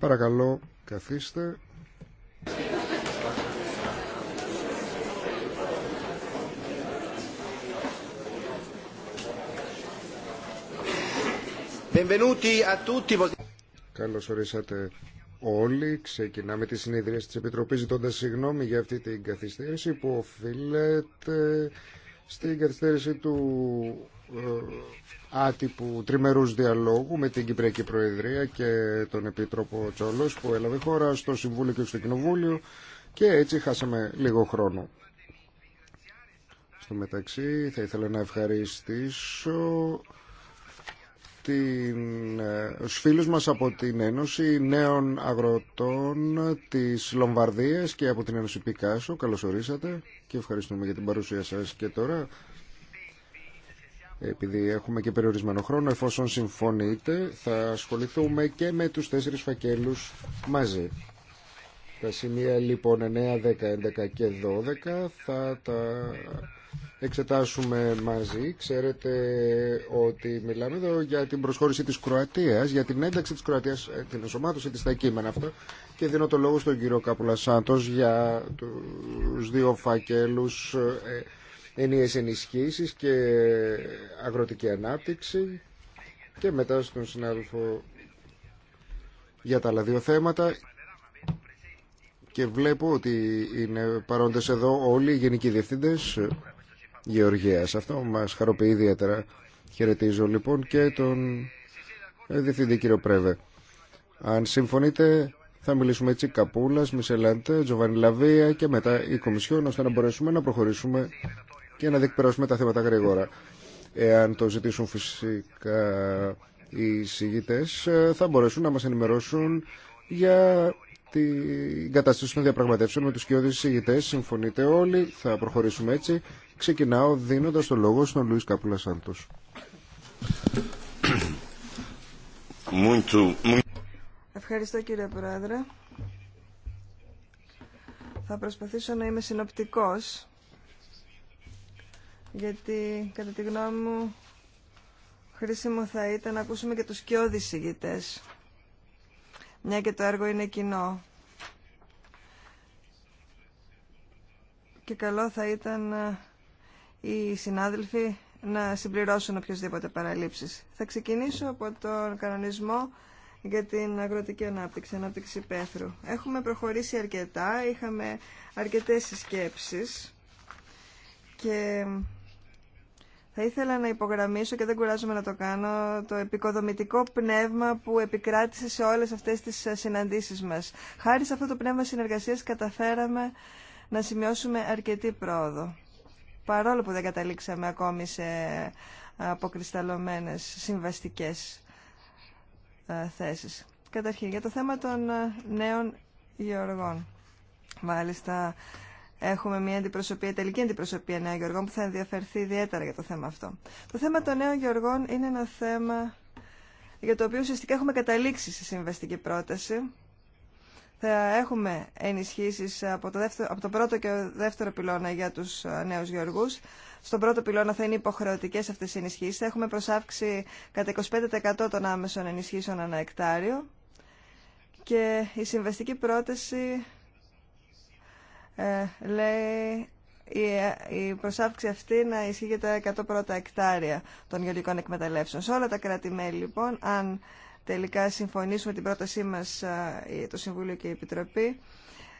Παρακαλώ, καθίστε. Καλώ Καλώς ορίσατε όλοι. Ξεκινάμε τη συνεδρία της Επιτροπής ζητώντας συγγνώμη για αυτή την καθυστέρηση που οφείλεται στην καθυστέρηση του ε, άτυπου τριμερούς διαλόγου με την Κυπριακή Προεδρία και τον Επίτροπο Τσόλος που έλαβε χώρα στο Συμβούλιο και στο Κοινοβούλιο και έτσι χάσαμε λίγο χρόνο. Στο μεταξύ θα ήθελα να ευχαριστήσω ε, στους φίλους μας από την Ένωση Νέων Αγροτών της Λομβαρδίας και από την Ένωση Πικάσο. Καλώς ορίσατε και ευχαριστούμε για την παρουσία σας και τώρα. Επειδή έχουμε και περιορισμένο χρόνο, εφόσον συμφωνείτε, θα ασχοληθούμε και με τους τέσσερις φακέλους μαζί. Τα σημεία λοιπόν 9, 10, 11 και 12 θα τα εξετάσουμε μαζί. Ξέρετε ότι μιλάμε εδώ για την προσχώρηση της Κροατίας, για την ένταξη της Κροατίας, ε, την ενσωμάτωση της στα κείμενα αυτά και δίνω το λόγο στον κύριο Κάπουλα για τους δύο φακέλους ε, ενίες ενισχύσεις και αγροτική ανάπτυξη και μετά στον συνάδελφο για τα άλλα δύο θέματα και βλέπω ότι είναι παρόντες εδώ όλοι οι γενικοί διευθύντες γεωργίας. Αυτό μας χαροποιεί ιδιαίτερα. Χαιρετίζω λοιπόν και τον ε, Διευθυντή κύριο Πρέβε. Αν συμφωνείτε θα μιλήσουμε έτσι Καπούλας, Μισελάντε, Τζοβάνι Λαβία και μετά η Κομισιόν ώστε να μπορέσουμε να προχωρήσουμε και να διεκπαιρώσουμε τα θέματα γρήγορα. Εάν το ζητήσουν φυσικά οι συγητέ, ε, θα μπορέσουν να μας ενημερώσουν για την κατάσταση των διαπραγματεύσεων με τους κοιόδη συγγητές. Συμφωνείτε όλοι, θα προχωρήσουμε έτσι Ξεκινάω δίνοντας το λόγο στον Λουίς Κάπουλα Σάντος. Ευχαριστώ κύριε Πρόεδρε. Θα προσπαθήσω να είμαι συνοπτικός, γιατί κατά τη γνώμη μου χρήσιμο θα ήταν να ακούσουμε και τους κοιόδης ηγητές, μια και το έργο είναι κοινό. Και καλό θα ήταν ε, οι συνάδελφοι να συμπληρώσουν οποιασδήποτε παραλήψεις. Θα ξεκινήσω από τον κανονισμό για την αγροτική ανάπτυξη, ανάπτυξη πέθρου. Έχουμε προχωρήσει αρκετά, είχαμε αρκετές συσκέψεις και θα ήθελα να υπογραμμίσω και δεν κουράζομαι να το κάνω το επικοδομητικό πνεύμα που επικράτησε σε όλες αυτές τις συναντήσεις μας. Χάρη σε αυτό το πνεύμα συνεργασίας καταφέραμε να σημειώσουμε αρκετή πρόοδο παρόλο που δεν καταλήξαμε ακόμη σε ε, αποκρισταλωμένες συμβαστικές ε, θέσεις. Καταρχήν, για το θέμα των ε, νέων γεωργών. Μάλιστα, έχουμε μια αντιπροσωπεία, τελική αντιπροσωπεία νέων γεωργών που θα ενδιαφερθεί ιδιαίτερα για το θέμα αυτό. Το θέμα των νέων γεωργών είναι ένα θέμα για το οποίο ουσιαστικά έχουμε καταλήξει σε συμβαστική πρόταση θα έχουμε ενισχύσεις από το, δεύτερο, από το πρώτο και δεύτερο πυλώνα για τους ε, νέους γεωργού. Στον πρώτο πυλώνα θα είναι υποχρεωτικές αυτές οι ενισχύσεις. Θα έχουμε προσάυξη κατά 25% των άμεσων ενισχύσεων ανά εκτάριο. Και η συμβαστική πρόταση ε, λέει η, ε, προσάυξη αυτή να ισχύει για τα 100 πρώτα εκτάρια των γεωργικών εκμεταλλεύσεων. Σε όλα τα κράτη-μέλη, λοιπόν, αν τελικά συμφωνήσουμε την πρότασή μας το Συμβούλιο και η Επιτροπή,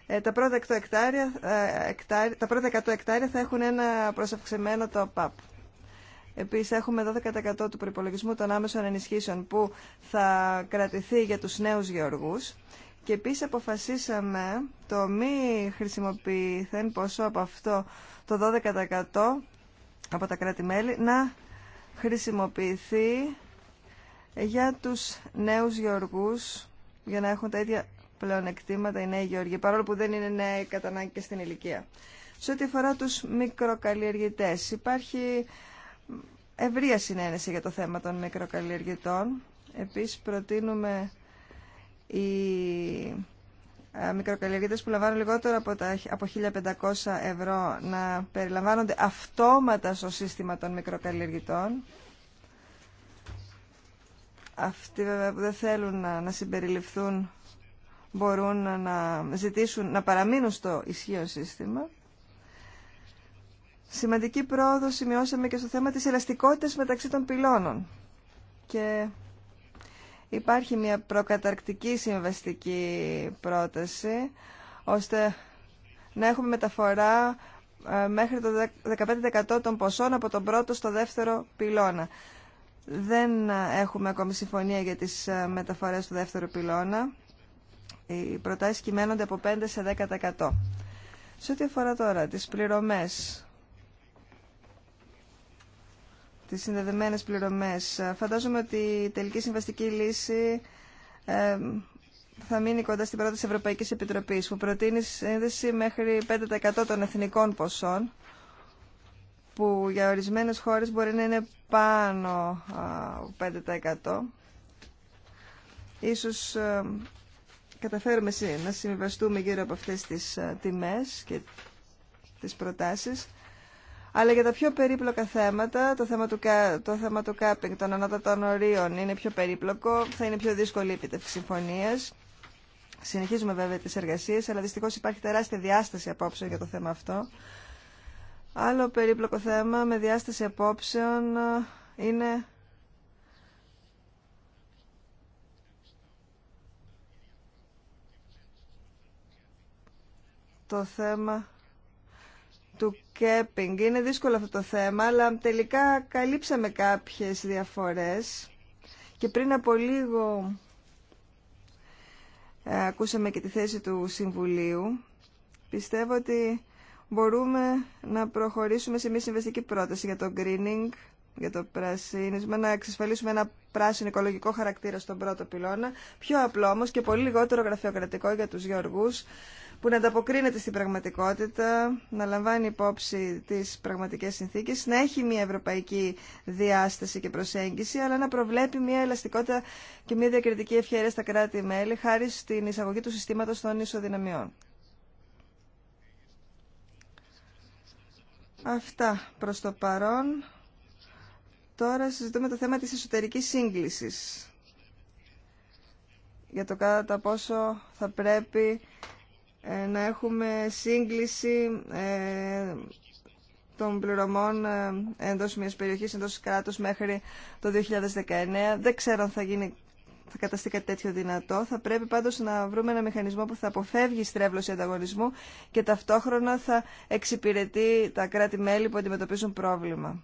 ε, τα πρώτα 100 εκτάρια, ε, τα πρώτα 100 θα έχουν ένα το top-up. Επίσης έχουμε 12% του προϋπολογισμού των άμεσων ενισχύσεων που θα κρατηθεί για τους νέους γεωργούς και επίσης αποφασίσαμε το μη χρησιμοποιηθέν ποσό από αυτό το 12% από τα κράτη-μέλη να χρησιμοποιηθεί για τους νέους γεωργούς για να έχουν τα ίδια πλεονεκτήματα οι νέοι γεωργοί, παρόλο που δεν είναι νέοι κατά ανάγκη και στην ηλικία. Σε ό,τι αφορά τους μικροκαλλιεργητές, υπάρχει ευρία συνένεση για το θέμα των μικροκαλλιεργητών. Επίσης προτείνουμε οι μικροκαλλιεργητές που λαμβάνουν λιγότερο από, τα, από 1.500 ευρώ να περιλαμβάνονται αυτόματα στο σύστημα των μικροκαλλιεργητών. Αυτοί βέβαια που δεν θέλουν να, συμπεριληφθούν μπορούν να ζητήσουν να παραμείνουν στο ισχύον σύστημα. Σημαντική πρόοδο σημειώσαμε και στο θέμα της ελαστικότητας μεταξύ των πυλώνων. Και υπάρχει μια προκαταρκτική συμβαστική πρόταση, ώστε να έχουμε μεταφορά ε, μέχρι το 15% των ποσών από τον πρώτο στο δεύτερο πυλώνα. Δεν έχουμε ακόμη συμφωνία για τις ε, μεταφορές του δεύτερου πυλώνα. Οι προτάσεις κυμαίνονται από 5% σε 10%. Σε ό,τι αφορά τώρα τις πληρωμές, τις συνδεδεμένες πληρωμές, ε, φαντάζομαι ότι η τελική συμβαστική λύση ε, θα μείνει κοντά στην πρόταση Ευρωπαϊκής Επιτροπής που προτείνει σύνδεση μέχρι 5% των εθνικών ποσών που για ορισμένες χώρες μπορεί να είναι πάνω από 5%. Ίσως ε, καταφέρουμε να συμβιβαστούμε γύρω από αυτές τις ε, τιμές και τις προτάσεις. Αλλά για τα πιο περίπλοκα θέματα, το θέμα του, το θέμα του κάπινγκ των ανώτατων ορίων είναι πιο περίπλοκο, θα είναι πιο δύσκολη η επιτεύξη συμφωνίας. Συνεχίζουμε βέβαια τις εργασίες, αλλά δυστυχώς υπάρχει τεράστια διάσταση απόψε για το θέμα αυτό. Άλλο περίπλοκο θέμα με διάσταση απόψεων ε, είναι το θέμα του κέπινγκ. Είναι δύσκολο αυτό το θέμα, αλλά τελικά καλύψαμε κάποιες διαφορές και πριν από λίγο ε, ακούσαμε και τη θέση του Συμβουλίου. Πιστεύω ότι μπορούμε να προχωρήσουμε σε μια συμβεστική πρόταση για το greening, για το πρασίνισμα, να εξασφαλίσουμε ένα πράσινο οικολογικό χαρακτήρα στον πρώτο πυλώνα, πιο απλό όμω και πολύ λιγότερο γραφειοκρατικό για του γεωργού, που να ανταποκρίνεται στην πραγματικότητα, να λαμβάνει υπόψη τις πραγματικέ συνθήκες, να έχει μια ευρωπαϊκή διάσταση και προσέγγιση, αλλά να προβλέπει μια ελαστικότητα και μια διακριτική ευχαίρεια στα κράτη-μέλη, χάρη στην εισαγωγή του συστήματο των ισοδυναμιών. Αυτά προς το παρόν. Τώρα συζητούμε το θέμα της εσωτερικής σύγκλησης. Για το κατά πόσο θα πρέπει ε, να έχουμε σύγκληση ε, των πληρωμών ε, εντός μιας περιοχής, εντός κράτους μέχρι το 2019. Δεν ξέρω αν θα γίνει θα καταστεί κάτι τέτοιο δυνατό. Θα πρέπει πάντως να βρούμε ένα μηχανισμό που θα αποφεύγει στρέβλωση ανταγωνισμού και ταυτόχρονα θα εξυπηρετεί τα κράτη-μέλη που αντιμετωπίζουν πρόβλημα.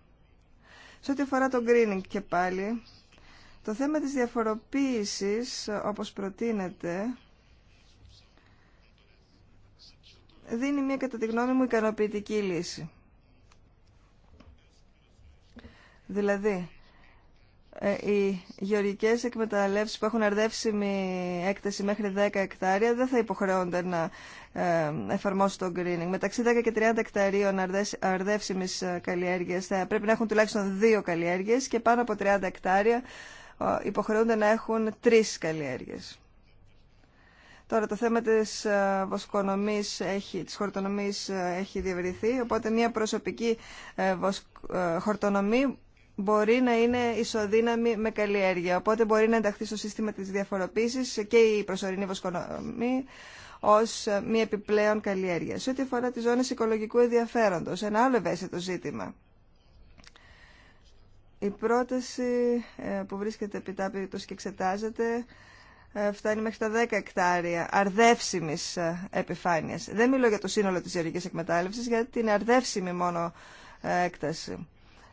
Σε ό,τι αφορά το greening και πάλι, το θέμα της διαφοροποίησης, όπως προτείνεται, δίνει μια κατά τη γνώμη μου ικανοποιητική λύση. Δηλαδή, ε, οι γεωργικέ εκμεταλλεύσεις που έχουν αρδεύσιμη έκταση μέχρι 10 εκτάρια δεν θα υποχρεώνται να ε, εφαρμόσουν το greening. Μεταξύ 10 και 30 εκταρίων αρδεύσιμη ε, καλλιέργεια θα πρέπει να έχουν τουλάχιστον δύο καλλιέργειες και πάνω από 30 εκτάρια υποχρεούνται να έχουν τρει καλλιέργειες. Τώρα το θέμα της βοσκονομής, έχει, της χορτονομής έχει διευρυθεί, οπότε μια προσωπική χορτονομή μπορεί να είναι ισοδύναμη με καλλιέργεια. Οπότε μπορεί να ενταχθεί στο σύστημα της διαφοροποίησης και η προσωρινή βοσκονομή ως μη επιπλέον καλλιέργεια. Σε ό,τι αφορά τις ζώνες οικολογικού ενδιαφέροντος, ένα άλλο ευαίσθητο ζήτημα. Η πρόταση ε, που βρίσκεται επιτάπητος και εξετάζεται ε, φτάνει μέχρι τα 10 εκτάρια αρδεύσιμης ε, επιφάνειας. Δεν μιλώ για το σύνολο της γεωργικής εκμετάλλευσης, γιατί είναι αρδεύσιμη μόνο έκταση.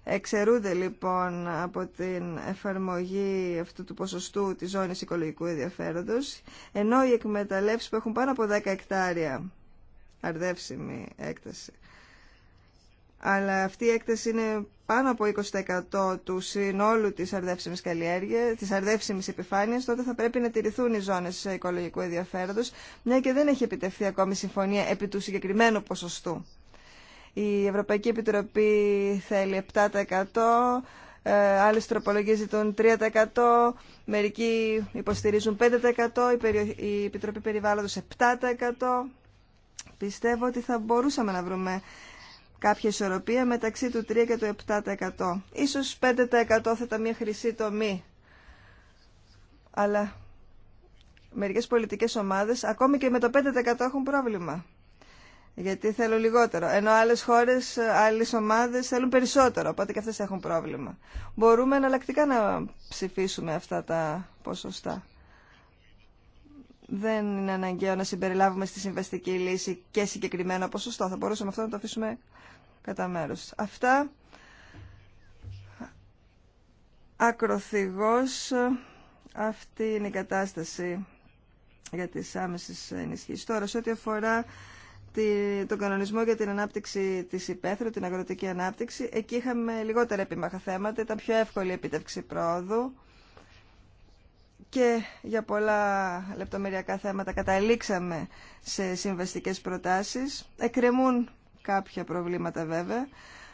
Εξαιρούνται λοιπόν από την εφαρμογή αυτού του ποσοστού της ζώνης οικολογικού ενδιαφέροντος, ενώ οι εκμεταλλεύσεις που έχουν πάνω από 10 εκτάρια αρδεύσιμη έκταση. Αλλά αυτή η έκταση είναι πάνω από 20% του συνόλου της αρδεύσιμης καλλιέργειας, της αρδεύσιμης επιφάνειας, τότε θα πρέπει να τηρηθούν οι ζώνες οικολογικού ενδιαφέροντος, μια και δεν έχει επιτευχθεί ακόμη συμφωνία επί του συγκεκριμένου ποσοστού. Η Ευρωπαϊκή Επιτροπή θέλει 7%, ε, άλλε τροπολογίε ζητούν 3%, μερικοί υποστηρίζουν 5%, η Επιτροπή Περιβάλλοντος 7%. Πιστεύω ότι θα μπορούσαμε να βρούμε κάποια ισορροπία μεταξύ του 3% και του 7%. Ίσως 5% θα ήταν μια χρυσή τομή. Αλλά μερικές πολιτικές ομάδες, ακόμη και με το 5% έχουν πρόβλημα γιατί θέλω λιγότερο. Ενώ άλλες χώρες, άλλες ομάδες θέλουν περισσότερο, οπότε και αυτές έχουν πρόβλημα. Μπορούμε εναλλακτικά να ψηφίσουμε αυτά τα ποσοστά. Δεν είναι αναγκαίο να συμπεριλάβουμε στη συμβαστική λύση και συγκεκριμένο ποσοστό. Θα μπορούσαμε αυτό να το αφήσουμε κατά μέρο. Αυτά ακροθυγώ αυτή είναι η κατάσταση για τι άμεσε ενισχύσει. Τώρα, σε ό,τι αφορά τον κανονισμό για την ανάπτυξη της υπαίθρου, την αγροτική ανάπτυξη. Εκεί είχαμε λιγότερα επίμαχα θέματα, ήταν πιο εύκολη η επίτευξη πρόοδου και για πολλά λεπτομεριακά θέματα καταλήξαμε σε συμβαστικές προτάσεις. Εκκρεμούν κάποια προβλήματα βέβαια.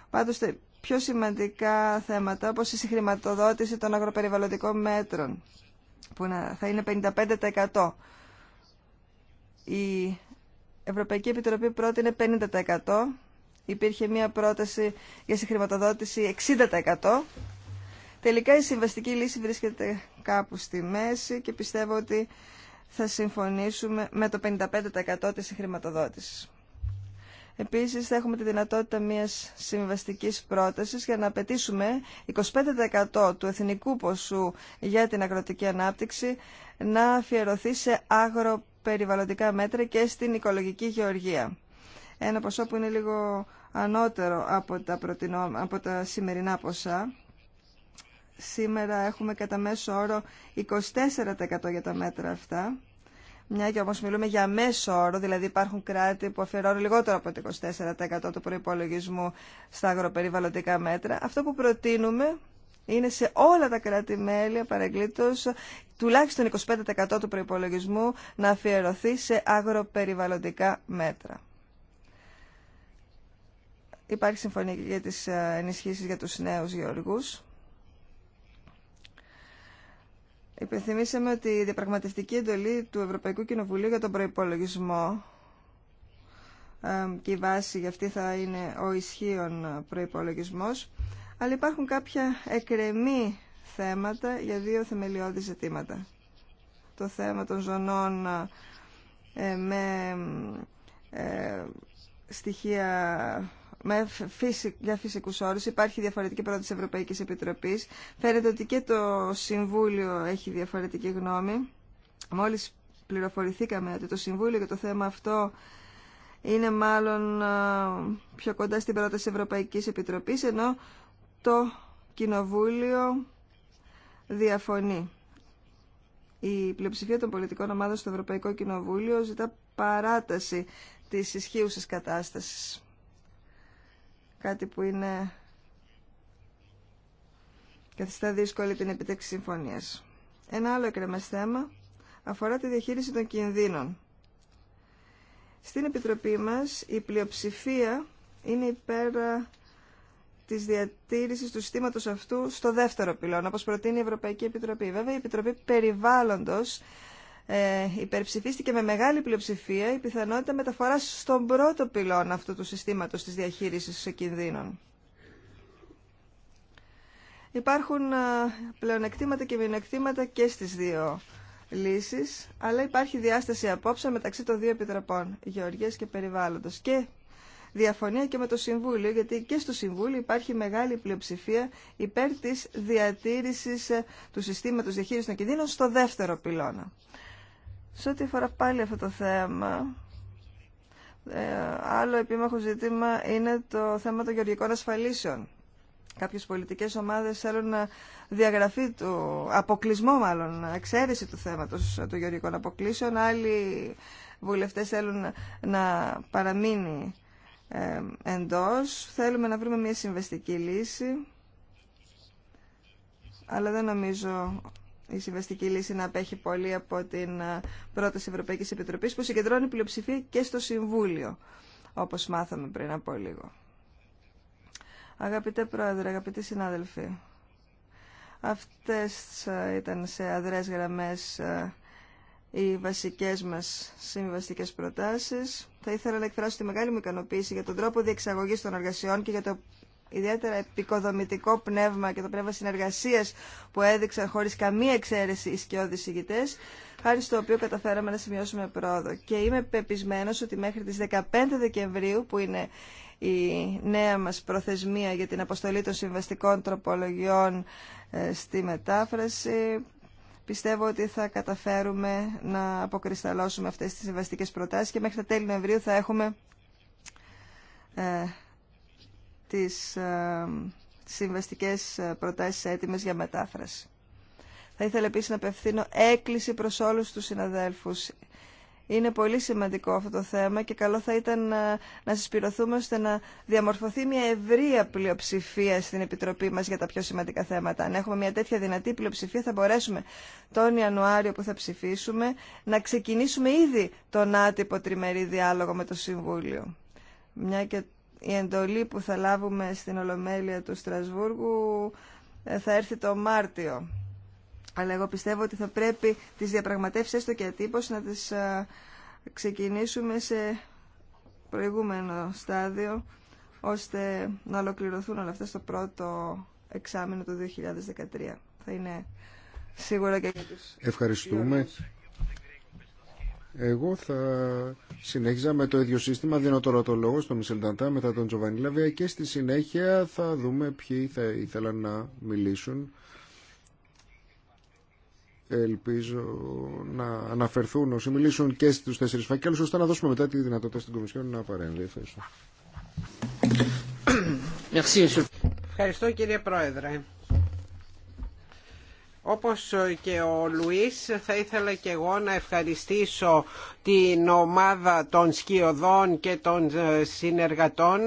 Πάντως πιο σημαντικά θέματα όπως η συγχρηματοδότηση των αγροπεριβαλλοντικών μέτρων που θα είναι 55% η Ευρωπαϊκή Επιτροπή πρότεινε 50%. Υπήρχε μία πρόταση για συγχρηματοδότηση 60%. Τελικά η συμβαστική λύση βρίσκεται κάπου στη μέση και πιστεύω ότι θα συμφωνήσουμε με το 55% της χρηματοδότησης. Επίσης θα έχουμε τη δυνατότητα μιας συμβαστικής πρότασης για να απαιτήσουμε 25% του εθνικού ποσού για την αγροτική ανάπτυξη να αφιερωθεί σε άγρο περιβαλλοντικά μέτρα και στην οικολογική γεωργία. Ένα ποσό που είναι λίγο ανώτερο από τα, από τα σημερινά ποσά. Σήμερα έχουμε κατά μέσο όρο 24% για τα μέτρα αυτά. Μια και όμως μιλούμε για μέσο όρο, δηλαδή υπάρχουν κράτη που αφιερώνουν λιγότερο από το 24% του προϋπολογισμού στα αγροπεριβαλλοντικά μέτρα. Αυτό που προτείνουμε είναι σε όλα τα κράτη-μέλη παραγκλήτως τουλάχιστον 25% του προϋπολογισμού να αφιερωθεί σε αγροπεριβαλλοντικά μέτρα. Υπάρχει συμφωνία για τις ε, ενισχύσεις για τους νέους γεωργούς. Υπενθυμίσαμε ότι η διαπραγματευτική εντολή του Ευρωπαϊκού Κοινοβουλίου για τον προϋπολογισμό ε, και η βάση για αυτή θα είναι ο ισχύων προϋπολογισμός αλλά υπάρχουν κάποια εκρεμή θέματα για δύο θεμελιώδη ζητήματα. Το θέμα των ζωνών ε, με ε, στοιχεία με για φυσικούς όρους. Υπάρχει διαφορετική πρόταση τη Ευρωπαϊκής Επιτροπής. Φαίνεται ότι και το Συμβούλιο έχει διαφορετική γνώμη. Μόλις πληροφορηθήκαμε ότι το Συμβούλιο και το θέμα αυτό είναι μάλλον ε, πιο κοντά στην πρόταση Ευρωπαϊκής Επιτροπής, ενώ το Κοινοβούλιο διαφωνεί. Η πλειοψηφία των πολιτικών ομάδων στο Ευρωπαϊκό Κοινοβούλιο ζητά παράταση της ισχύουσας κατάστασης. Κάτι που είναι καθιστά δύσκολη την επιτέξη συμφωνίας. Ένα άλλο εκρεμές θέμα αφορά τη διαχείριση των κινδύνων. Στην Επιτροπή μας η πλειοψηφία είναι υπέρ της διατήρηση του συστήματος αυτού στο δεύτερο πυλώνα, όπω προτείνει η Ευρωπαϊκή Επιτροπή. Βέβαια, η Επιτροπή περιβάλλοντο ε, υπερψηφίστηκε με μεγάλη πλειοψηφία η πιθανότητα μεταφοράς στον πρώτο πυλώνα αυτού του συστήματος της διαχείρισης κινδύνων. Υπάρχουν ε, πλεονεκτήματα και μειονεκτήματα και στις δύο λύσεις, αλλά υπάρχει διάσταση απόψε μεταξύ των δύο επιτροπών, Γεωργίας και περιβάλλοντο Και διαφωνία και με το Συμβούλιο, γιατί και στο Συμβούλιο υπάρχει μεγάλη πλειοψηφία υπέρ της διατήρησης ε, του συστήματος διαχείριση των κινδύνων στο δεύτερο πυλώνα. Σε ό,τι αφορά πάλι αυτό το θέμα, ε, άλλο επίμαχο ζήτημα είναι το θέμα των γεωργικών ασφαλίσεων. Κάποιες πολιτικές ομάδες θέλουν να διαγραφεί του, αποκλεισμό μάλλον, εξαίρεση του θέματο των γεωργικών αποκλήσεων. Άλλοι βουλευτές θέλουν να παραμείνει ε, εντός. Θέλουμε να βρούμε μια συμβαστική λύση, αλλά δεν νομίζω η συμβαστική λύση να απέχει πολύ από την ε, πρώτη Ευρωπαϊκής Επιτροπής που συγκεντρώνει πλειοψηφία και στο Συμβούλιο, όπως μάθαμε πριν από λίγο. Αγαπητέ Πρόεδρε, αγαπητοί συνάδελφοι, αυτές ε, ήταν σε αδρές γραμμές οι βασικές μας συμβαστικές προτάσεις. Θα ήθελα να εκφράσω τη μεγάλη μου ικανοποίηση για τον τρόπο διεξαγωγής των εργασιών και για το ιδιαίτερα επικοδομητικό πνεύμα και το πνεύμα συνεργασίας που έδειξαν χωρίς καμία εξαίρεση οι σκιώδεις ηγητές, χάρη στο οποίο καταφέραμε να σημειώσουμε πρόοδο. Και είμαι πεπισμένος ότι μέχρι τις 15 Δεκεμβρίου, που είναι η νέα μας προθεσμία για την αποστολή των συμβαστικών τροπολογιών ε, στη μετάφραση, πιστεύω ότι θα καταφέρουμε να αποκρισταλώσουμε αυτές τις συμβαστικέ προτάσεις και μέχρι τα τέλη Νοεμβρίου θα έχουμε ε, τις ε, συμβαστικές ε, προτάσεις έτοιμες για μετάφραση. Θα ήθελα επίσης να απευθύνω έκκληση προς όλους τους συναδέλφους είναι πολύ σημαντικό αυτό το θέμα και καλό θα ήταν να, ε, να συσπηρωθούμε ώστε να διαμορφωθεί μια ευρεία πλειοψηφία στην Επιτροπή μας για τα πιο σημαντικά θέματα. Αν έχουμε μια τέτοια δυνατή πλειοψηφία θα μπορέσουμε τον Ιανουάριο που θα ψηφίσουμε να ξεκινήσουμε ήδη τον άτυπο τριμερή διάλογο με το Συμβούλιο. Μια και η εντολή που θα λάβουμε στην Ολομέλεια του Στρασβούργου ε, θα έρθει το Μάρτιο. Αλλά εγώ πιστεύω ότι θα πρέπει τις διαπραγματεύσεις έστω και ατύπως να τις ε, ξεκινήσουμε σε προηγούμενο στάδιο ώστε να ολοκληρωθούν όλα αυτά στο πρώτο εξάμεινο του 2013. Θα είναι σίγουρα και για τους... Ευχαριστούμε. Εγώ θα συνέχιζα με το ίδιο σύστημα, δίνω τώρα το λόγο στον Μισελ μετά τον Τζοβανίλαβια και στη συνέχεια θα δούμε ποιοι θα ήθελαν να μιλήσουν. Ελπίζω να αναφερθούν όσοι μιλήσουν και στους τέσσερις φακέλους ώστε να δώσουμε μετά τη δυνατότητα στην Κομισιόν να παρέμβει. Ευχαριστώ. Ευχαριστώ κύριε Πρόεδρε. Όπως και ο Λουίς θα ήθελα και εγώ να ευχαριστήσω την ομάδα των σκιωδών και των συνεργατών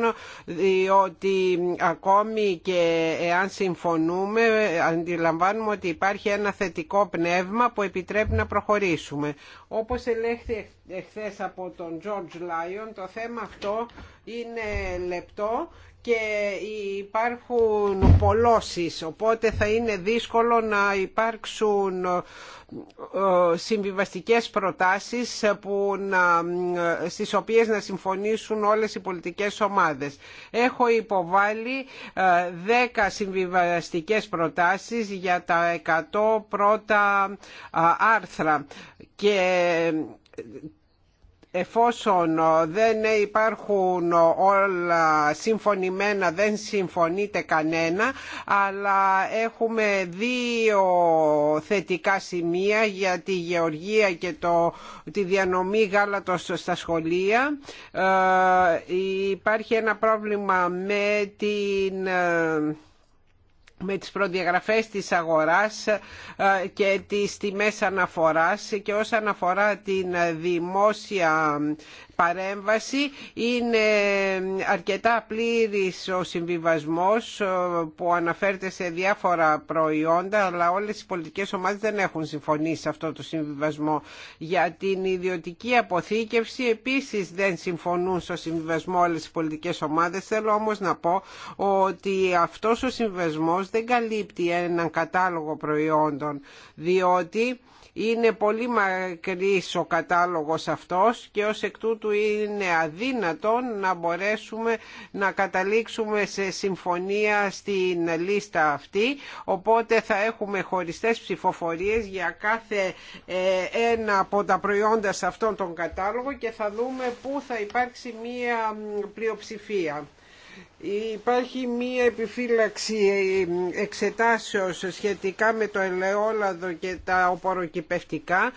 διότι ακόμη και εάν συμφωνούμε αντιλαμβάνουμε ότι υπάρχει ένα θετικό πνεύμα που επιτρέπει να προχωρήσουμε. Όπως ελέγχθη εχθές από τον George Lyon το θέμα αυτό είναι λεπτό και υπάρχουν πολλώσεις οπότε θα είναι δύσκολο να υπάρξουν ε, συμβιβαστικές προτάσεις που να, ε, στις οποίες να συμφωνήσουν όλες οι πολιτικές ομάδες. Έχω υποβάλει 10 ε, συμβιβαστικές προτάσεις για τα 100 πρώτα άρθρα και εφόσον ε, δεν υπάρχουν ε, όλα συμφωνημένα, δεν συμφωνείται κανένα, αλλά έχουμε δύο θετικά σημεία για τη γεωργία και το, τη διανομή γάλατος στα σχολεία. Ε, υπάρχει ένα πρόβλημα με την με τις προδιαγραφές της αγοράς ε, και τις τιμές αναφοράς και όσον αφορά την δημόσια παρέμβαση. Είναι αρκετά πλήρης ο συμβιβασμός που αναφέρεται σε διάφορα προϊόντα αλλά όλες οι πολιτικές ομάδες δεν έχουν συμφωνήσει σε αυτό το συμβιβασμό. Για την ιδιωτική αποθήκευση επίσης δεν συμφωνούν στο συμβιβασμό όλες οι πολιτικές ομάδες. Θέλω όμως να πω ότι αυτός ο συμβιβασμός δεν καλύπτει έναν κατάλογο προϊόντων διότι είναι πολύ μακρύς ο κατάλογος αυτός και ως εκ τούτου είναι αδύνατο να μπορέσουμε να καταλήξουμε σε συμφωνία στην λίστα αυτή. Οπότε θα έχουμε χωριστές ψηφοφορίες για κάθε ε, ένα από τα προϊόντα σε αυτόν τον κατάλογο και θα δούμε πού θα υπάρξει μία πλειοψηφία. Υπάρχει μία επιφύλαξη ε, εξετάσεως σχετικά με το ελαιόλαδο και τα οποροκυπευτικά.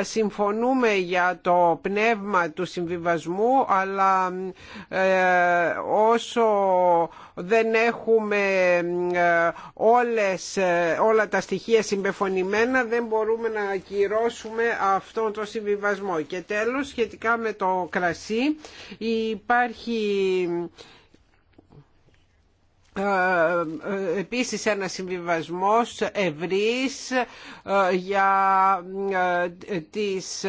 Συμφωνούμε για το πνεύμα του συμβιβασμού, αλλά ε, όσο δεν έχουμε ε, όλες, όλα τα στοιχεία συμπεφωνημένα δεν μπορούμε να ακυρώσουμε αυτό τον συμβιβασμό. Και τέλος, σχετικά με το κρασί, υπάρχει ε, επίσης ένα συμβιβασμός ευρύς ε, για ε, τις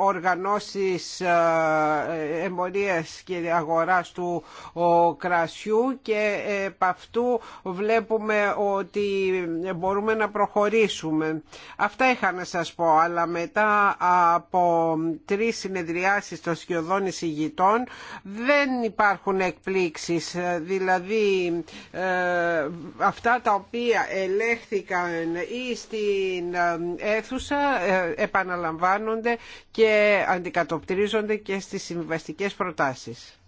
οργανώσεις εμπορίας και αγοράς του κρασιού και επ' αυτού βλέπουμε ότι μπορούμε να προχωρήσουμε. Αυτά είχα να σας πω, αλλά μετά από τρεις συνεδριάσεις των σκιωδών εισηγητών δεν υπάρχουν εκπλήξεις, δηλαδή ε, αυτά τα οποία ελέγχθηκαν ή στην ε, αίθουσα ε, επαναλαμβάνονται και αντικατοπτρίζονται και στις συμβαστικές προτάσεις.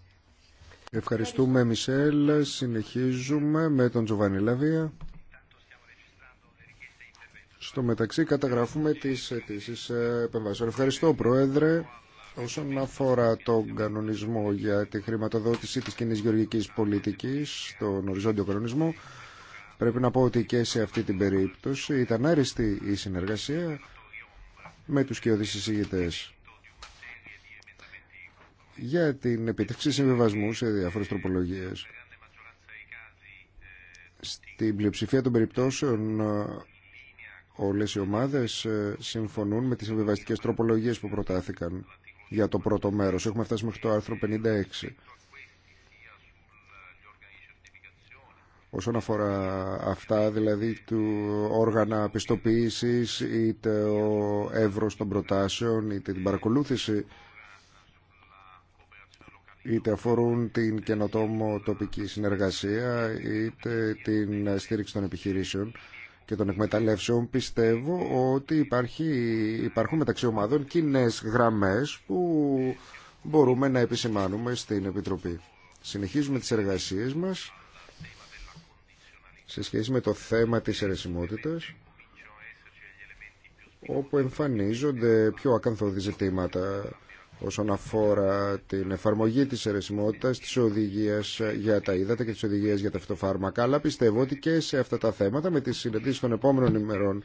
Ευχαριστούμε Μισελ. Συνεχίζουμε με τον Τζοβάνι Λαβία. Στο μεταξύ καταγράφουμε τις αιτήσει επεμβάσεων. Ευχαριστώ Πρόεδρε. Όσον αφορά τον κανονισμό για τη χρηματοδότηση της κοινή γεωργικής πολιτικής, τον οριζόντιο κανονισμό, πρέπει να πω ότι και σε αυτή την περίπτωση ήταν άριστη η συνεργασία με τους κοιόδης εισηγητές για την επιτευξή συμβιβασμού σε διάφορες τροπολογίες. Στην πλειοψηφία των περιπτώσεων όλες οι ομάδες ε, συμφωνούν με τις συμβιβαστικές τροπολογίες που προτάθηκαν για το πρώτο μέρος. Έχουμε φτάσει μέχρι το άρθρο 56. Όσον αφορά αυτά, δηλαδή του όργανα πιστοποίησης, είτε ο εύρος των προτάσεων, είτε την παρακολούθηση, είτε αφορούν την καινοτόμο τοπική συνεργασία, είτε την στήριξη των επιχειρήσεων και των εκμεταλλεύσεων πιστεύω ότι υπάρχει, υπάρχουν μεταξύ ομάδων κοινέ γραμμές που μπορούμε να επισημάνουμε στην Επιτροπή. Συνεχίζουμε τις εργασίες μας σε σχέση με το θέμα της αιρεσιμότητας όπου εμφανίζονται πιο ακαθόδη ζητήματα όσον αφορά την εφαρμογή της αιρεσιμότητας, της οδηγίας για τα ύδατα και της οδηγίας για τα φυτοφάρμακα. Αλλά πιστεύω ότι και σε αυτά τα θέματα, με τις συνεδρίες των επόμενων ημερών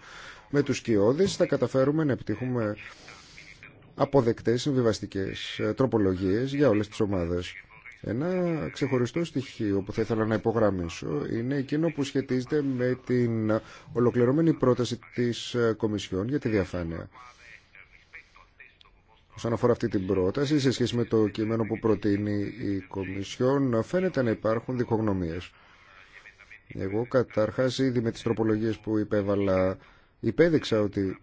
με τους κοιόδες, θα καταφέρουμε να επιτύχουμε αποδεκτές συμβιβαστικές τροπολογίες για όλες τις ομάδες. Ένα ξεχωριστό στοιχείο που θα ήθελα να υπογραμμίσω είναι εκείνο που σχετίζεται με την ολοκληρωμένη πρόταση της Κομισιόν για τη διαφάνεια. Όσον αφορά αυτή την πρόταση, σε σχέση με το κείμενο που προτείνει η Κομισιόν, φαίνεται να υπάρχουν δικογνωμίες. Εγώ καταρχάς ήδη με τις τροπολογίες που υπέβαλα υπέδειξα ότι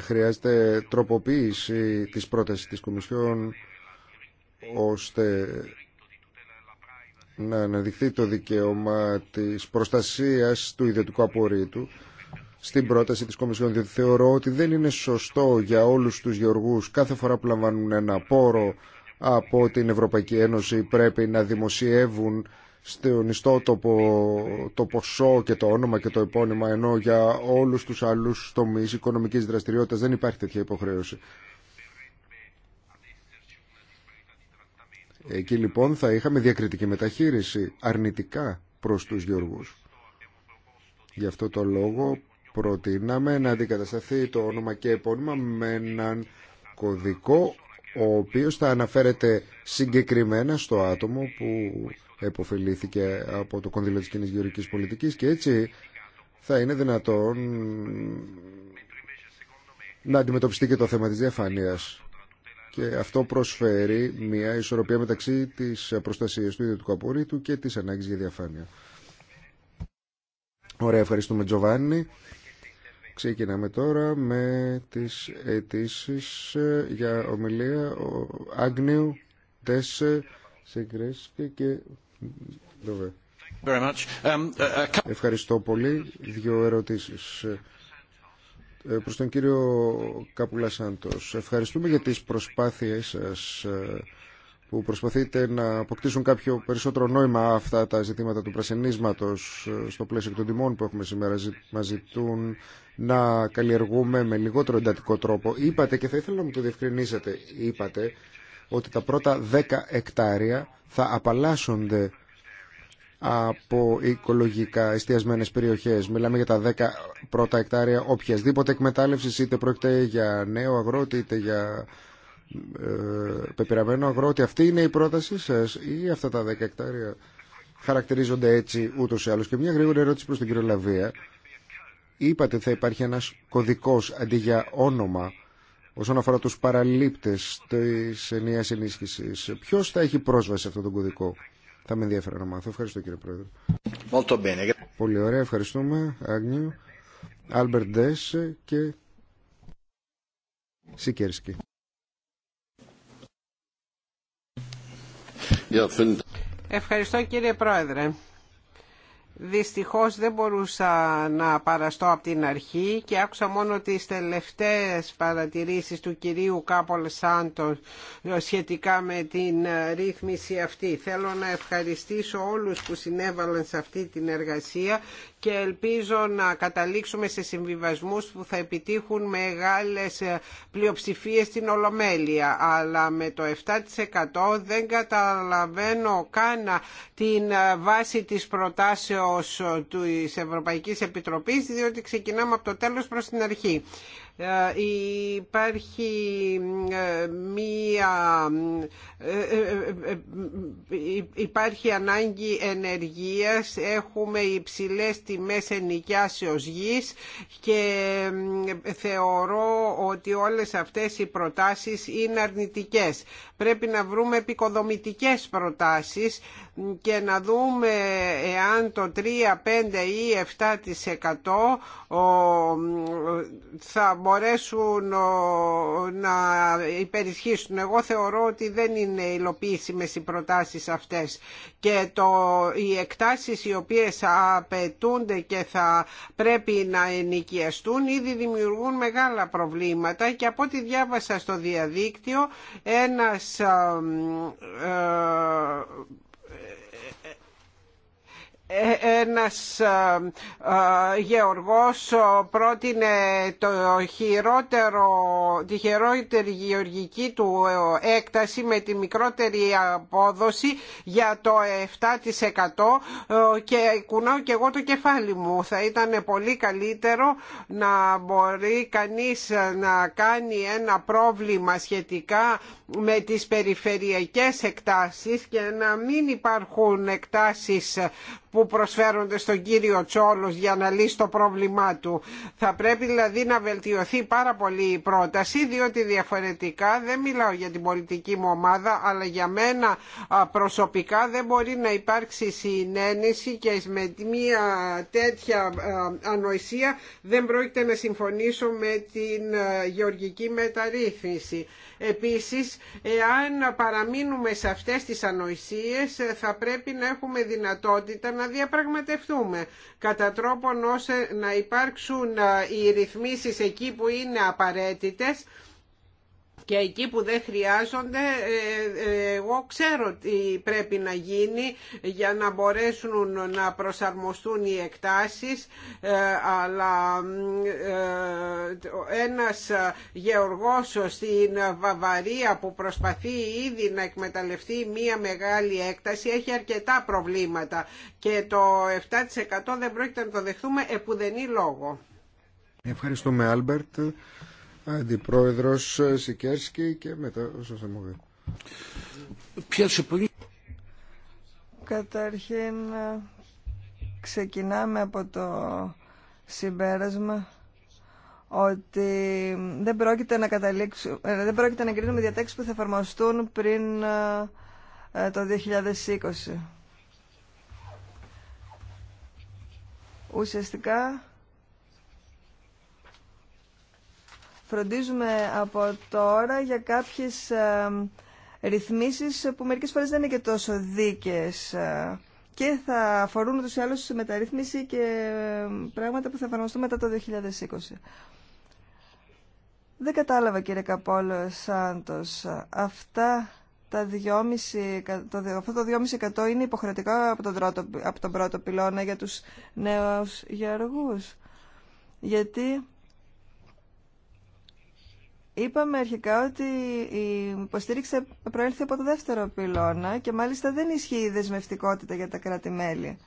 χρειάζεται τροποποίηση της πρότασης της Κομισιόν ώστε να αναδειχθεί το δικαίωμα της προστασίας του ιδιωτικού απορρίτου στην πρόταση της Κομισιόν, διότι θεωρώ ότι δεν είναι σωστό για όλους τους γεωργούς κάθε φορά που λαμβάνουν ένα πόρο από την Ευρωπαϊκή Ένωση πρέπει να δημοσιεύουν στον ιστότοπο το ποσό και το όνομα και το επώνυμα ενώ για όλους τους άλλους τομείς οικονομικής δραστηριότητας δεν υπάρχει τέτοια υποχρέωση. Εκεί λοιπόν θα είχαμε διακριτική μεταχείριση αρνητικά προς τους γεωργούς. Γι' αυτό το λόγο προτείναμε να αντικατασταθεί το όνομα και επώνυμα με έναν κωδικό ο οποίος θα αναφέρεται συγκεκριμένα στο άτομο που εποφελήθηκε από το κονδύλο της κοινής γεωρικής πολιτικής και έτσι θα είναι δυνατόν να αντιμετωπιστεί και το θέμα της διαφάνειας. Και αυτό προσφέρει μια ισορροπία μεταξύ της προστασίας του ιδιωτικού απορρίτου και της ανάγκης για διαφάνεια. Ωραία, ευχαριστούμε Τζοβάνι. Ξεκινάμε τώρα με τις αιτήσει ε, για ομιλία ο Άγνιου, Τέσσε, Σεγκρέσκε και um, Ευχαριστώ πολύ. Δύο ερωτήσεις. Ε, προς τον κύριο Καπουλά Ευχαριστούμε για τις προσπάθειές σας ε, που προσπαθείτε να αποκτήσουν κάποιο περισσότερο νόημα αυτά τα ζητήματα του πρασινίσματος ε, στο πλαίσιο των τιμών που έχουμε σήμερα μας ζητούν να καλλιεργούμε με λιγότερο εντατικό τρόπο. Είπατε και θα ήθελα να μου το διευκρινίσετε, είπατε ότι τα πρώτα 10 εκτάρια θα απαλλάσσονται από οικολογικά εστιασμένες περιοχές. Μιλάμε για τα 10 πρώτα εκτάρια οποιασδήποτε εκμετάλλευσης, είτε πρόκειται για νέο αγρότη, είτε για ε, πεπειραμένο αγρότη. Αυτή είναι η πρότασή σα ή αυτά τα 10 εκτάρια χαρακτηρίζονται έτσι ούτω ή άλλως. Και μια γρήγορη ερώτηση προ τον κύριο Λαβία. Είπατε θα υπάρχει ένα κωδικό αντί για όνομα όσον αφορά του παραλήπτες τη ενιαίας ενίσχυση. Ποιο θα έχει πρόσβαση σε αυτόν τον κωδικό. Θα με ενδιαφέρει να μάθω. Ευχαριστώ κύριε Πρόεδρε. Πολύ ωραία. Ευχαριστούμε. Άγνιο. Άλμπερντ και Σικέρσκι. Ευχαριστώ κύριε Πρόεδρε. Δυστυχώς δεν μπορούσα να παραστώ από την αρχή και άκουσα μόνο τις τελευταίες παρατηρήσεις του κυρίου Κάπολ Σάντο σχετικά με την ρύθμιση αυτή. Θέλω να ευχαριστήσω όλους που συνέβαλαν σε αυτή την εργασία και ελπίζω να καταλήξουμε σε συμβιβασμούς που θα επιτύχουν μεγάλες ε, πλειοψηφίες στην Ολομέλεια. Αλλά με το 7% δεν καταλαβαίνω καν την ε, βάση της προτάσεως ε, της Ευρωπαϊκής Επιτροπής, διότι ξεκινάμε από το τέλος προς την αρχή. Ε, υπάρχει ε, μία ε, υπάρχει ανάγκη ενεργείας, έχουμε υψηλές τιμές ενοικιάσεως γης και θεωρώ ότι όλες αυτές οι προτάσεις είναι αρνητικές. Πρέπει να βρούμε επικοδομητικές προτάσεις και να δούμε εάν το 3, 5 ή 7% θα μπορέσουν να υπερισχύσουν. Εγώ θεωρώ ότι δεν είναι υλοποιήσιμες οι προτάσεις αυτές και το, οι εκτάσεις οι οποίες απαιτούνται και θα πρέπει να ενοικιαστούν ήδη δημιουργούν μεγάλα προβλήματα και από ό,τι διάβασα στο διαδίκτυο ένας ε, ένας γεωργός πρότεινε το χειρότερο, τη χειρότερη γεωργική του ε, έκταση με τη μικρότερη απόδοση για το 7% ε, και κουνάω και εγώ το κεφάλι μου. Θα ήταν πολύ καλύτερο να μπορεί κανείς να κάνει ένα πρόβλημα σχετικά με τις περιφερειακές εκτάσεις και να μην υπάρχουν εκτάσεις που προσφέρονται στον κύριο Τσόλος για να λύσει το πρόβλημά του. Θα πρέπει δηλαδή να βελτιωθεί πάρα πολύ η πρόταση διότι διαφορετικά δεν μιλάω για την πολιτική μου ομάδα αλλά για μένα προσωπικά δεν μπορεί να υπάρξει συνένεση και με μια τέτοια ανοησία δεν πρόκειται να συμφωνήσω με την γεωργική μεταρρύθμιση. Επίσης, εάν παραμείνουμε σε αυτές τις ανοησίες θα πρέπει να έχουμε δυνατότητα να διαπραγματευτούμε κατά τρόπον ώστε να υπάρξουν ε, οι ρυθμίσεις εκεί που είναι απαραίτητες και εκεί που δεν χρειάζονται ε, ε, εγώ ξέρω τι πρέπει να γίνει για να μπορέσουν να προσαρμοστούν οι εκτάσεις ε, αλλά ένας γεωργός στην Βαβαρία που προσπαθεί ήδη να εκμεταλλευτεί μία μεγάλη έκταση έχει αρκετά προβλήματα και το 7% δεν πρόκειται να το δεχθούμε επουδενή λόγο. Ευχαριστούμε Άλμπερτ. Αντιπρόεδρος ε, Σικέρσκι και μετά ο Σασαμούδη. Καταρχήν ε, ξεκινάμε από το συμπέρασμα ότι δεν πρόκειται να καταλήξουμε, δεν πρόκειται να εγκρίνουμε διατάξεις που θα εφαρμοστούν πριν ε, το 2020. Ουσιαστικά φροντίζουμε από τώρα για κάποιες ρυθμίσεις που μερικές φορές δεν είναι και τόσο δίκαιες ε, και θα αφορούν τους άλλους σε μεταρρύθμιση και πράγματα που θα εφαρμοστούν μετά το 2020. Δεν κατάλαβα κύριε Καπόλο Σάντος, αυτά τα 2,5, αυτό το 2,5% είναι υποχρεωτικό από τον, πρώτο, από τον πρώτο πυλώνα για τους νέους γεωργούς. Γιατί Είπαμε αρχικά ότι η υποστήριξη προέλθει από το δεύτερο πυλώνα και μάλιστα δεν ισχύει η δεσμευτικότητα για τα κράτη-μέλη.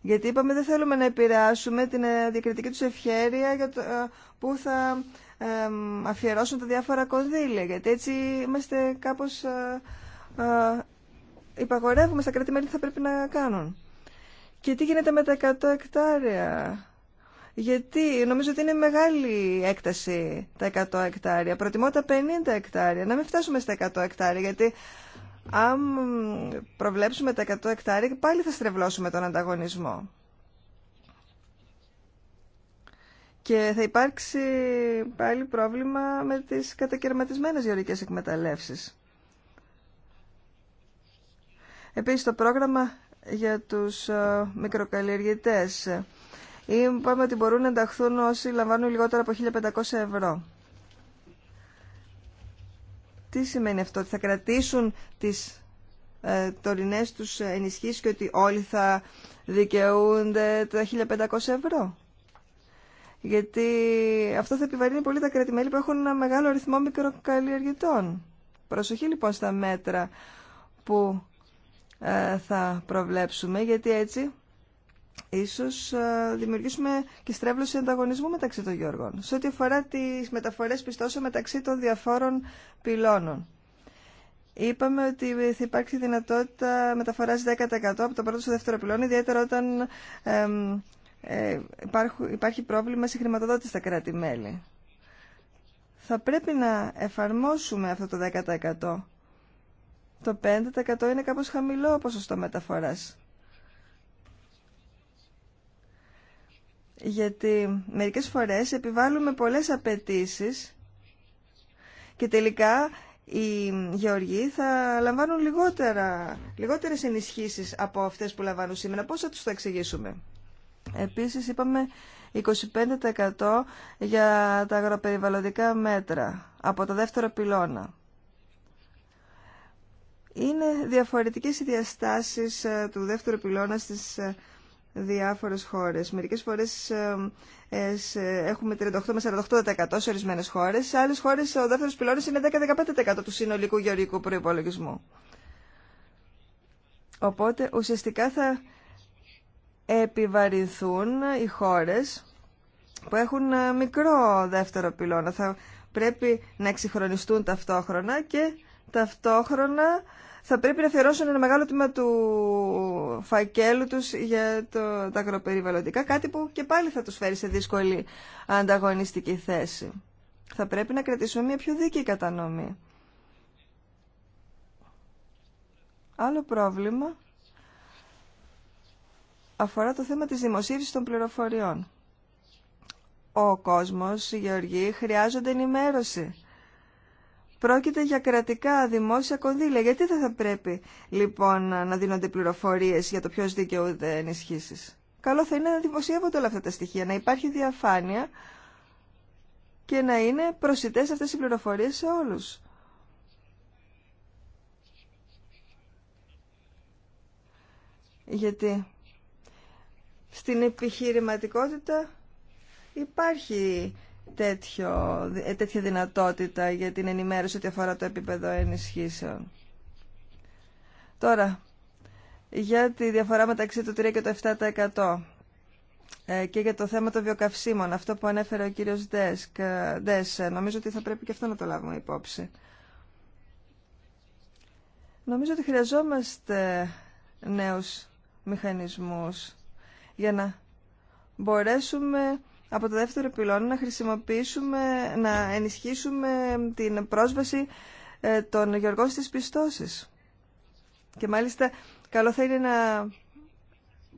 Γιατί είπαμε δεν θέλουμε να επηρεάσουμε την ε, διακριτική τους ευχέρεια για το, ε, που θα ε, αφιερώσουν τα διάφορα κονδύλια. Γιατί έτσι είμαστε κάπως... υπαγορεύουμε στα κράτη-μέλη τι θα πρέπει να κάνουν. Και τι γίνεται με τα 100 εκτάρια γιατί νομίζω ότι είναι μεγάλη έκταση τα 100 εκτάρια. Προτιμώ τα 50 εκτάρια. Να μην φτάσουμε στα 100 εκτάρια, γιατί αν προβλέψουμε τα 100 εκτάρια, πάλι θα στρεβλώσουμε τον ανταγωνισμό. Και θα υπάρξει πάλι πρόβλημα με τις κατακαιρματισμένες γεωρικές εκμεταλλεύσεις. Επίσης το πρόγραμμα για τους ε, μικροκαλλιεργητές ή είπαμε ότι μπορούν να ενταχθούν όσοι λαμβάνουν λιγότερο από 1.500 ευρώ. Τι σημαίνει αυτό, ότι θα κρατήσουν τις ε, τωρινές τους ενισχύσεις και ότι όλοι θα δικαιούνται τα 1.500 ευρώ. Γιατί αυτό θα επιβαρύνει πολύ τα κρατημέλη που έχουν ένα μεγάλο αριθμό μικροκαλλιεργητών. Προσοχή λοιπόν στα μέτρα που ε, θα προβλέψουμε, γιατί έτσι ίσως ε, δημιουργήσουμε και στρέβλωση ανταγωνισμού μεταξύ των Γιώργων σε ό,τι αφορά τις μεταφορές πιστώσεων μεταξύ των διαφόρων πυλώνων. Είπαμε ότι θα υπάρξει δυνατότητα μεταφοράς 10% από το πρώτο στο δεύτερο πυλώνο, ιδιαίτερα όταν ε, ε, υπάρχει, υπάρχει πρόβλημα σε χρηματοδότηση στα κράτη-μέλη. Θα πρέπει να εφαρμόσουμε αυτό το 10%. Το 5% είναι κάπως χαμηλό ποσοστό μεταφοράς. γιατί μερικές φορές επιβάλλουμε πολλές απαιτήσει και τελικά οι γεωργοί θα λαμβάνουν λιγότερα, λιγότερες ενισχύσεις από αυτές που λαμβάνουν σήμερα. Πώς θα τους το εξηγήσουμε. Επίσης είπαμε 25% για τα αγροπεριβαλλοντικά μέτρα από το δεύτερο πυλώνα. Είναι διαφορετικές οι διαστάσεις ε, του δεύτερου πυλώνα στις ε, διάφορες χώρες. Μερικές φορές έχουμε 38 με 48% σε ορισμένε χώρες. Σε άλλες χώρες ο δευτερο πυλωνας πυλώνας είναι 10-15% του συνολικού γεωργικού προϋπολογισμού. Οπότε ουσιαστικά θα επιβαρυνθούν οι χώρες που έχουν ε, μικρό δεύτερο πυλώνα. Θα πρέπει να εξυγχρονιστούν ταυτόχρονα και ταυτόχρονα θα πρέπει να θεωρώσουν ένα μεγάλο τμήμα του φακέλου τους για το, τα αγροπεριβαλλοντικά, κάτι που και πάλι θα τους φέρει σε δύσκολη ανταγωνιστική θέση. Θα πρέπει να κρατήσουμε μια πιο δίκαιη κατανομή. Άλλο πρόβλημα αφορά το θέμα της δημοσίευσης των πληροφοριών. Ο κόσμος, οι γεωργοί, χρειάζονται ενημέρωση πρόκειται για κρατικά δημόσια κονδύλια. Γιατί δεν θα πρέπει λοιπόν να δίνονται πληροφορίες για το ποιο δικαιούται ενισχύσει. Καλό θα είναι να δημοσιεύονται όλα αυτά τα στοιχεία, να υπάρχει διαφάνεια και να είναι προσιτές αυτές οι πληροφορίες σε όλους. Γιατί στην επιχειρηματικότητα υπάρχει τέτοιο, ε, τέτοια δυνατότητα για την ενημέρωση ότι αφορά το επίπεδο ενισχύσεων. Τώρα, για τη διαφορά μεταξύ του 3 και του 7% ε, και για το θέμα των βιοκαυσίμων, αυτό που ανέφερε ο κύριος Ντέσσε, ε, νομίζω ότι θα πρέπει και αυτό να το λάβουμε υπόψη. Νομίζω ότι χρειαζόμαστε νέους μηχανισμούς για να μπορέσουμε από το δεύτερο πυλώνα να χρησιμοποιήσουμε, να ενισχύσουμε την πρόσβαση ε, των γεωργών στις πιστώσεις. Και μάλιστα καλό θα είναι να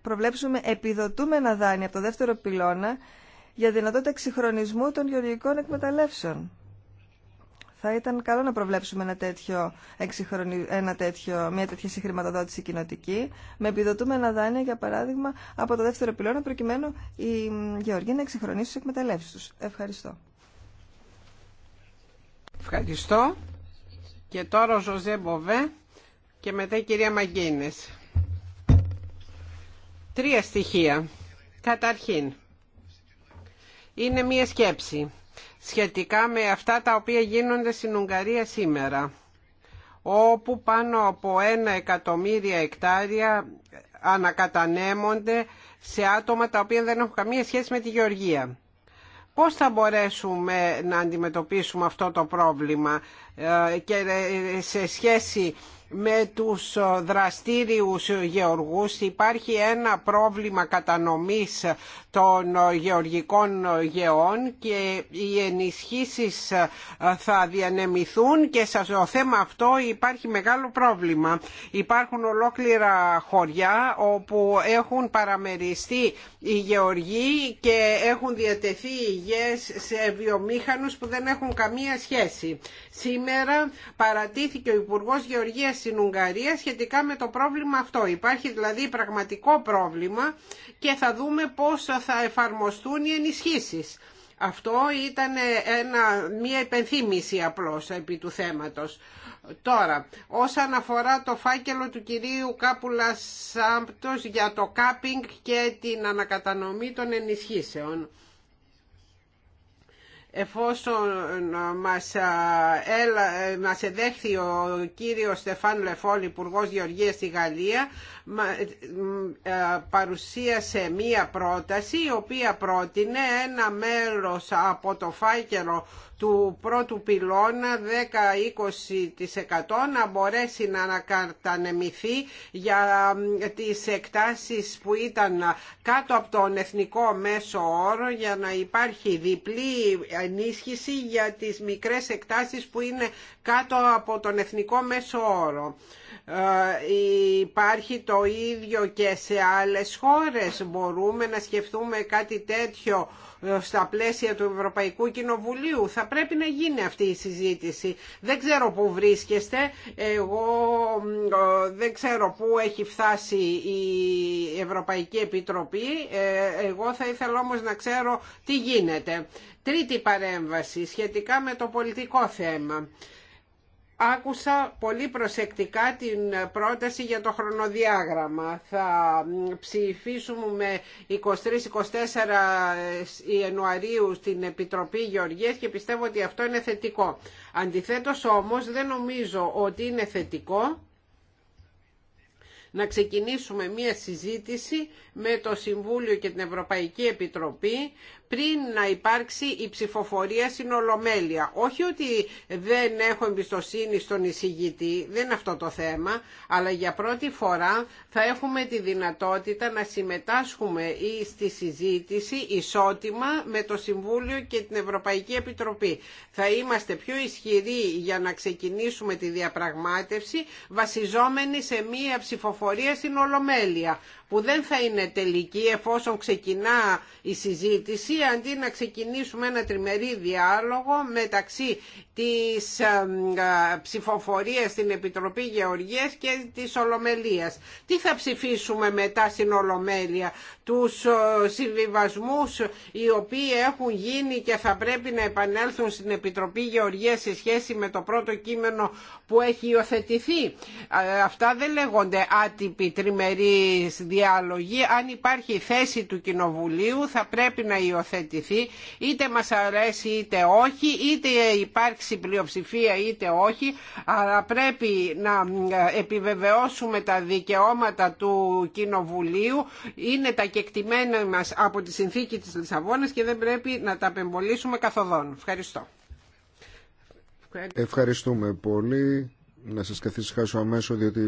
προβλέψουμε επιδοτούμενα δάνεια από το δεύτερο πυλώνα για δυνατότητα ξυγχρονισμού των γεωργικών εκμεταλλεύσεων. Θα ήταν καλό να προβλέψουμε ένα τέτοιο, ένα μια τέτοια συγχρηματοδότηση κοινοτική με επιδοτούμενα δάνεια, για παράδειγμα, από το δεύτερο πυλώνα, προκειμένου η Γεωργία να εξυγχρονίσει τι εκμεταλλεύσει του. Ευχαριστώ. Ευχαριστώ. Και τώρα ο Ζωζέ Μποβέ και μετά η κυρία Μαγκίνες. Τρία στοιχεία. Καταρχήν, είναι μία σκέψη σχετικά με αυτά τα οποία γίνονται στην Ουγγαρία σήμερα όπου πάνω από ένα εκατομμύρια εκτάρια ανακατανέμονται σε άτομα τα οποία δεν έχουν καμία σχέση με τη γεωργία. Πώς θα μπορέσουμε να αντιμετωπίσουμε αυτό το πρόβλημα ε, και ε, σε σχέση με τους δραστήριους γεωργούς υπάρχει ένα πρόβλημα κατανομής των γεωργικών γεών και οι ενισχύσεις θα διανεμηθούν και στο θέμα αυτό υπάρχει μεγάλο πρόβλημα. Υπάρχουν ολόκληρα χωριά όπου έχουν παραμεριστεί οι γεωργοί και έχουν διατεθεί οι γες σε βιομήχανους που δεν έχουν καμία σχέση. Σήμερα παρατήθηκε ο Υπουργός Γεωργίας στην Ουγγαρία σχετικά με το πρόβλημα αυτό. Υπάρχει δηλαδή πραγματικό πρόβλημα και θα δούμε πώς θα εφαρμοστούν οι ενισχύσεις. Αυτό ήταν ένα, μια υπενθύμηση απλώς επί του θέματος. Τώρα, όσον αφορά το φάκελο του κυρίου Κάπουλα Σάμπτος για το κάπινγκ και την ανακατανομή των ενισχύσεων εφόσον ε, μας, ε, έλα, ε, μας εδέχθη ο κύριος Στεφάν Λεφόλ, υπουργό Γεωργίας στη Γαλλία, ε, ε, παρουσίασε μία πρόταση η οποία πρότεινε ένα μέρος από το φάκελο του πρώτου πυλώνα 10-20% να μπορέσει να ανακατανεμηθεί για τις εκτάσεις που ήταν κάτω από τον εθνικό μέσο όρο για να υπάρχει διπλή ενίσχυση για τις μικρές εκτάσεις που είναι κάτω από τον εθνικό μέσο όρο. Ε, υπάρχει το ίδιο και σε άλλες χώρες. Μπορούμε να σκεφτούμε κάτι τέτοιο ε, στα πλαίσια του Ευρωπαϊκού Κοινοβουλίου. Θα πρέπει να γίνει αυτή η συζήτηση. Δεν ξέρω πού βρίσκεστε. Εγώ ε, δεν ξέρω πού έχει φτάσει η Ευρωπαϊκή Επιτροπή. Εγώ θα ήθελα όμως να ξέρω τι γίνεται. Τρίτη παρέμβαση σχετικά με το πολιτικό θέμα. Άκουσα πολύ προσεκτικά την πρόταση για το χρονοδιάγραμμα. Θα ψηφίσουμε 23-24 Ιανουαρίου στην Επιτροπή Γεωργίας και πιστεύω ότι αυτό είναι θετικό. Αντιθέτως όμως δεν νομίζω ότι είναι θετικό να ξεκινήσουμε μία συζήτηση με το Συμβούλιο και την Ευρωπαϊκή Επιτροπή πριν να υπάρξει η ψηφοφορία στην Ολομέλεια. Όχι ότι δεν έχω εμπιστοσύνη στον εισηγητή, δεν είναι αυτό το θέμα, αλλά για πρώτη φορά θα έχουμε τη δυνατότητα να συμμετάσχουμε ή στη συζήτηση ισότιμα με το Συμβούλιο και την Ευρωπαϊκή Επιτροπή. Θα είμαστε πιο ισχυροί για να ξεκινήσουμε τη διαπραγμάτευση βασιζόμενοι σε μία ψηφοφορία στην Ολομέλεια που δεν θα είναι τελική εφόσον ξεκινά η συζήτηση αντί να ξεκινήσουμε ένα τριμερή διάλογο μεταξύ της ψηφοφορίας στην Επιτροπή Γεωργίας και της Ολομελίας. Τι θα ψηφίσουμε μετά στην Ολομέλεια, τους ε, συμβιβασμούς οι οποίοι έχουν γίνει και θα πρέπει να επανέλθουν στην Επιτροπή Γεωργίας σε σχέση με το πρώτο κείμενο που έχει υιοθετηθεί. Ε, αυτά δεν λέγονται άτυποι τριμερείς διαλογή αν υπάρχει θέση του Κοινοβουλίου θα πρέπει να υιοθετηθεί είτε μας αρέσει είτε όχι είτε υπάρξει πλειοψηφία είτε όχι αλλά πρέπει να ε, επιβεβαιώσουμε τα δικαιώματα του Κοινοβουλίου είναι τα κεκτημένα μας από τη συνθήκη της Λισαβόνας και δεν πρέπει να τα απεμπολίσουμε καθοδόν. Ευχαριστώ. Ευχαριστούμε πολύ να σας χάσω αμέσως διότι,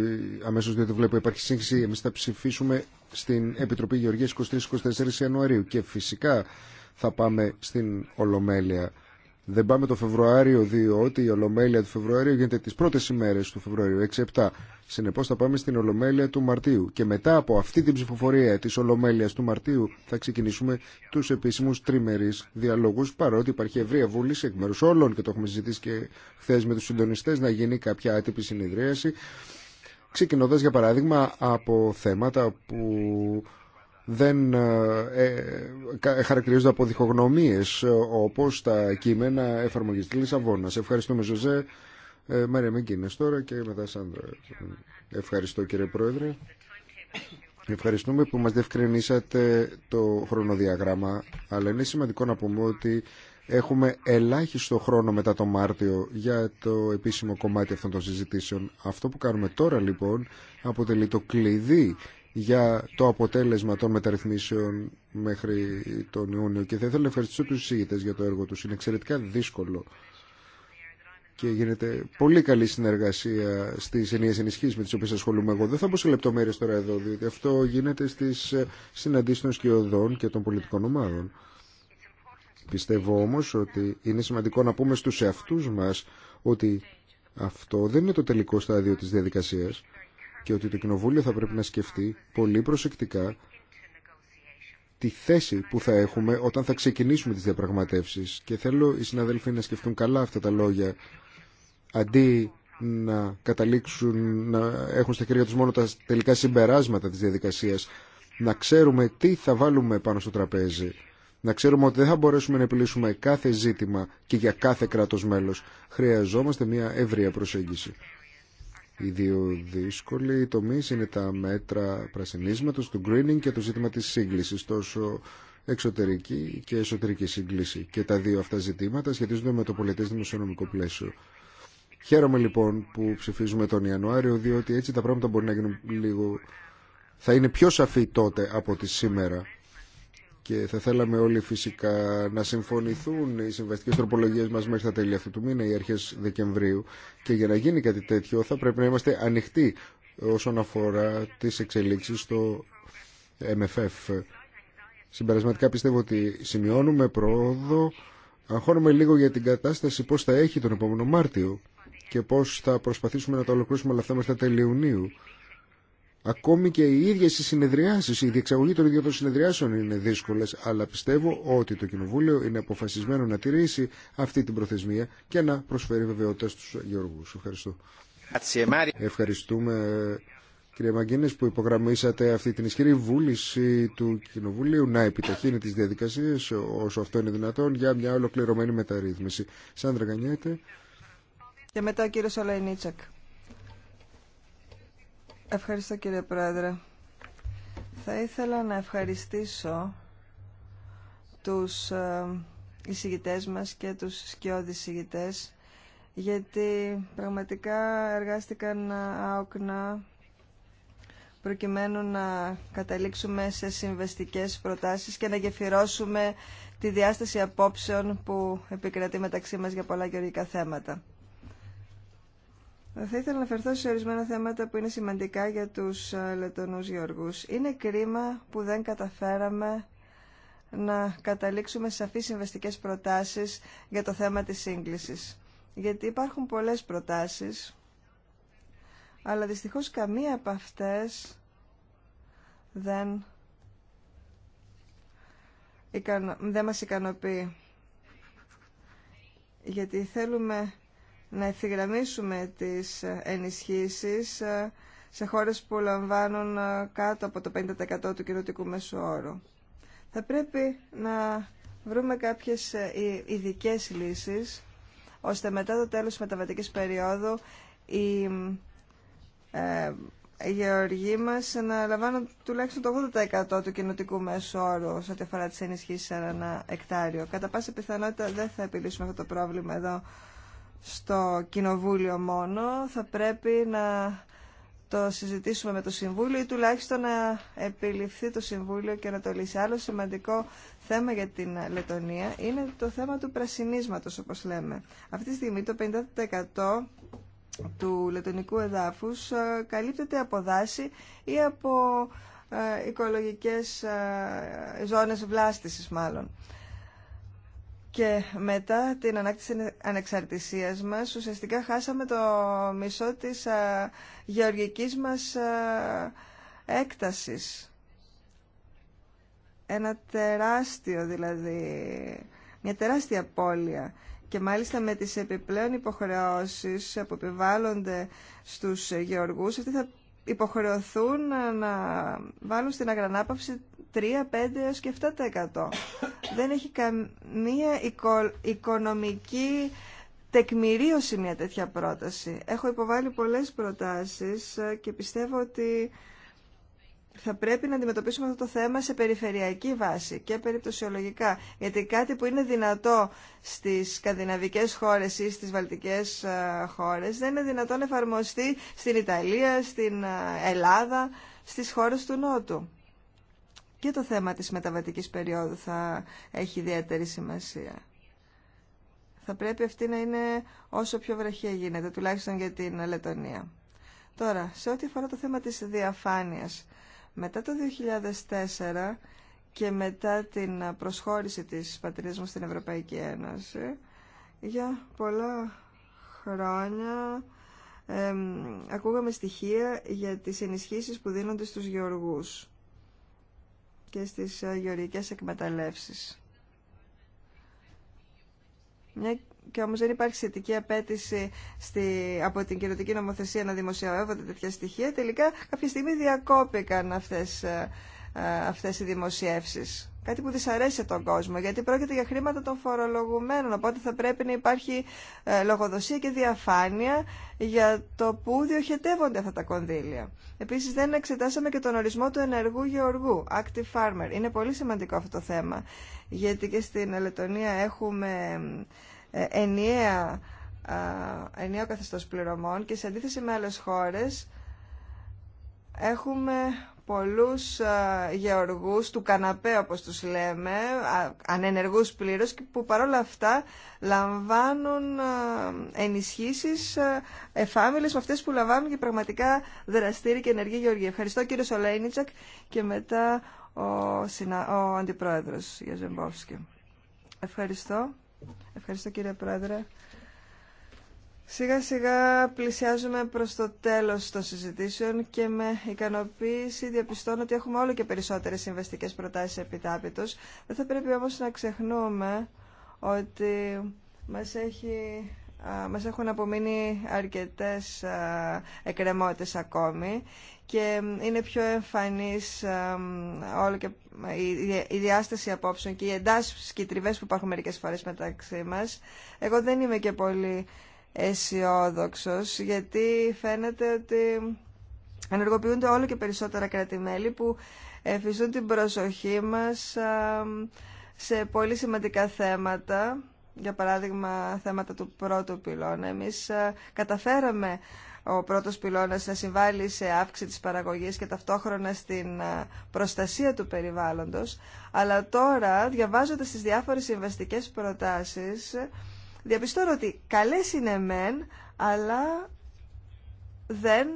αμέσως διότι βλέπω υπάρχει σύγχυση. Εμείς θα ψηφίσουμε στην Επιτροπή Γεωργίας 23-24 Ιανουαρίου και φυσικά θα πάμε στην Ολομέλεια δεν πάμε το Φεβρουάριο, διότι η Ολομέλεια του Φεβρουαρίου γίνεται τι πρώτε ημέρε του Φεβρουαρίου, 6-7. Συνεπώ θα πάμε στην Ολομέλεια του Μαρτίου. Και μετά από αυτή την ψηφοφορία τη Ολομέλεια του Μαρτίου θα ξεκινήσουμε του επίσημου τριμερεί διαλόγου, παρότι υπάρχει ευρία βούληση εκ μέρου όλων και το έχουμε συζητήσει και χθε με του συντονιστέ να γίνει κάποια άτυπη συνειδρίαση, Ξεκινώντα, για παράδειγμα, από θέματα που δεν ε, ε, χαρακτηρίζονται από διχογνωμίες ε, όπως τα κείμενα εφαρμογής της Λισαβόνας. Ευχαριστούμε Ζωζέ. Ε, Μαρία Μεγκίνες τώρα και μετά Σάντρα. Ευχαριστώ κύριε Πρόεδρε. Ευχαριστούμε που μας διευκρινίσατε το χρονοδιαγράμμα, αλλά είναι σημαντικό να πούμε ότι έχουμε ελάχιστο χρόνο μετά το Μάρτιο για το επίσημο κομμάτι αυτών των συζητήσεων. Αυτό που κάνουμε τώρα λοιπόν αποτελεί το κλειδί για το αποτέλεσμα των μεταρρυθμίσεων μέχρι τον Ιούνιο. Και θα ήθελα να ευχαριστήσω τους συζήτητες για το έργο τους. Είναι εξαιρετικά δύσκολο και γίνεται πολύ καλή συνεργασία στις ενίες ενισχύσει με τι οποίε ασχολούμαι εγώ. Δεν θα πω σε λεπτομέρειε τώρα εδώ, διότι αυτό γίνεται στις συναντήσει των σκιωδών και των πολιτικών ομάδων. Πιστεύω όμως ότι είναι σημαντικό να πούμε στους εαυτούς μας ότι αυτό δεν είναι το τελικό στάδιο της διαδικασία και ότι το Κοινοβούλιο θα πρέπει να σκεφτεί πολύ προσεκτικά τη θέση που θα έχουμε όταν θα ξεκινήσουμε τις διαπραγματεύσεις και θέλω οι συναδέλφοι να σκεφτούν καλά αυτά τα λόγια αντί να καταλήξουν να έχουν στα χέρια τους μόνο τα τελικά συμπεράσματα της διαδικασίας να ξέρουμε τι θα βάλουμε πάνω στο τραπέζι να ξέρουμε ότι δεν θα μπορέσουμε να επιλύσουμε κάθε ζήτημα και για κάθε κράτος μέλος χρειαζόμαστε μια ευρεία προσέγγιση οι δύο δύσκολοι τομεί είναι τα μέτρα πρασινίσματος, του greening και το ζήτημα της σύγκληση, τόσο εξωτερική και εσωτερική σύγκληση. Και τα δύο αυτά ζητήματα σχετίζονται με το πολιτέ δημοσιονομικό πλαίσιο. Χαίρομαι λοιπόν που ψηφίζουμε τον Ιανουάριο, διότι έτσι τα πράγματα μπορεί να γίνουν λίγο... θα είναι πιο σαφή τότε από ότι σήμερα και θα θέλαμε όλοι φυσικά να συμφωνηθούν οι συμβαστικές τροπολογίες μας μέχρι τα τέλη αυτού του μήνα ή αρχές Δεκεμβρίου και για να γίνει κάτι τέτοιο θα πρέπει να είμαστε ανοιχτοί όσον αφορά τις εξελίξεις στο MFF. Συμπερασματικά πιστεύω ότι σημειώνουμε πρόοδο, αγχώνουμε λίγο για την κατάσταση πώς θα έχει τον επόμενο Μάρτιο και πώς θα προσπαθήσουμε να το ολοκληρώσουμε όλα αυτά μέχρι τα τέλη Ιουνίου. Ακόμη και οι ίδιες οι συνεδριάσεις, η διεξαγωγή των ίδιων των συνεδριάσεων είναι δύσκολες, αλλά πιστεύω ότι το Κοινοβούλιο είναι αποφασισμένο να τηρήσει αυτή την προθεσμία και να προσφέρει βεβαιότητα στους γεωργούς. Ευχαριστώ. Ευχαριστούμε κύριε Μαγκίνες που υπογραμμίσατε αυτή την ισχυρή βούληση του Κοινοβουλίου να επιταχύνει τις διαδικασίες όσο αυτό είναι δυνατόν για μια ολοκληρωμένη μεταρρύθμιση. Σάντρα Γανιέτε. Και μετά κύριε Σολαϊνίτσακ. Ευχαριστώ κύριε Πρόεδρε. Θα ήθελα να ευχαριστήσω τους ε, εισηγητές μας και τους σκιώδης εισηγητές γιατί πραγματικά εργάστηκαν ε, άοκνα προκειμένου να καταλήξουμε σε συμβεστικές προτάσεις και να γεφυρώσουμε τη διάσταση απόψεων που επικρατεί μεταξύ μας για πολλά γεωργικά θέματα. Θα ήθελα να φερθώ σε ορισμένα θέματα που είναι σημαντικά για τους ε, λετονούς γεωργούς. Είναι κρίμα που δεν καταφέραμε να καταλήξουμε σε σαφείς συμβαστικές προτάσεις για το θέμα της σύγκλησης. Γιατί υπάρχουν πολλές προτάσεις, αλλά δυστυχώς καμία από αυτές δεν, δεν μας ικανοποιεί. Γιατί θέλουμε να ευθυγραμμίσουμε τις ενισχύσεις ε, σε χώρες που λαμβάνουν ε, κάτω από το 50% του κοινωτικού μέσου όρου. Θα πρέπει να βρούμε κάποιες ε, ειδικέ λύσεις, ώστε μετά το τέλος της μεταβατικής περίοδου οι, ε, γεωργοί μας να λαμβάνουν τουλάχιστον το 80% του κοινωτικού μέσου όρου σε αφορά τις ενισχύσεις σε ένα εκτάριο. Κατά πάσα πιθανότητα δεν θα επιλύσουμε αυτό το πρόβλημα εδώ στο Κοινοβούλιο μόνο, θα πρέπει να το συζητήσουμε με το Συμβούλιο ή τουλάχιστον να επιληφθεί το Συμβούλιο και να το λύσει. Άλλο σημαντικό θέμα για την Λετωνία είναι το θέμα του πρασινίσματος, όπως λέμε. Αυτή τη στιγμή το 50% του λετωνικού εδάφους ε, καλύπτεται από δάση ή από ε, οικολογικές ε, ζώνες βλάστησης μάλλον. Και μετά την ανάκτηση ανεξαρτησίας μας, ουσιαστικά χάσαμε το μισό της γεωργικής μας έκτασης. Ένα τεράστιο δηλαδή, μια τεράστια πόλια. Και μάλιστα με τις επιπλέον υποχρεώσεις που επιβάλλονται στους γεωργούς, αυτοί θα υποχρεωθούν να βάλουν στην αγρανάπαυση 3, 5 έως και 7%. Δεν έχει καμία οικονομική τεκμηρίωση μια τέτοια πρόταση. Έχω υποβάλει πολλές προτάσεις και πιστεύω ότι θα πρέπει να αντιμετωπίσουμε αυτό το θέμα σε περιφερειακή βάση και περιπτωσιολογικά. Γιατί κάτι που είναι δυνατό στι σκανδιναβικέ χώρε ή στι βαλτικέ ε, χώρες δεν είναι δυνατό να εφαρμοστεί στην Ιταλία, στην ε, Ελλάδα, στι χώρε του Νότου. Και το θέμα της μεταβατικής περίοδου θα έχει ιδιαίτερη σημασία. Θα πρέπει αυτή να είναι όσο πιο βραχία γίνεται, τουλάχιστον για την Λετωνία. Τώρα, σε ό,τι αφορά το θέμα της διαφάνειας, μετά το 2004 και μετά την προσχώρηση της πατρίδας μας στην Ευρωπαϊκή Ένωση, για πολλά χρόνια ακούγαμε στοιχεία για τις ενισχύσεις που δίνονται στους γεωργούς και στις ε, γεωργικές εκμεταλλεύσεις και όμως δεν υπάρχει σχετική απέτηση στη, από την κυρωτική νομοθεσία να δημοσιεύονται τέτοια στοιχεία, τελικά κάποια στιγμή διακόπηκαν αυτές, ε, ε, αυτές οι δημοσιεύσεις. Κάτι που δυσαρέσει τον κόσμο, γιατί πρόκειται για χρήματα των φορολογουμένων, οπότε θα πρέπει να υπάρχει ε, λογοδοσία και διαφάνεια για το πού διοχετεύονται αυτά τα κονδύλια. Επίσης δεν εξετάσαμε και τον ορισμό του ενεργού γεωργού, active farmer. Είναι πολύ σημαντικό αυτό το θέμα, γιατί και στην Ελετονία έχουμε ε, ενιαία, ενιαίο καθεστώς πληρωμών και σε αντίθεση με άλλες χώρες έχουμε πολλούς γεωργούς του καναπέ όπως τους λέμε, ανενεργούς πλήρως που παρόλα αυτά λαμβάνουν ενισχύσεις εφάμιλες με αυτές που λαμβάνουν και πραγματικά δραστήριοι και ενεργοί γεωργοί. Ευχαριστώ κύριο Σολέινιτσακ και μετά ο, συνα... ο Αντιπρόεδρος Ευχαριστώ. Ευχαριστώ κύριε Πρόεδρε. Σιγά σιγά πλησιάζουμε προς το τέλος των συζητήσεων και με ικανοποίηση διαπιστώνω ότι έχουμε όλο και περισσότερες συμβαστικές προτάσεις επιτάπητος. Δεν θα πρέπει όμως να ξεχνούμε ότι μας έχει μας έχουν απομείνει αρκετές εκκρεμότητες ακόμη και είναι πιο εμφανής όλο η διάσταση απόψεων και οι εντάσεις και οι που υπάρχουν μερικές φορές μεταξύ μας. Εγώ δεν είμαι και πολύ αισιόδοξο, γιατί φαίνεται ότι ενεργοποιούνται όλο και περισσότερα που εφιστούν την προσοχή μας σε πολύ σημαντικά θέματα για παράδειγμα θέματα του πρώτου πυλώνα. Εμείς ε, καταφέραμε ο πρώτος πυλώνας να συμβάλλει σε αύξηση της παραγωγής και ταυτόχρονα στην ε, προστασία του περιβάλλοντος. Αλλά τώρα, διαβάζοντας τις διάφορες συμβαστικές προτάσεις, διαπιστώνω ότι καλές είναι μεν, αλλά δεν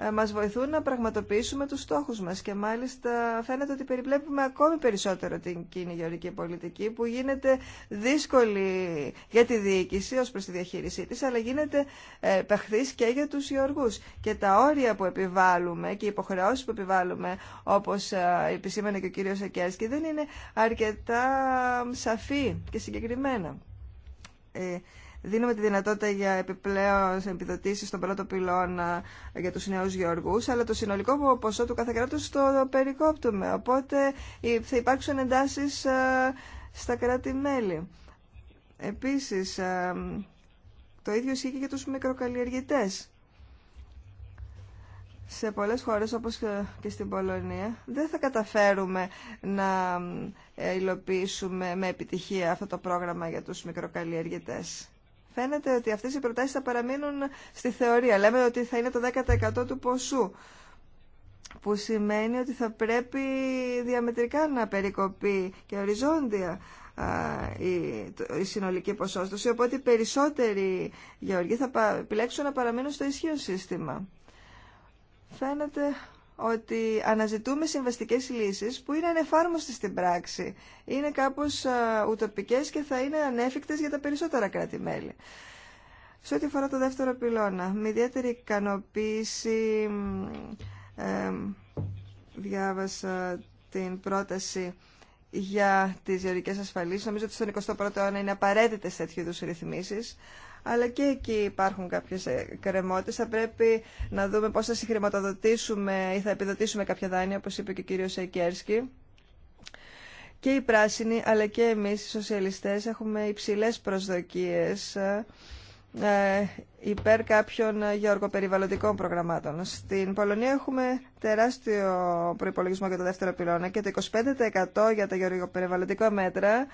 ε, μας βοηθούν να πραγματοποιήσουμε τους στόχους μας και μάλιστα φαίνεται ότι περιπλέπουμε ακόμη περισσότερο την κοινή γεωρική πολιτική που γίνεται δύσκολη για τη διοίκηση ως προς τη διαχείρισή της αλλά γίνεται ε, και για τους γεωργούς και τα όρια που επιβάλλουμε και οι υποχρεώσεις που επιβάλλουμε όπως ε, επισήμανε και ο κύριος Ακέσκη δεν είναι αρκετά σαφή και συγκεκριμένα. Ε, δίνουμε τη δυνατότητα για επιπλέον επιδοτήσει στον πρώτο πυλώνα για τους νέου γεωργού αλλά το συνολικό ποσό του κάθε κράτου το περικόπτουμε. Οπότε θα υπάρξουν εντάσεις στα κράτη-μέλη. Επίσης, το ίδιο ισχύει και για τους μικροκαλλιεργητές. Σε πολλές χώρες, όπως και στην Πολωνία, δεν θα καταφέρουμε να ε, υλοποιήσουμε με επιτυχία αυτό το πρόγραμμα για τους μικροκαλλιεργητές φαίνεται ότι αυτές οι προτάσεις θα παραμείνουν στη θεωρία. Λέμε ότι θα είναι το 10% του ποσού, που σημαίνει ότι θα πρέπει διαμετρικά να περικοπεί και οριζόντια η συνολική ποσόστοση, οπότε οι περισσότεροι γεωργοί θα επιλέξουν να παραμείνουν στο ισχύον σύστημα. Φαίνεται ότι αναζητούμε συμβαστικές λύσεις που είναι ανεφάρμοστες στην πράξη. Είναι κάπως ε, ουτοπικές και θα είναι ανέφικτες για τα περισσότερα κράτη-μέλη. Σε ό,τι αφορά το δεύτερο πυλώνα, με ιδιαίτερη ικανοποίηση διάβασα την πρόταση για τις γεωρικές ασφαλίσεις. Νομίζω ότι στον 21ο αιώνα είναι απαραίτητες τέτοιου είδους ρυθμίσεις αλλά και εκεί υπάρχουν κάποιες ε, κρεμότητες. Θα πρέπει να δούμε πώς θα συγχρηματοδοτήσουμε ή θα επιδοτήσουμε κάποια δάνεια, όπως είπε και ο κύριος Σεκέρσκι. Και οι πράσινοι, αλλά και εμείς οι σοσιαλιστές έχουμε υψηλές προσδοκίες ε, υπέρ κάποιων γεωργοπεριβαλλοντικών προγραμμάτων. Στην Πολωνία έχουμε τεράστιο προϋπολογισμό για το δεύτερο πυλώνα και το 25% για τα γεωργοπεριβαλλοντικά μέτρα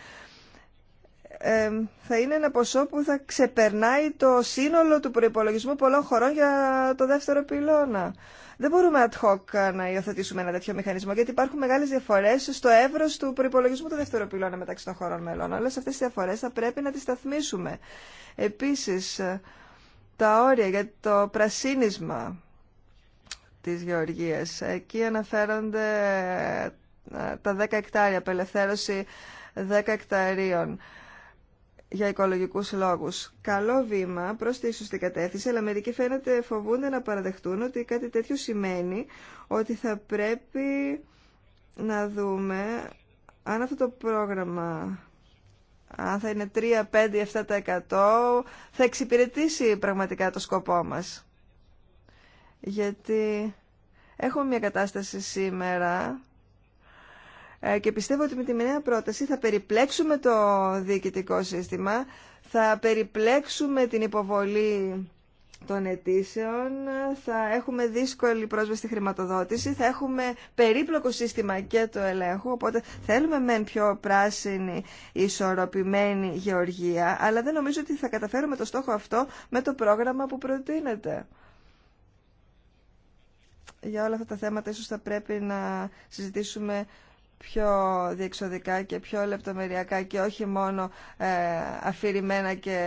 θα είναι ένα ποσό που θα ξεπερνάει το σύνολο του προϋπολογισμού πολλών χωρών για το δεύτερο πυλώνα. Δεν μπορούμε ad hoc να υιοθετήσουμε ένα τέτοιο μηχανισμό, γιατί υπάρχουν μεγάλες διαφορές στο εύρος του προϋπολογισμού του δεύτερου πυλώνα μεταξύ των χωρών μελών. Όλε αυτές τις διαφορές θα πρέπει να τις σταθμίσουμε. Επίσης, τα όρια για το πρασίνισμα της γεωργίας. Εκεί αναφέρονται ε, τα 10 εκτάρια, απελευθέρωση 10 εκταρίων για οικολογικούς λόγους. Καλό βήμα προς τη σωστή κατεύθυνση, αλλά μερικοί φαίνεται φοβούνται να παραδεχτούν ότι κάτι τέτοιο σημαίνει ότι θα πρέπει να δούμε αν αυτό το πρόγραμμα αν θα είναι 3, 5, 7% θα εξυπηρετήσει πραγματικά το σκοπό μας. Γιατί έχουμε μια κατάσταση σήμερα ε, και πιστεύω ότι με τη νέα πρόταση θα περιπλέξουμε το διοικητικό σύστημα, θα περιπλέξουμε την υποβολή των αιτήσεων, θα έχουμε δύσκολη πρόσβαση στη χρηματοδότηση, θα έχουμε περίπλοκο σύστημα και το ελέγχο. οπότε θέλουμε μεν πιο πράσινη, ισορροπημένη γεωργία, αλλά δεν νομίζω ότι θα καταφέρουμε το στόχο αυτό με το πρόγραμμα που προτείνεται. Για όλα αυτά τα θέματα ίσως θα πρέπει να συζητήσουμε πιο διεξοδικά και πιο λεπτομεριακά και όχι μόνο ε, αφηρημένα και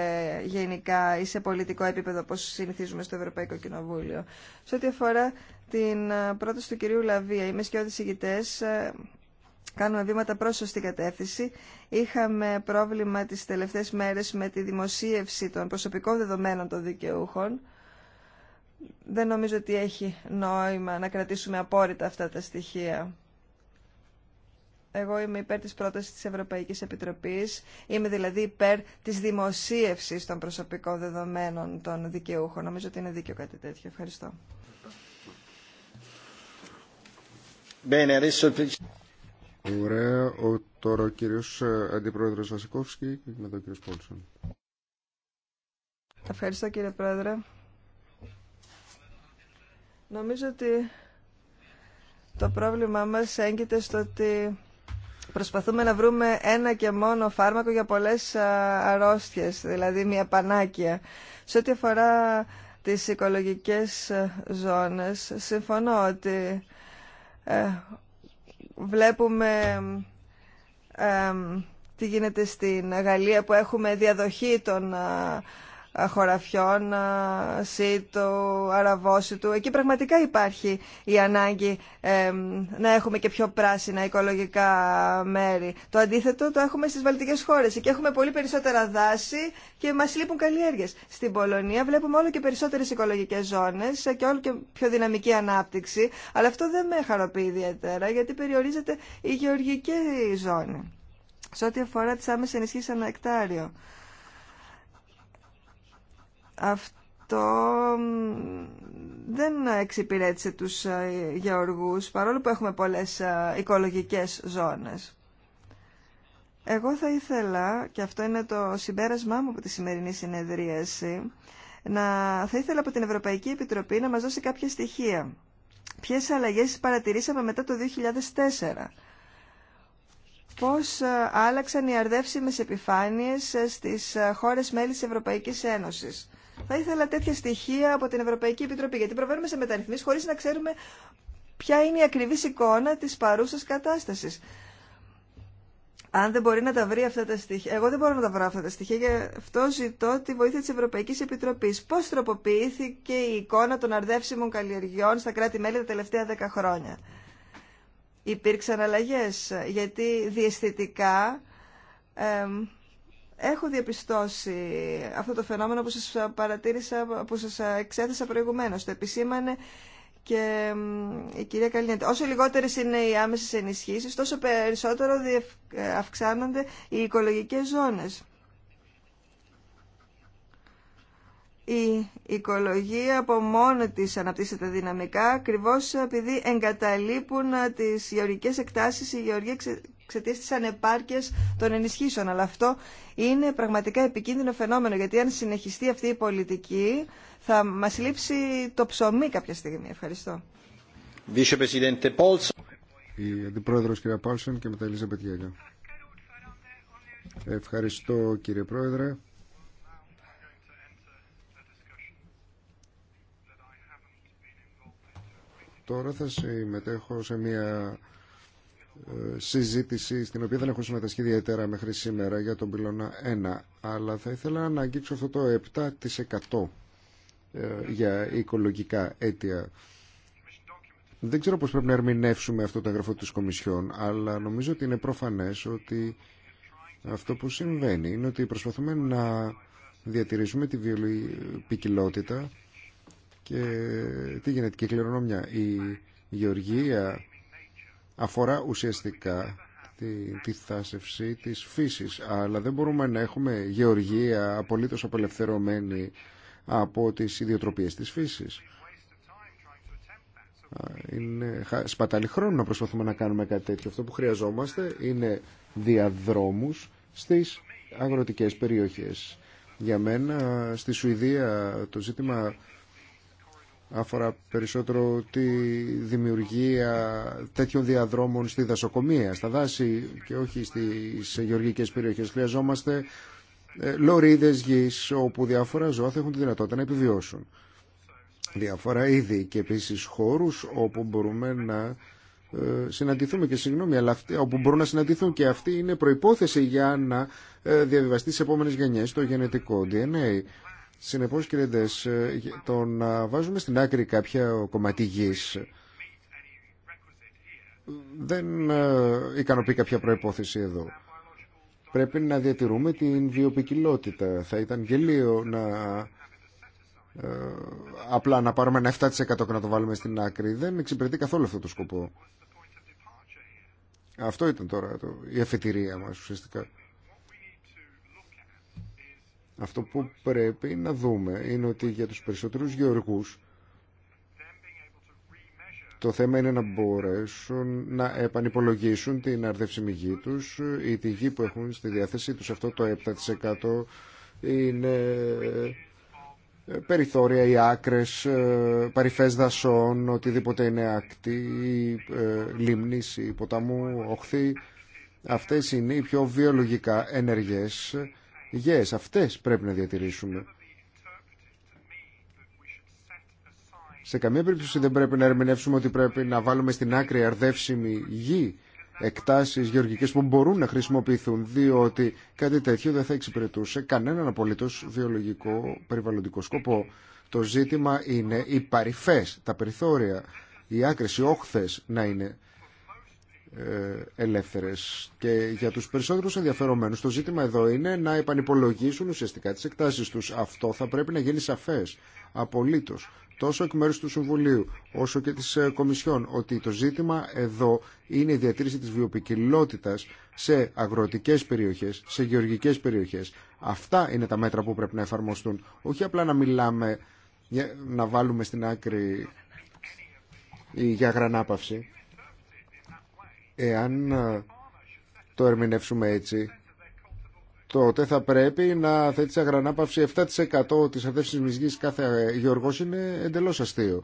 γενικά ή σε πολιτικό επίπεδο όπως συνηθίζουμε στο Ευρωπαϊκό Κοινοβούλιο. Σε ό,τι αφορά την ε, πρόταση του κυρίου Λαβία, είμαι σκιώδης ηγητές, ε, κάνουμε βήματα προς σωστή κατεύθυνση. Είχαμε πρόβλημα τις τελευταίες μέρες με τη δημοσίευση των προσωπικών δεδομένων των δικαιούχων. Δεν νομίζω ότι έχει νόημα να κρατήσουμε απόρριτα αυτά τα στοιχεία. Εγώ είμαι υπέρ της πρότασης της Ευρωπαϊκής Επιτροπής. Είμαι δηλαδή υπέρ της δημοσίευσης των προσωπικών δεδομένων των δικαιούχων. Νομίζω ότι είναι δίκαιο κάτι τέτοιο. Ευχαριστώ. Ωραία. Ο, τώρα ο κύριος ε, Αντιπρόεδρος Βασικόφσκι και μετά ο κύριος Πόλσον. Ευχαριστώ κύριε Πρόεδρε. Νομίζω ότι το πρόβλημά μας έγκυται στο ότι προσπαθούμε να βρούμε ένα και μόνο φάρμακο για πολλές αρρώστιες, δηλαδή μια πανάκια. Σε ό,τι αφορά τις οικολογικές ζώνες, συμφωνώ ότι ε, βλέπουμε τι γίνεται στην Γαλλία που έχουμε διαδοχή των χωραφιών, Σίτου, Αραβόσιτου. Εκεί πραγματικά υπάρχει η ανάγκη να έχουμε και πιο πράσινα οικολογικά μέρη. Το αντίθετο το έχουμε στις βαλτικές χώρες. Εκεί έχουμε πολύ περισσότερα δάση και μας λείπουν καλλιέργειες. Στην Πολωνία βλέπουμε όλο και περισσότερες οικολογικές ζώνες και όλο και πιο δυναμική ανάπτυξη, αλλά αυτό δεν με χαροποιεί ιδιαίτερα γιατί περιορίζεται η γεωργική ζώνη. Σε ό,τι αφορά τις άμεσες ενισχύσεις εκτάριο αυτό δεν εξυπηρέτησε τους ε, γεωργούς, παρόλο που έχουμε πολλές ε, οικολογικές ζώνες. Εγώ θα ήθελα, και αυτό είναι το συμπέρασμά μου από τη σημερινή συνεδρίαση, να, θα ήθελα από την Ευρωπαϊκή Επιτροπή να μας δώσει κάποια στοιχεία. Ποιες αλλαγές παρατηρήσαμε μετά το 2004. Πώς ε, άλλαξαν οι αρδεύσιμες επιφάνειες στις χώρες μέλη της Ευρωπαϊκής Ένωσης. Θα ήθελα τέτοια στοιχεία από την Ευρωπαϊκή Επιτροπή, γιατί προβαίνουμε σε μεταρρυθμίσεις χωρίς να ξέρουμε ποια είναι η ακριβή εικόνα της παρούσας κατάστασης. Αν δεν μπορεί να τα βρει αυτά τα στοιχεία, εγώ δεν μπορώ να τα βρω αυτά τα στοιχεία, γι' αυτό ζητώ τη βοήθεια τη Ευρωπαϊκή Επιτροπή. Πώ τροποποιήθηκε η εικόνα των αρδεύσιμων καλλιεργιών στα κράτη-μέλη τα τελευταία δέκα χρόνια. Υπήρξαν αλλαγέ, γιατί διαισθητικά... Εμ, Έχω διαπιστώσει αυτό το φαινόμενο που σας παρατήρησα, που σας εξέθεσα προηγουμένως. Το επισήμανε και η κυρία Καλινέτη. Όσο λιγότερες είναι οι άμεσες ενισχύσεις, τόσο περισσότερο αυξάνονται οι οικολογικές ζώνες. Η οικολογία από μόνη της αναπτύσσεται δυναμικά, ακριβώ επειδή εγκαταλείπουν ε, τις γεωργικές εκτάσεις οι γεωργοί εξαιτία τη ανεπάρκεια των ενισχύσεων. Αλλά αυτό είναι πραγματικά επικίνδυνο φαινόμενο, γιατί αν συνεχιστεί αυτή η πολιτική, θα μα λείψει το ψωμί κάποια στιγμή. Ευχαριστώ. Η Αντιπρόεδρο κυρία Πόλσον και μετά η Ελίζα Πετιέλια. Ευχαριστώ κύριε Πρόεδρε. Τώρα θα συμμετέχω σε μια ε, συζήτηση στην οποία δεν έχω συμμετασχεί ιδιαίτερα μέχρι σήμερα για τον πυλώνα 1 αλλά θα ήθελα να αγγίξω αυτό το 7% ε, για οικολογικά αίτια. Δεν ξέρω πώς πρέπει να ερμηνεύσουμε αυτό το έγγραφο της Κομισιόν αλλά νομίζω ότι είναι προφανές ότι αυτό που συμβαίνει είναι ότι προσπαθούμε να διατηρήσουμε τη ποικιλότητα και τη γενετική κληρονομιά. Η γεωργία αφορά ουσιαστικά τη, τη θάσευση της φύσης. Αλλά δεν μπορούμε να έχουμε γεωργία απολύτως απελευθερωμένη από τις ιδιοτροπίες της φύσης. Είναι σπατάλη χρόνο να προσπαθούμε να κάνουμε κάτι τέτοιο. Αυτό που χρειαζόμαστε είναι διαδρόμους στις αγροτικές περιοχές. Για μένα στη Σουηδία το ζήτημα αφορά περισσότερο τη δημιουργία τέτοιων διαδρόμων στη δασοκομεία, στα δάση και όχι στις γεωργικές περιοχές. Χρειαζόμαστε ε, λωρίδες γης όπου διάφορα ζώα θα έχουν τη δυνατότητα να επιβιώσουν. Διάφορα είδη και επίσης χώρους όπου μπορούμε να ε, συναντηθούμε και συγγνώμη, αλλά όπου μπορούν να συναντηθούν και αυτή είναι προϋπόθεση για να ε, διαβιβαστεί στις επόμενες γενιές το γενετικό DNA. Συνεπώς κύριε Ντες, ε, το να βάζουμε στην άκρη κάποια κομματή γης δεν ε, ικανοποιεί κάποια προϋπόθεση εδώ. Πρέπει να διατηρούμε την βιοπικιλότητα. Θα ήταν γελίο να ε, απλά να πάρουμε ένα 7% και να το βάλουμε στην άκρη. Δεν εξυπηρετεί καθόλου αυτό το σκοπό. Αυτό ήταν τώρα το, η αφετηρία μας ουσιαστικά. Αυτό που πρέπει να δούμε είναι ότι για τους περισσότερους γεωργούς το θέμα είναι να μπορέσουν να επανυπολογίσουν την αρδεύσιμη γη τους ή τη γη που έχουν στη διάθεσή τους. Αυτό το 7% είναι ε, περιθώρια ή άκρες, ε, παρυφές δασών, οτιδήποτε είναι ακτή, ε, λίμνης ή ποταμού, οχθή. Αυτές είναι οι πιο βιολογικά ενεργές Yes, αυτές πρέπει να διατηρήσουμε. Σε καμία περίπτωση δεν πρέπει να ερμηνεύσουμε ότι πρέπει να βάλουμε στην άκρη αρδεύσιμη γη εκτάσεις γεωργικές που μπορούν να χρησιμοποιηθούν διότι κάτι τέτοιο δεν θα εξυπηρετούσε κανέναν απολύτως βιολογικό περιβαλλοντικό σκοπό. Το ζήτημα είναι οι παρυφές, τα περιθώρια, οι άκρες, οι όχθες να είναι ε, ελεύθερες και για τους περισσότερους ενδιαφερομένους το ζήτημα εδώ είναι να επανυπολογίσουν ουσιαστικά τις εκτάσεις τους αυτό θα πρέπει να γίνει σαφές απολύτως τόσο εκ μέρους του Συμβουλίου όσο και της ε, Κομισιόν ότι το ζήτημα εδώ είναι η διατήρηση της βιοποικιλότητας σε αγροτικές περιοχές, σε γεωργικές περιοχές αυτά είναι τα μέτρα που πρέπει να εφαρμοστούν όχι απλά να μιλάμε να βάλουμε στην άκρη η γρανάπαυση Εάν ε, το ερμηνεύσουμε έτσι, τότε θα πρέπει να θέτει σε αγρανάπαυση 7% της αρδεύσης της κάθε ε, γεωργός είναι εντελώς αστείο.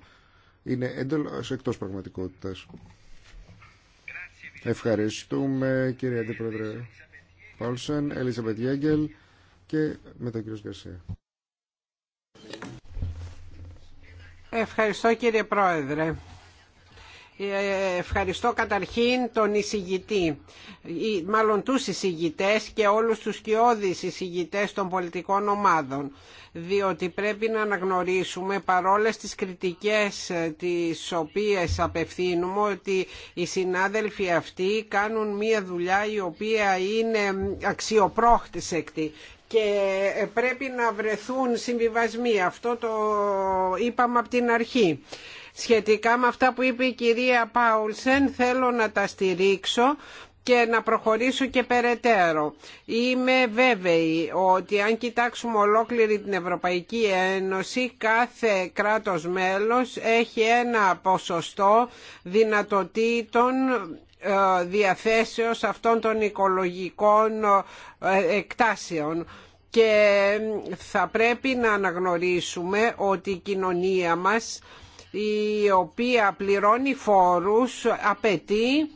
Είναι εντελώς εκτός πραγματικότητας. Ευχαριστούμε κύριε Αντιπρόεδρε Πόλσεν, Ελίζα Μπετιέγγελ και μετά τον κύριο Γκαρσία. Ευχαριστώ κύριε Πρόεδρε. Ε, ευχαριστώ καταρχήν τον εισηγητή, μάλλον τους εισηγητές και όλους τους κοιόδης εισηγητές των πολιτικών ομάδων διότι πρέπει να αναγνωρίσουμε παρόλες τις κριτικές ε, τις οποίες απευθύνουμε ότι οι συνάδελφοι αυτοί κάνουν μία δουλειά η οποία είναι αξιοπρόχτησεκτη και ε, πρέπει να βρεθούν συμβιβασμοί. Αυτό το είπαμε από την αρχή. Σχετικά με αυτά που είπε η κυρία Πάουλσεν θέλω να τα στηρίξω και να προχωρήσω και περαιτέρω. Είμαι βέβαιη ότι αν κοιτάξουμε ολόκληρη την Ευρωπαϊκή Ένωση, κάθε κράτος μέλος έχει ένα ποσοστό δυνατοτήτων ε, διαθέσεως αυτών των οικολογικών ε, εκτάσεων και θα πρέπει να αναγνωρίσουμε ότι η κοινωνία μας η οποία πληρώνει φόρους απαιτεί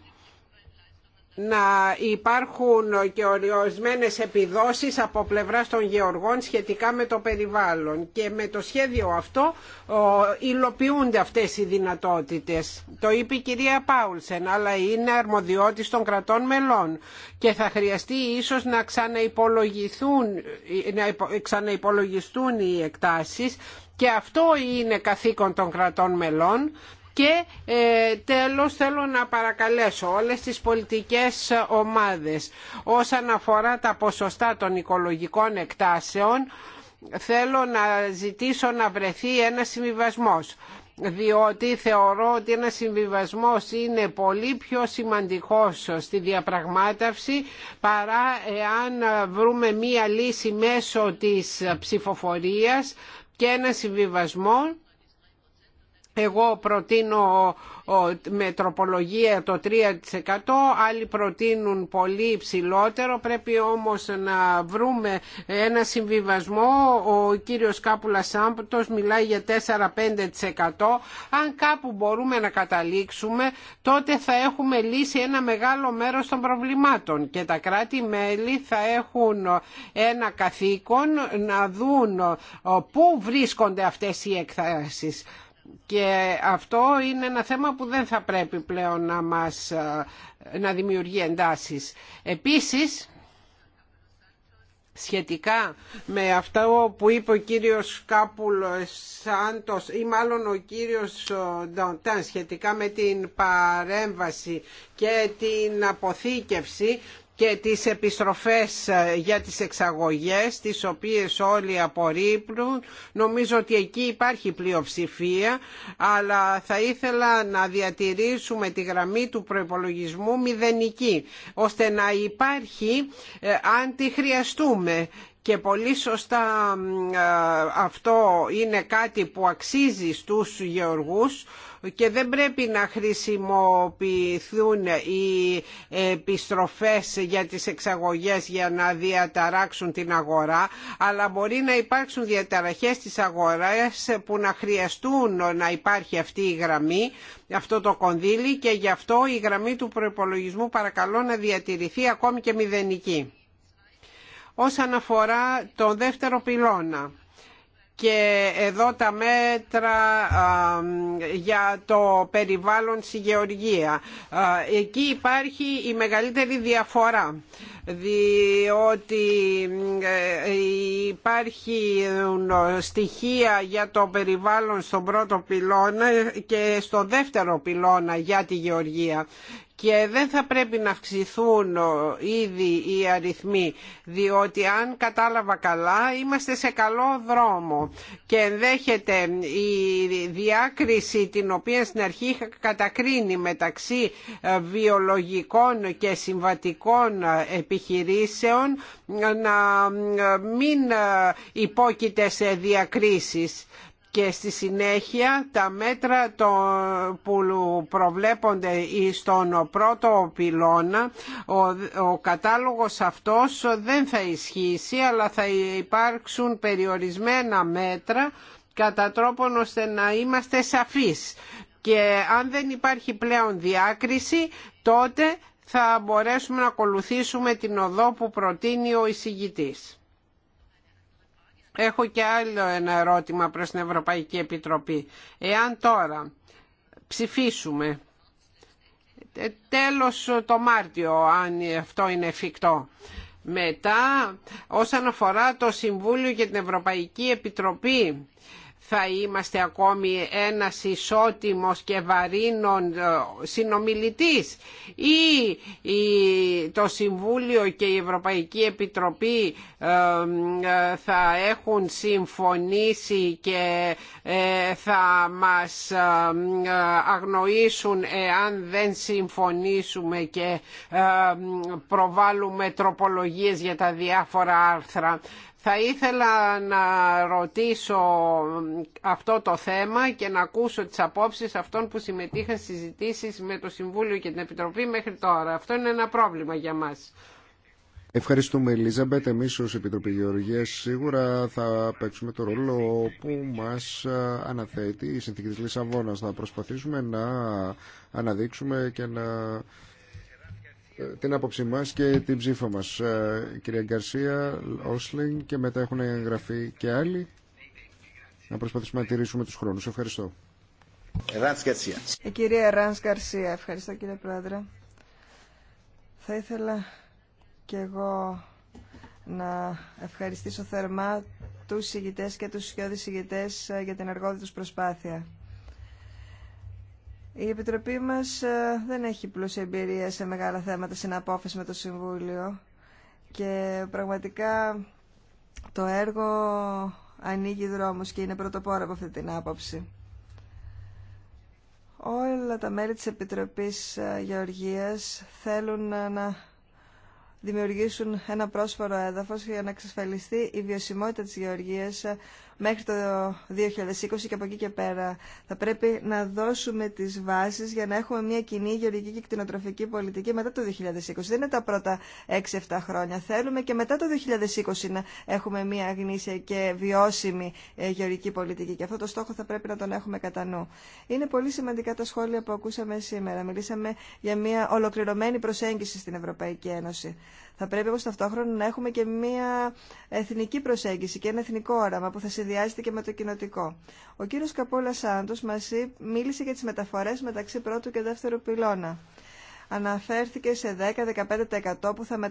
να υπάρχουν και οριοσμένες επιδόσεις από πλευράς των γεωργών σχετικά με το περιβάλλον και με το σχέδιο αυτό υλοποιούνται αυτές οι δυνατότητες. Το είπε η κυρία Πάουλσεν, αλλά είναι αρμοδιότης των κρατών μελών και θα χρειαστεί ίσως να ξαναυπολογιστούν, οι εκτάσεις και αυτό είναι καθήκον των κρατών μελών και ε, τέλος θέλω να παρακαλέσω όλες τις πολιτικές ομάδες όσον αφορά τα ποσοστά των οικολογικών εκτάσεων θέλω να ζητήσω να βρεθεί ένα συμβιβασμό. διότι θεωρώ ότι ένα συμβιβασμό είναι πολύ πιο σημαντικός στη διαπραγμάτευση παρά εάν βρούμε μία λύση μέσω της ψηφοφορίας και ένα συμβιβασμό εγώ προτείνω με τροπολογία το 3%, άλλοι προτείνουν πολύ υψηλότερο. Πρέπει όμως να βρούμε ένα συμβιβασμό. Ο κύριος Κάπουλα Σάμπτος μιλάει για 4-5%. Αν κάπου μπορούμε να καταλήξουμε, τότε θα έχουμε λύσει ένα μεγάλο μέρος των προβλημάτων και τα κράτη-μέλη θα έχουν ένα καθήκον να δουν πού βρίσκονται αυτές οι εκθέσεις. Και αυτό είναι ένα θέμα που δεν θα πρέπει πλέον να μας ε, να δημιουργεί εντάσεις. Επίσης, σχετικά με αυτό που είπε ο κύριος Κάπουλο Σάντος ή μάλλον ο κύριος ε, Ντοντάν σχετικά με την παρέμβαση και την αποθήκευση και τις επιστροφές ε, για τις εξαγωγές, τις οποίες όλοι απορρίπνουν. Νομίζω ότι εκεί υπάρχει πλειοψηφία, αλλά θα ήθελα να διατηρήσουμε τη γραμμή του προϋπολογισμού μηδενική, ώστε να υπάρχει ε, αν τη χρειαστούμε και πολύ σωστά αυτό είναι κάτι που αξίζει στους γεωργούς και δεν πρέπει να χρησιμοποιηθούν οι επιστροφές για τις εξαγωγές για να διαταράξουν την αγορά αλλά μπορεί να υπάρξουν διαταραχές στις αγορές που να χρειαστούν να υπάρχει αυτή η γραμμή αυτό το κονδύλι και γι' αυτό η γραμμή του προϋπολογισμού παρακαλώ να διατηρηθεί ακόμη και μηδενική όσον αφορά τον δεύτερο πυλώνα και εδώ τα μέτρα για το περιβάλλον στη Γεωργία. Εκεί υπάρχει η μεγαλύτερη διαφορά διότι ε, υπάρχει ε, στοιχεία για το περιβάλλον στον πρώτο πυλώνα και στο δεύτερο πυλώνα για τη γεωργία και δεν θα πρέπει να αυξηθούν ήδη οι αριθμοί διότι αν κατάλαβα καλά είμαστε σε καλό δρόμο και ενδέχεται η διάκριση την οποία στην αρχή είχα κατακρίνει μεταξύ ε, βιολογικών και συμβατικών ε, επιχειρήσεων να ε, μην υπόκειται σε διακρίσεις και στη συνέχεια τα μέτρα που προβλέπονται στον πρώτο πυλώνα ο κατάλογος αυτός δεν θα ισχύσει αλλά θα υπάρξουν περιορισμένα μέτρα κατά τρόπον ώστε να είμαστε σαφείς και αν δεν υπάρχει πλέον διάκριση τότε θα μπορέσουμε να ακολουθήσουμε την οδό που προτείνει ο εισηγητής. Έχω και άλλο ένα ερώτημα προς την Ευρωπαϊκή Επιτροπή. Εάν τώρα ψηφίσουμε τέλος το Μάρτιο, αν αυτό είναι εφικτό, μετά όσον αφορά το Συμβούλιο για την Ευρωπαϊκή Επιτροπή, θα είμαστε ακόμη ένας ισότιμος και βαρύνων ε, συνομιλητής ή το Συμβούλιο και η Ευρωπαϊκή Επιτροπή ε, ε, θα έχουν συμφωνήσει και θα μας αγνοήσουν εάν δεν συμφωνήσουμε και προβάλλουμε τροπολογίες για τα διάφορα άρθρα. Θα ήθελα να ρωτήσω αυτό το θέμα και να ακούσω τις απόψεις αυτών που συμμετείχαν στις συζητήσεις με το Συμβούλιο και την Επιτροπή μέχρι τώρα. Αυτό είναι ένα πρόβλημα για μας. Ευχαριστούμε Ελίζαμπετ. Εμείς ως Επιτροπή Γεωργίας σίγουρα θα παίξουμε το ρόλο που μας αναθέτει η Συνθήκη της Λισαβόνας. Θα προσπαθήσουμε να αναδείξουμε και να την άποψή μα και την ψήφο μα, ε, Κυρία Γκαρσία, Όσλινγκ και μετά έχουν εγγραφεί και άλλοι. Να προσπαθήσουμε να τηρήσουμε τους χρόνους. Ευχαριστώ. Η ε, κυρία Ράνς Γκαρσία. Ευχαριστώ κύριε Πρόεδρε. Θα ήθελα και εγώ να ευχαριστήσω θερμά τους ηγητές και τους σκιώδης ηγητές ε, για την αργόδη τους προσπάθεια. Η Επιτροπή μας ε, δεν έχει πλούσια εμπειρία σε μεγάλα θέματα απόφαση με το Συμβούλιο και πραγματικά το έργο ανοίγει δρόμους και είναι πρωτοπόρο από αυτή την άποψη. Όλα τα μέλη της Επιτροπής ε, Γεωργίας θέλουν ε, να δημιουργήσουν ένα πρόσφορο έδαφος για να εξασφαλιστεί η βιωσιμότητα της γεωργίας μέχρι το 2020 και από εκεί και πέρα. Θα πρέπει να δώσουμε τις βάσεις για να έχουμε μια κοινή γεωργική και κτηνοτροφική πολιτική μετά το 2020. Δεν είναι τα πρώτα 6-7 χρόνια. Θέλουμε και μετά το 2020 να έχουμε μια γνήσια και βιώσιμη ε, γεωργική πολιτική. Και αυτό το στόχο θα πρέπει να τον έχουμε κατά νου. Είναι πολύ σημαντικά τα σχόλια που ακούσαμε σήμερα. Μιλήσαμε για μια ολοκληρωμένη προσέγγιση στην Ευρωπαϊκή Ένωση. Θα πρέπει όμω ταυτόχρονα να έχουμε και μια εθνική προσέγγιση και ένα εθνικό όραμα που θα συνδυάζεται και με το κοινοτικό. Ο κύριο Καπόλα Σάντο μας μίλησε για τις μεταφορές μεταξύ πρώτου και δεύτερου πυλώνα. Αναφέρθηκε σε 10-15% που θα,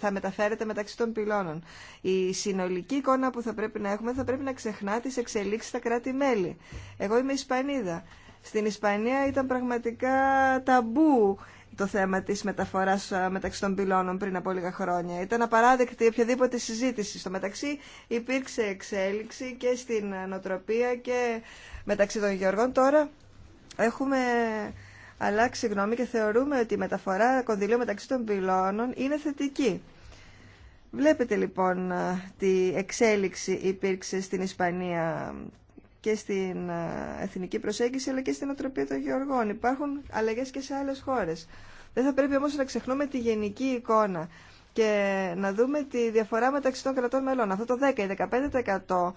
θα μεταφέρεται μεταξύ των πυλώνων. Η συνολική εικόνα που θα πρέπει να έχουμε θα πρέπει να ξεχνά τι εξελίξει στα κράτη-μέλη. Εγώ είμαι Ισπανίδα. Στην Ισπανία ήταν πραγματικά ταμπού το θέμα της μεταφοράς ε, μεταξύ των πυλώνων πριν από λίγα χρόνια. Ήταν απαράδεκτη οποιαδήποτε συζήτηση. Στο μεταξύ υπήρξε εξέλιξη και στην νοτροπία και μεταξύ των γεωργών. Τώρα έχουμε αλλάξει γνώμη και θεωρούμε ότι η μεταφορά κονδυλίου μεταξύ των πυλώνων είναι θετική. Βλέπετε λοιπόν ε, τι εξέλιξη υπήρξε στην Ισπανία και στην ε, εθνική προσέγγιση αλλά και στην οτροπία των γεωργών. Υπάρχουν αλλαγές και σε άλλες χώρες. Δεν θα πρέπει όμως να ξεχνούμε τη γενική εικόνα και να δούμε τη διαφορά μεταξύ των κρατών μελών. Αυτό το 10 ή 15%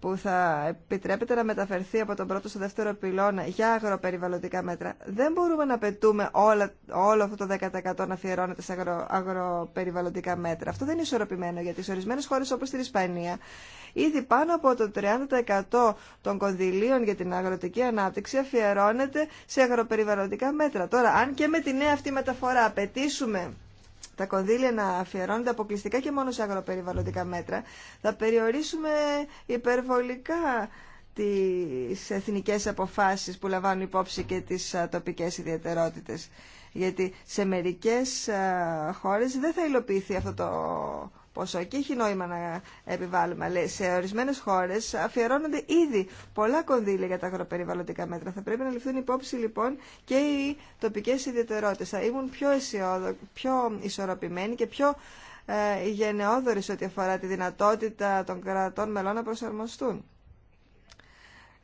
που θα επιτρέπεται να μεταφερθεί από τον πρώτο στο δεύτερο πυλώνα για αγροπεριβαλλοντικά μέτρα, δεν μπορούμε να πετούμε όλα, όλο αυτό το 10% να αφιερώνεται σε αγρο, αγροπεριβαλλοντικά μέτρα. Αυτό δεν είναι ισορροπημένο, γιατί σε ορισμένε χώρε όπω την Ισπανία, ήδη πάνω από το 30% των κονδυλίων για την αγροτική ανάπτυξη αφιερώνεται σε αγροπεριβαλλοντικά μέτρα. Τώρα, αν και με τη νέα αυτή μεταφορά απαιτήσουμε τα κονδύλια να αφιερώνονται αποκλειστικά και μόνο σε αγροπεριβαλλοντικά μέτρα, θα περιορίσουμε υπερβολικά τις εθνικές αποφάσεις που λαμβάνουν υπόψη και τις τοπικές ιδιαιτερότητες. Γιατί σε μερικές χώρες δεν θα υλοποιηθεί αυτό το ποσό και έχει νόημα να επιβάλλουμε. Αλλά σε ορισμένε χώρε αφιερώνονται ήδη πολλά κονδύλια για τα αγροπεριβαλλοντικά μέτρα. Θα πρέπει να ληφθούν υπόψη λοιπόν και οι τοπικέ ιδιαιτερότητε. Θα ήμουν πιο, αισιόδο, πιο ισορροπημένοι και πιο ε, γενναιόδοροι σε ό,τι αφορά τη δυνατότητα των κρατών μελών να προσαρμοστούν.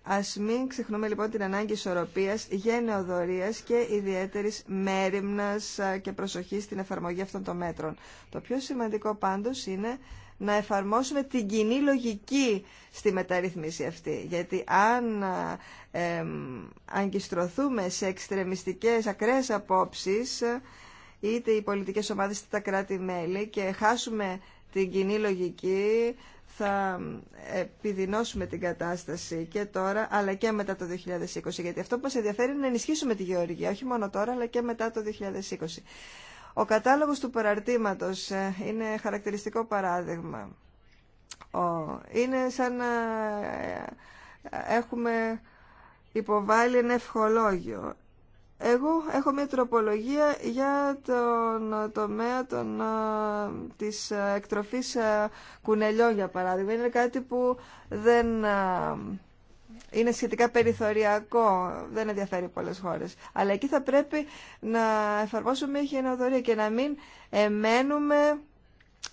Α μην ξεχνούμε λοιπόν την ανάγκη ισορροπίας, γενεοδορίας και ιδιαίτερης μέρημνας ε, και προσοχής στην εφαρμογή αυτών των μέτρων. Το πιο σημαντικό πάντως είναι να εφαρμόσουμε την κοινή λογική στη μεταρρύθμιση αυτή. Γιατί αν ε, αγκιστρωθούμε σε εξτρεμιστικές ακραίες απόψεις, είτε οι πολιτικές ομάδες είτε τα κράτη-μέλη και χάσουμε την κοινή λογική θα επιδεινώσουμε την κατάσταση και τώρα αλλά και μετά το 2020 γιατί αυτό που μας ενδιαφέρει είναι να ενισχύσουμε τη γεωργία όχι μόνο τώρα αλλά και μετά το 2020. Ο κατάλογος του παραρτήματος ε, είναι χαρακτηριστικό παράδειγμα. Είναι σαν να ε, ε, έχουμε υποβάλει ένα ευχολόγιο. Εγώ έχω μια τροπολογία για τον ε, τομέα των, ε, της ε, εκτροφής κουνελιών, για παράδειγμα. Είναι κάτι που δεν είναι σχετικά περιθωριακό, δεν ενδιαφέρει πολλές χώρες. Αλλά εκεί θα πρέπει να εφαρμόσουμε μια χειροδορία και να μην εμένουμε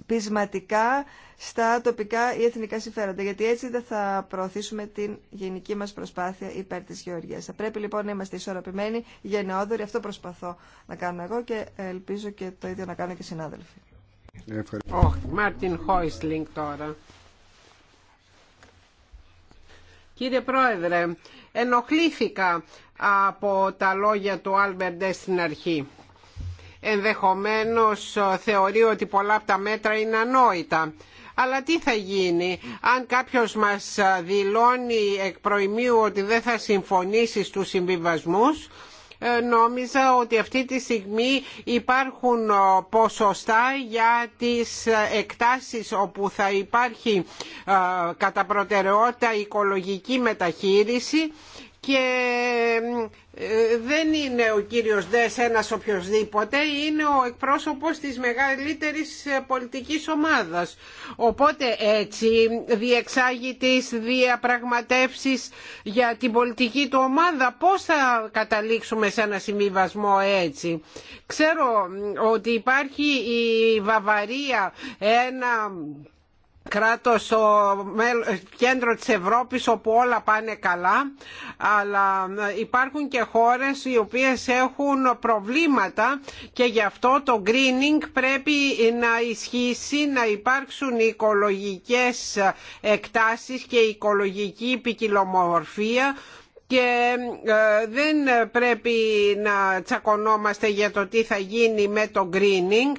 πεισματικά στα τοπικά ή εθνικά συμφέροντα, γιατί έτσι δεν θα προωθήσουμε την γενική μας προσπάθεια υπέρ της γεωργίας. Θα πρέπει λοιπόν να είμαστε ισορροπημένοι, γενναιόδοροι, αυτό προσπαθώ να κάνω εγώ και ελπίζω και το ίδιο να κάνω και συνάδελφοι. τώρα. Κύριε Πρόεδρε, ενοχλήθηκα από τα λόγια του Άλμπερντε στην αρχή ενδεχομένως θεωρεί ότι πολλά από τα μέτρα είναι ανόητα. Αλλά τι θα γίνει αν κάποιος μας δηλώνει εκ προημίου ότι δεν θα συμφωνήσει στους συμβιβασμούς ε, νόμιζα ότι αυτή τη στιγμή υπάρχουν ε, ποσοστά για τις ε, εκτάσεις όπου θα υπάρχει κατά προτεραιότητα οικολογική μεταχείριση και ε, δεν είναι ο κύριος Δες ένας οποιοδήποτε, είναι ο εκπρόσωπος της μεγαλύτερης ε, πολιτικής ομάδας. Οπότε έτσι διεξάγει τις διαπραγματεύσεις για την πολιτική του ομάδα. Πώς θα καταλήξουμε σε ένα συμβιβασμό έτσι. Ξέρω ότι υπάρχει η Βαβαρία ένα κράτος ο κέντρο της Ευρώπης όπου όλα πάνε καλά αλλά ε, υπάρχουν και χώρες οι οποίες έχουν προβλήματα και γι' αυτό το greening πρέπει να ισχύσει να υπάρξουν οικολογικές εκτάσεις και οικολογική ποικιλομορφία και ε, δεν πρέπει να τσακωνόμαστε για το τι θα γίνει με το greening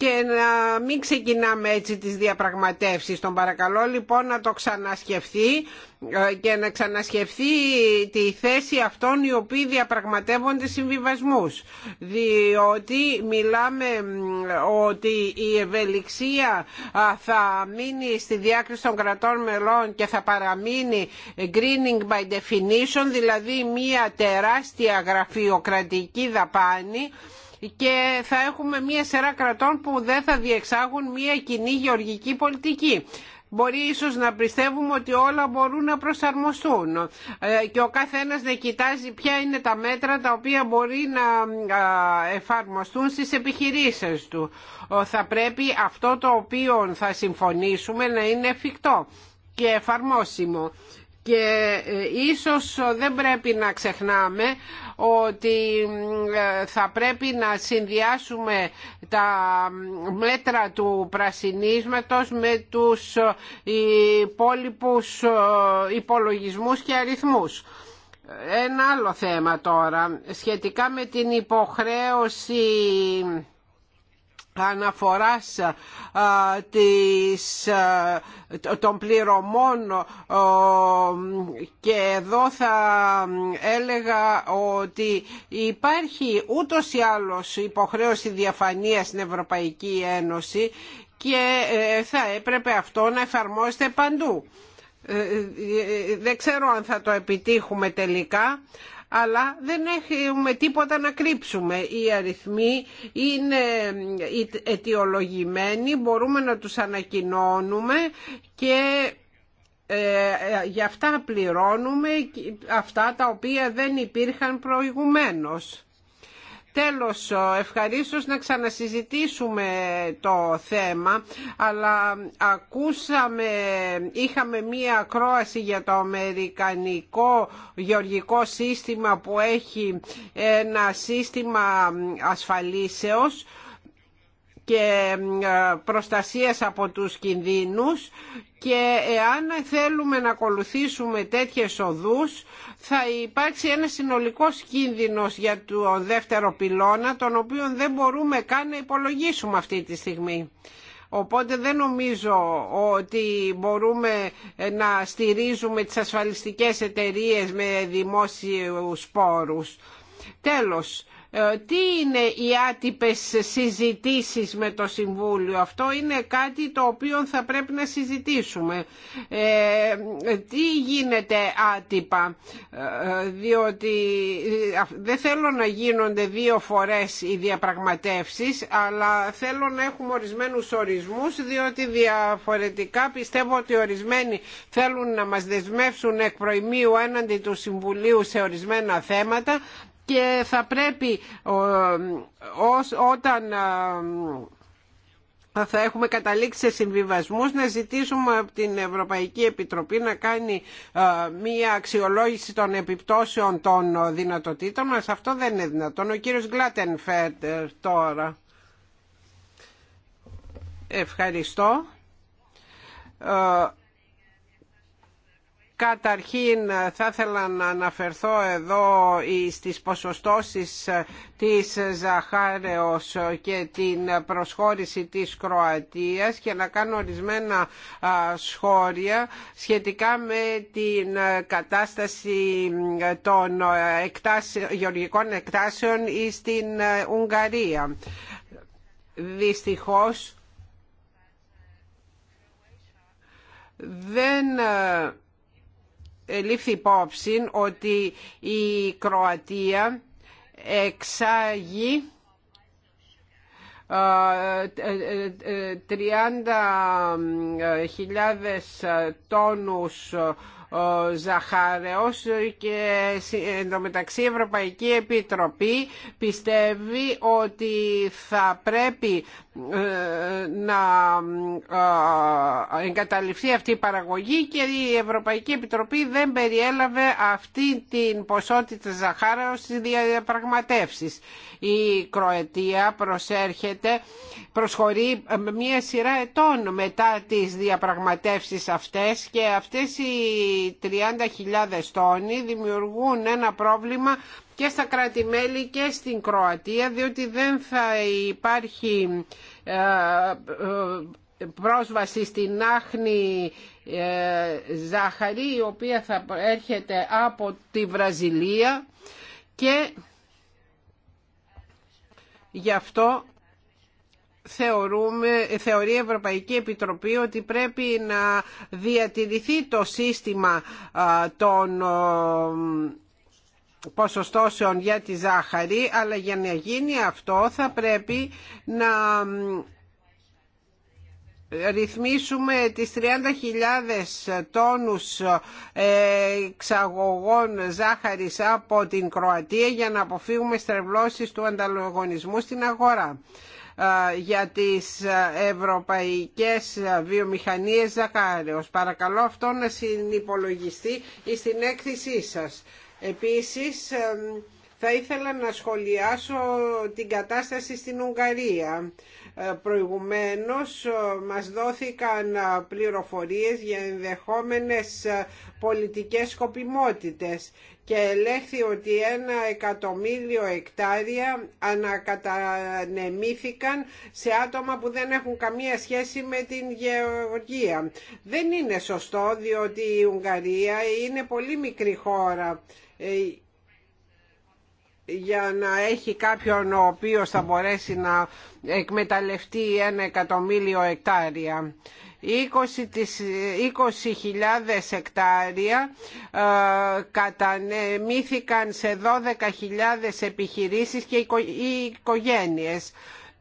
και να μην ξεκινάμε έτσι τις διαπραγματεύσεις. Τον παρακαλώ λοιπόν να το ξανασκεφτεί ε, και να ξανασκεφτεί τη θέση αυτών οι οποίοι διαπραγματεύονται συμβιβασμούς. Διότι μιλάμε ότι η ευελιξία θα μείνει στη διάκριση των κρατών μελών και θα παραμείνει greening by definition, δηλαδή μια τεράστια γραφειοκρατική δαπάνη και θα έχουμε μία σειρά κρατών που δεν θα διεξάγουν μία κοινή γεωργική πολιτική. Μπορεί ίσως να πιστεύουμε ότι όλα μπορούν να προσαρμοστούν ε, και ο καθένας να κοιτάζει ποια είναι τα μέτρα τα οποία μπορεί να ε, εφαρμοστούν στις επιχειρήσεις του. Θα πρέπει αυτό το οποίο θα συμφωνήσουμε να είναι εφικτό και εφαρμόσιμο και ε, ίσως δεν πρέπει να ξεχνάμε ότι ε, θα πρέπει να συνδυάσουμε τα μέτρα του πρασινίσματος με τους ε, υπόλοιπους υπολογισμούς και αριθμούς. Ένα άλλο θέμα τώρα σχετικά με την υποχρέωση αναφοράς της, των πληρωμών και εδώ θα έλεγα ότι υπάρχει ούτως ή άλλως υποχρέωση διαφανείας στην Ευρωπαϊκή Ένωση και ε, θα έπρεπε αυτό να εφαρμόζεται παντού. Ε, ε, δεν ξέρω αν θα το επιτύχουμε τελικά, αλλά δεν έχουμε τίποτα να κρύψουμε. Οι αριθμοί είναι αιτιολογημένοι, μπορούμε να τους ανακοινώνουμε και ε, ε γι' αυτά πληρώνουμε αυτά τα οποία δεν υπήρχαν προηγουμένως. Τέλος, ε, ευχαρίστω να ξανασυζητήσουμε το θέμα, αλλά ακούσαμε, είχαμε μία ακρόαση για το αμερικανικό γεωργικό σύστημα που έχει ένα σύστημα ασφαλίσεως και ε, προστασίας από τους κινδύνους και εάν θέλουμε να ακολουθήσουμε τέτοιες οδούς θα υπάρξει ένα συνολικό κίνδυνο για το δεύτερο πυλώνα, τον οποίο δεν μπορούμε καν να υπολογίσουμε αυτή τη στιγμή. Οπότε δεν νομίζω ότι μπορούμε ε, να στηρίζουμε τις ασφαλιστικές εταιρείες με δημόσιους πόρους. Τέλος, ε, τι είναι οι άτυπες συζητήσεις με το Συμβούλιο. Αυτό είναι κάτι το οποίο θα πρέπει να συζητήσουμε. Ε, τι γίνεται άτυπα, ε, διότι δεν θέλω να γίνονται δύο φορές οι διαπραγματεύσεις, αλλά θέλω να έχουμε ορισμένους ορισμούς, διότι διαφορετικά πιστεύω ότι ορισμένοι θέλουν να μας δεσμεύσουν εκ προημίου έναντι του Συμβουλίου σε ορισμένα θέματα, και θα πρέπει όταν θα έχουμε καταλήξει σε συμβιβασμούς να ζητήσουμε από την Ευρωπαϊκή Επιτροπή να κάνει μία αξιολόγηση των επιπτώσεων των δυνατοτήτων μας. Αυτό δεν είναι δυνατόν. Ο κύριος Γκλάτενφερτερ τώρα. Ευχαριστώ. Καταρχήν ε, θα ήθελα να αναφερθώ εδώ ε, στις ποσοστώσεις ε, της Ζαχάρεως και την προσχώρηση της Κροατίας και να κάνω ορισμένα σχόλια σχετικά με την κατάσταση των εκτάσεων, γεωργικών εκτάσεων στην Ουγγαρία. Δυστυχώς δεν ε, λήφθη υπόψη ότι η Κροατία εξάγει 30.000 ε, ε, τόνους ο Ζαχάρεος και εντωμεταξύ η Ευρωπαϊκή Επιτροπή πιστεύει ότι θα πρέπει ε, να ε, ε, εγκαταλειφθεί αυτή η παραγωγή και η Ευρωπαϊκή Επιτροπή δεν περιέλαβε αυτή την ποσότητα ζαχάρεως στις διαπραγματεύσεις. Η Κροατία προσέρχεται, προσχωρεί μια σειρά ετών μετά τις διαπραγματεύσεις αυτές και αυτές οι 30.000 τόνοι δημιουργούν ένα πρόβλημα και στα κρατη και στην Κροατία διότι δεν θα υπάρχει ε, ε, πρόσβαση στην άχνη ε, ζάχαρη η οποία θα έρχεται από τη Βραζιλία και γι' αυτό θεωρούμε, θεωρεί η Ευρωπαϊκή Επιτροπή ότι πρέπει να διατηρηθεί το σύστημα των ποσοστώσεων για τη ζάχαρη, αλλά για να γίνει αυτό θα πρέπει να ρυθμίσουμε τις 30.000 τόνους ε, εξαγωγών ζάχαρης από την Κροατία για να αποφύγουμε στρεβλώσεις του ανταλογονισμού στην αγορά για τις ευρωπαϊκές βιομηχανίες Ζακάρεως. Παρακαλώ αυτό να συνυπολογιστεί στην έκθεσή σας. Επίσης, θα ήθελα να σχολιάσω την κατάσταση στην Ουγγαρία. Προηγουμένως μας δόθηκαν πληροφορίες για ενδεχόμενες πολιτικές σκοπιμότητες και ελέγχθη ότι ένα εκατομμύριο εκτάρια ανακατανεμήθηκαν σε άτομα που δεν έχουν καμία σχέση με την γεωργία. Δεν είναι σωστό διότι η Ουγγαρία είναι πολύ μικρή χώρα ε, για να έχει κάποιον ο οποίος θα μπορέσει να εκμεταλλευτεί ένα εκατομμύριο εκτάρια. 20.000 εκτάρια ε, κατανεμήθηκαν σε 12.000 επιχειρήσεις και οικογένειες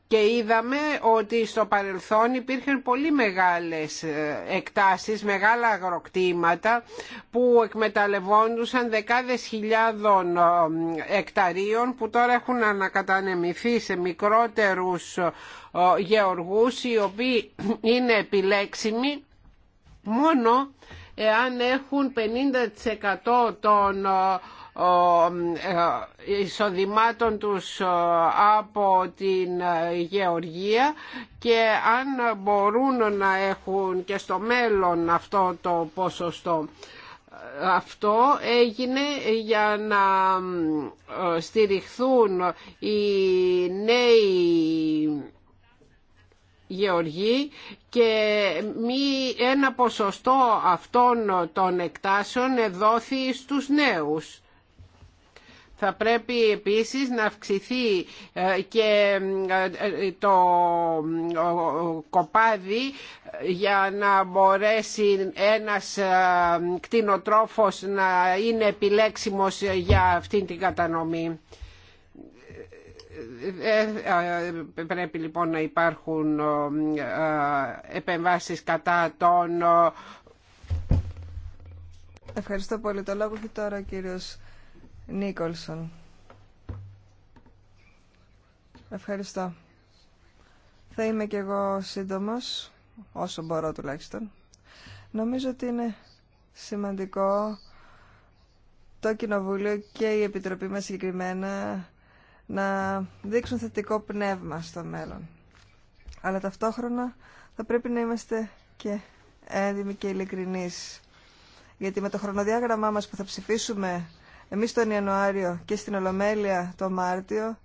και είδαμε ότι στο παρελθόν υπήρχαν πολύ μεγάλες ε, εκτάσεις, μεγάλα αγροκτήματα που εκμεταλλευόντουσαν δεκάδες χιλιάδων ε, εκταρίων που τώρα έχουν ανακατανεμηθεί σε μικρότερους ε, γεωργούς οι οποίοι είναι επιλέξιμοι μόνο εάν έχουν 50% των ε, εισοδημάτων τους ε, από την ε, γεωργία και αν μπορούν να έχουν και στο μέλλον αυτό το ποσοστό. Αυτό έγινε για να στηριχθούν οι νέοι γεωργοί και μη ένα ποσοστό αυτών των εκτάσεων εδόθη στους νέους. Θα πρέπει επίσης να αυξηθεί ε, και ε, ε, το κοπάδι για να μπορέσει ένας κτηνοτρόφος να είναι επιλέξιμος για αυτήν την κατανομή. Πρέπει λοιπόν να υπάρχουν επεμβάσεις κατά τον... Ευχαριστώ πολύ. Το λόγο έχει τώρα ο κύριος Νίκολσον. Ευχαριστώ. Θα είμαι κι εγώ σύντομος, όσο μπορώ τουλάχιστον. Νομίζω ότι είναι σημαντικό το Κοινοβούλιο και η Επιτροπή μας συγκεκριμένα να δείξουν θετικό πνεύμα στο μέλλον. Αλλά ταυτόχρονα θα πρέπει να είμαστε και έντιμοι και ειλικρινείς. Γιατί με το χρονοδιάγραμμά μας που θα ψηφίσουμε εμείς τον Ιανουάριο και στην Ολομέλεια το Μάρτιο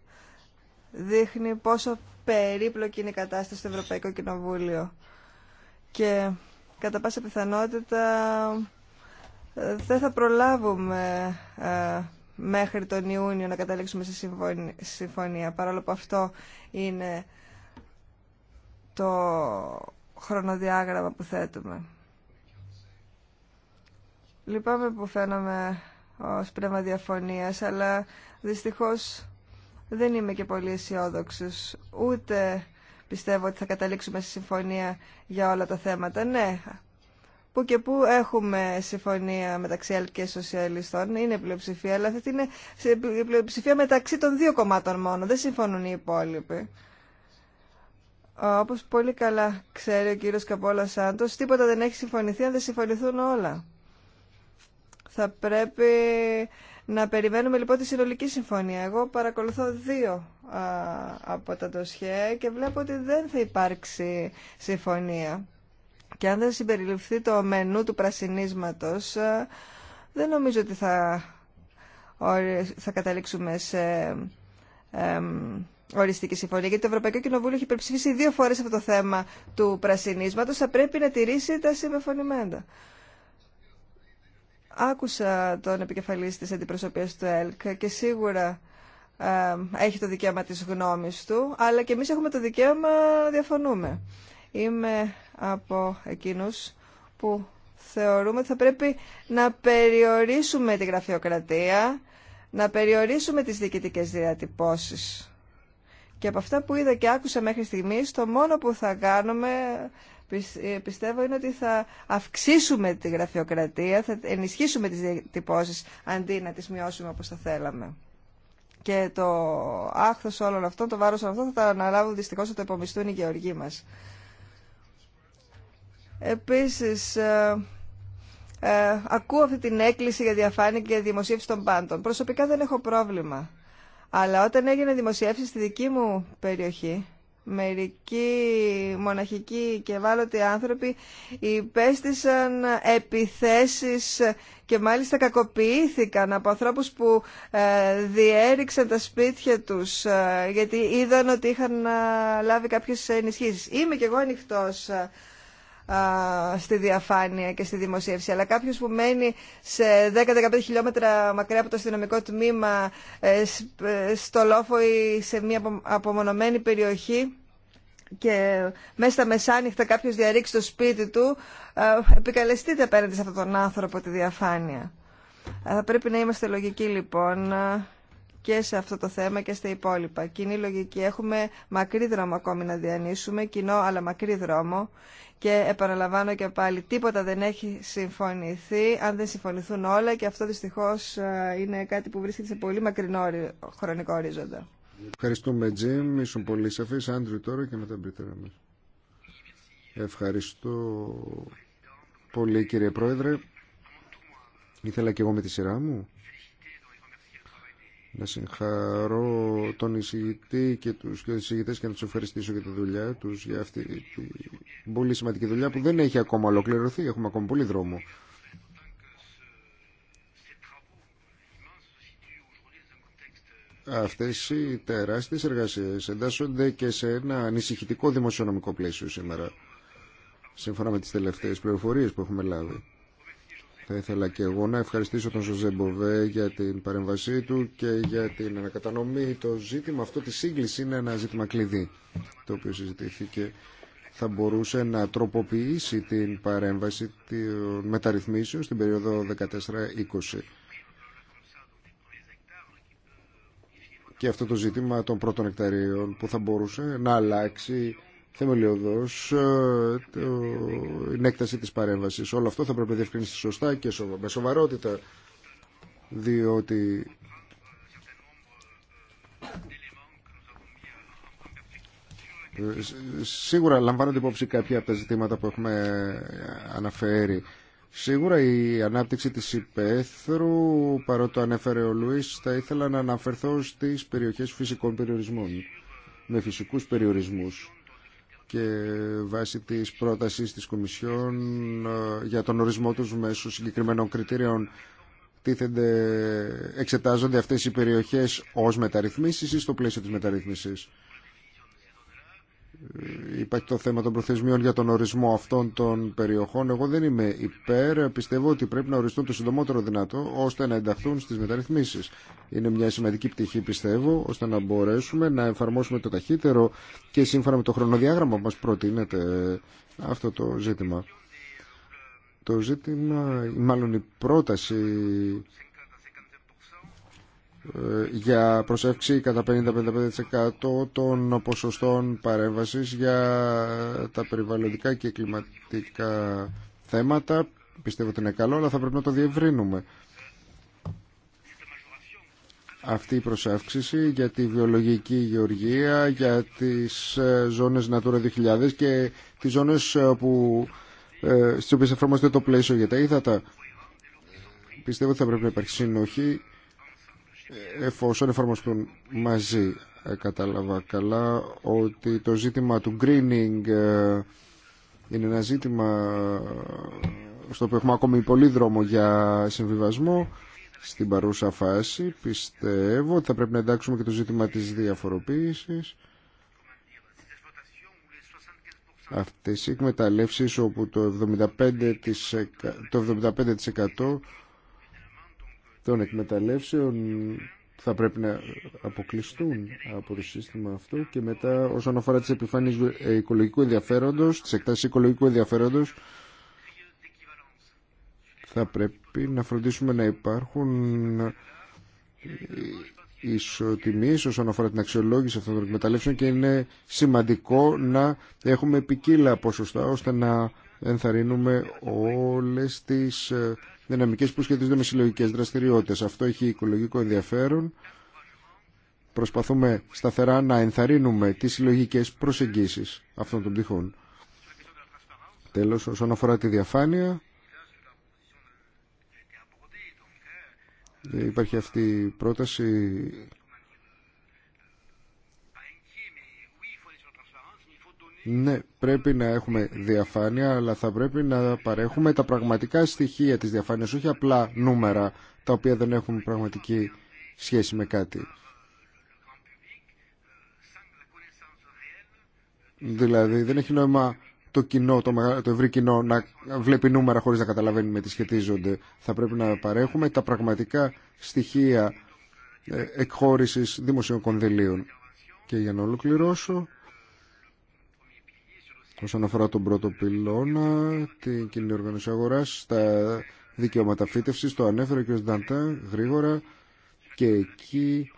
δείχνει πόσο περίπλοκη είναι η κατάσταση στο Ευρωπαϊκό Κοινοβούλιο. Και κατά πάσα πιθανότητα ε, δεν θα προλάβουμε ε, μέχρι τον Ιούνιο να καταλήξουμε σε συμφωνία, παρόλο που αυτό είναι το χρονοδιάγραμμα που θέτουμε. Λυπάμαι που φαίνομαι ως πνεύμα διαφωνίας, αλλά δυστυχώς δεν είμαι και πολύ αισιόδοξο. Ούτε πιστεύω ότι θα καταλήξουμε σε συμφωνία για όλα τα θέματα. Ναι, που και που έχουμε συμφωνία μεταξύ ΕΛ και Σοσιαλιστών, είναι πλειοψηφία, αλλά αυτή είναι πλειοψηφία μεταξύ των δύο κομμάτων μόνο, δεν συμφωνούν οι υπόλοιποι. Όπως πολύ καλά ξέρει ο κύριος Καπόλα Σάντος, τίποτα δεν έχει συμφωνηθεί αν δεν συμφωνηθούν όλα. Θα πρέπει να περιμένουμε λοιπόν τη συνολική συμφωνία. Εγώ παρακολουθώ δύο α, από τα ντοσιέ και βλέπω ότι δεν θα υπάρξει συμφωνία. Και αν δεν συμπεριληφθεί το μενού του πρασινίσματος, δεν νομίζω ότι θα, θα καταλήξουμε σε οριστική συμφωνία. Γιατί το Ευρωπαϊκό Κοινοβούλιο έχει υπερψηφίσει δύο φορές αυτό το θέμα του πρασινίσματος. Θα πρέπει να τηρήσει τα συμπεφωνημένα. Άκουσα τον επικεφαλής της αντιπροσωπείας του ΕΛΚ και σίγουρα έχει το δικαίωμα της γνώμης του, αλλά και εμείς έχουμε το δικαίωμα διαφωνούμε. Είμαι από εκείνους που θεωρούμε ότι θα πρέπει να περιορίσουμε τη γραφειοκρατία, να περιορίσουμε τις διοικητικές διατυπώσεις. Και από αυτά που είδα και άκουσα μέχρι στιγμής, το μόνο που θα κάνουμε ε, πιστεύω είναι ότι θα αυξήσουμε τη γραφειοκρατία, θα ενισχύσουμε τις διατυπώσεις αντί να τις μειώσουμε όπως θα θέλαμε. Και το άχθος όλων αυτών, το βάρος όλων αυτών θα τα αναλάβουν δυστυχώς θα το επομιστούν οι γεωργοί μας. Επίσης, ε, ε, ακούω αυτή την έκκληση για διαφάνεια και δημοσίευση των πάντων. Προσωπικά δεν έχω πρόβλημα. Αλλά όταν έγινε δημοσίευση στη δική μου περιοχή, μερικοί μοναχικοί και ευάλωτοι άνθρωποι υπέστησαν επιθέσεις και μάλιστα κακοποιήθηκαν από ανθρώπους που ε, διέριξαν τα σπίτια τους ε, γιατί είδαν ότι είχαν ε, λάβει κάποιες ενισχύσεις. Είμαι κι εγώ ανοιχτός στη διαφάνεια και στη δημοσίευση. Αλλά κάποιο που μένει σε 10-15 χιλιόμετρα μακριά από το αστυνομικό τμήμα, ε, ε, στο λόφο ή σε μια απομονωμένη περιοχή και μέσα στα μεσάνυχτα κάποιο διαρρήξει το σπίτι του, επικαλεστείτε απέναντι σε αυτόν τον άνθρωπο τη διαφάνεια. Θα πρέπει να είμαστε λογικοί λοιπόν και σε αυτό το θέμα και στα υπόλοιπα. Κοινή λογική. Έχουμε μακρύ δρόμο ακόμη να διανύσουμε, κοινό αλλά μακρύ δρόμο. Και επαναλαμβάνω και πάλι, τίποτα δεν έχει συμφωνηθεί αν δεν συμφωνηθούν όλα και αυτό δυστυχώς ε, είναι κάτι που βρίσκεται σε πολύ μακρινό χρονικό ορίζοντα. Ευχαριστούμε Τζιμ, ήσουν πολύ σαφής. Άντριου τώρα και μετά Μπρίτερα μας. Ευχαριστώ πολύ κύριε Πρόεδρε. Ήθελα και εγώ με τη σειρά μου να συγχαρώ τον εισηγητή και τους εισηγητές και να τους ευχαριστήσω για τη δουλειά τους για αυτή την πολύ σημαντική δουλειά που δεν έχει ακόμα ολοκληρωθεί, έχουμε ακόμα πολύ δρόμο. Αυτές οι τεράστιες εργασίες εντάσσονται και σε ένα ανησυχητικό δημοσιονομικό πλαίσιο σήμερα, σύμφωνα με τις τελευταίες πληροφορίες που έχουμε λάβει. Θα ήθελα και εγώ να ευχαριστήσω τον Ζωζέ Μποβέ για την παρέμβασή του και για την ανακατανομή. Το ζήτημα αυτό τη σύγκληση είναι ένα ζήτημα κλειδί το οποίο συζητήθηκε. Θα μπορούσε να τροποποιήσει την παρέμβαση των μεταρρυθμίσεων στην περίοδο 14-20. Και αυτό το ζήτημα των πρώτων εκταρίων που θα μπορούσε να αλλάξει θεμελιωδώς ε, την έκταση της παρέμβασης. Όλο αυτό θα πρέπει να διευκρινίσει σωστά και με σοβαρότητα, διότι σίγουρα λαμβάνονται υπόψη κάποια από τα ζητήματα που έχουμε αναφέρει. Σίγουρα η ανάπτυξη της υπαίθρου, παρότι το ανέφερε ο Λουίς, θα ήθελα να αναφερθώ στις περιοχές φυσικών περιορισμών, με φυσικούς περιορισμούς και βάσει της πρότασης της Κομισιόν ε, για τον ορισμό τους μέσω συγκεκριμένων κριτήριων τίθενται, εξετάζονται αυτές οι περιοχές ως μεταρρυθμίσεις ή στο πλαίσιο της μεταρρύθμισης. Υπάρχει το θέμα των προθεσμιών για τον ορισμό αυτών των περιοχών. Εγώ δεν είμαι υπέρ. Πιστεύω ότι πρέπει να οριστούν το συντομότερο δυνατό ώστε να ενταχθούν στι μεταρρυθμίσει. Είναι μια σημαντική πτυχή, πιστεύω, ώστε να μπορέσουμε να εφαρμόσουμε το ταχύτερο και σύμφωνα με το χρονοδιάγραμμα που μα προτείνεται αυτό το ζήτημα. Το ζήτημα, μάλλον η πρόταση ε, για προσεύξη 50-55% των ποσοστών παρέμβασης για τα περιβαλλοντικά και κλιματικά θέματα. Πιστεύω ότι είναι καλό, αλλά θα πρέπει να το διευρύνουμε. Αυτή η προσεύξηση για τη βιολογική γεωργία, για τις ε, ζώνες Natura 2000 και τις ζώνες ε, που, στις οποίες εφαρμόζεται το πλαίσιο για τα ύδατα. Πιστεύω ότι θα πρέπει να υπάρχει συνοχή εφόσον εφαρμοστούν μαζί. Ε, κατάλαβα καλά ότι το ζήτημα του greening ε, είναι ένα ζήτημα ε, στο οποίο έχουμε ακόμη πολύ δρόμο για συμβιβασμό. Στην παρούσα φάση πιστεύω ότι θα πρέπει να εντάξουμε και το ζήτημα της διαφοροποίησης. Αυτές οι εκμεταλλεύσεις όπου το 75%, το 75 των εκμεταλλεύσεων θα πρέπει να αποκλειστούν από το σύστημα αυτό και μετά όσον αφορά τις επιφάνειες οικολογικού ενδιαφέροντος, τις εκτάσεις οικολογικού ενδιαφέροντος θα πρέπει να φροντίσουμε να υπάρχουν ισοτιμίες όσον αφορά την αξιολόγηση αυτών των εκμεταλλεύσεων και είναι σημαντικό να έχουμε ποικίλα ποσοστά ώστε να ενθαρρύνουμε όλες τις δυναμικές που σχετίζονται με συλλογικές δραστηριότητες. Αυτό έχει οικολογικό ενδιαφέρον. Προσπαθούμε σταθερά να ενθαρρύνουμε τις συλλογικές προσεγγίσεις αυτών των πτυχών. Τέλος, όσον αφορά τη διαφάνεια, υπάρχει αυτή η πρόταση Ναι, πρέπει να έχουμε διαφάνεια, αλλά θα πρέπει να παρέχουμε τα πραγματικά στοιχεία της διαφάνειας, όχι απλά νούμερα, τα οποία δεν έχουν πραγματική σχέση με κάτι. Δηλαδή, δεν έχει νόημα το κοινό, το, το ευρύ κοινό να βλέπει νούμερα χωρίς να καταλαβαίνει με τι σχετίζονται. Θα πρέπει να παρέχουμε τα πραγματικά στοιχεία ε, εκχώρησης δημοσίων κονδυλίων. Και για να ολοκληρώσω, όσον αφορά τον πρώτο πυλώνα, την κοινή οργάνωση αγορά, τα δικαιώματα φύτευσης, το ανέφερε και ο Σνταντά γρήγορα και εκεί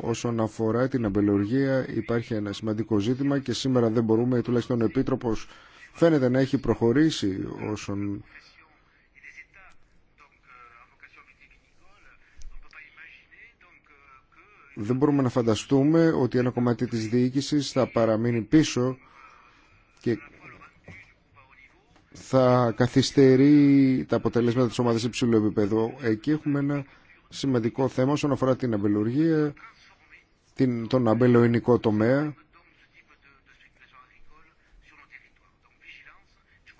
όσον αφορά την αμπελουργία υπάρχει ένα σημαντικό ζήτημα και σήμερα δεν μπορούμε, τουλάχιστον ο Επίτροπος φαίνεται να έχει προχωρήσει όσον Δεν μπορούμε να φανταστούμε ότι ένα κομμάτι της διοίκησης θα παραμείνει πίσω και θα καθυστερεί τα αποτελέσματα της ομάδας υψηλού επίπεδου. Εκεί έχουμε ένα σημαντικό θέμα όσον αφορά την αμπελουργία, τον αμπελοεινικό τομέα.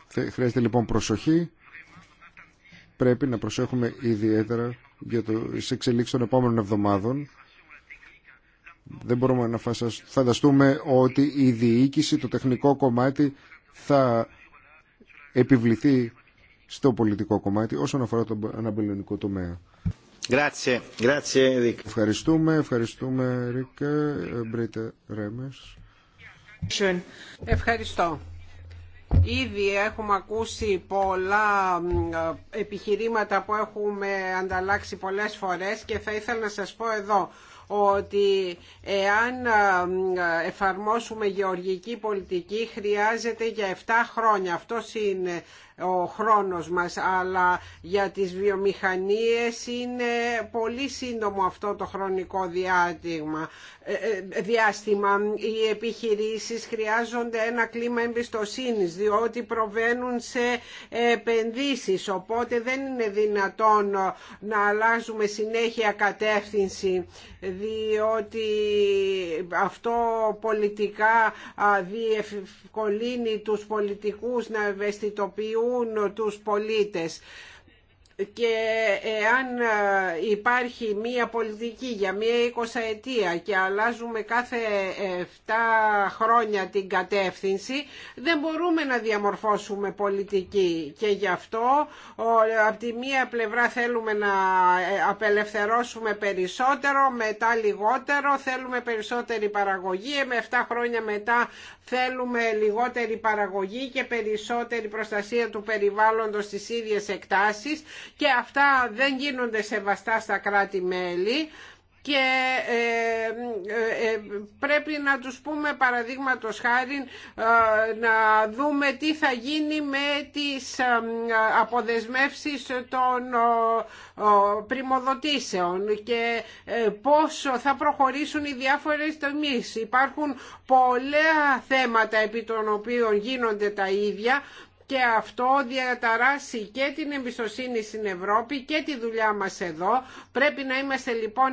Χρειάζεται λοιπόν προσοχή. Πρέπει να προσέχουμε ιδιαίτερα για το εξελίξει των επόμενων εβδομάδων δεν μπορούμε να φανταστούμε ότι η διοίκηση, το τεχνικό κομμάτι θα επιβληθεί στο πολιτικό κομμάτι όσον αφορά τον αναπελλονικό τομέα. Grazie. Grazie, ευχαριστούμε, ευχαριστούμε Ρίκ ε, Μπρίτε Ρέμες. Ευχαριστώ. Ήδη έχουμε ακούσει πολλά επιχειρήματα που έχουμε ανταλλάξει πολλές φορές και θα ήθελα να σας πω εδώ ότι εάν εφαρμόσουμε γεωργική πολιτική χρειάζεται για 7 χρόνια. Αυτό είναι ο χρόνος μας αλλά για τις βιομηχανίες είναι πολύ σύντομο αυτό το χρονικό διάστημα. Ε, ε, διάστημα. Οι επιχειρήσεις χρειάζονται ένα κλίμα εμπιστοσύνης διότι προβαίνουν σε επενδύσεις οπότε δεν είναι δυνατόν να αλλάζουμε συνέχεια κατεύθυνση διότι αυτό πολιτικά διευκολύνει τους πολιτικούς να ευαισθητοποιούν ευνοούν τους πολίτες και εάν ε, υπάρχει μία πολιτική για μία 20 ετία και αλλάζουμε κάθε 7 ε, χρόνια την κατεύθυνση δεν μπορούμε να διαμορφώσουμε πολιτική και γι' αυτό από τη μία πλευρά θέλουμε να ε, απελευθερώσουμε περισσότερο μετά λιγότερο θέλουμε περισσότερη παραγωγή με 7 χρόνια μετά θέλουμε λιγότερη παραγωγή και περισσότερη προστασία του περιβάλλοντος στις ίδιες εκτάσεις και αυτά δεν γίνονται σεβαστά στα κράτη-μέλη και ε, ε, ε, πρέπει να τους πούμε παραδείγματο χάρη να δούμε τι θα γίνει με τις αποδεσμεύσεις των πρημοδοτήσεων και πόσο θα προχωρήσουν οι διάφορες τομείς. Υπάρχουν πολλά θέματα επί των οποίων γίνονται τα ίδια και αυτό διαταράσει και την εμπιστοσύνη στην Ευρώπη και τη δουλειά μας εδώ. Πρέπει να είμαστε λοιπόν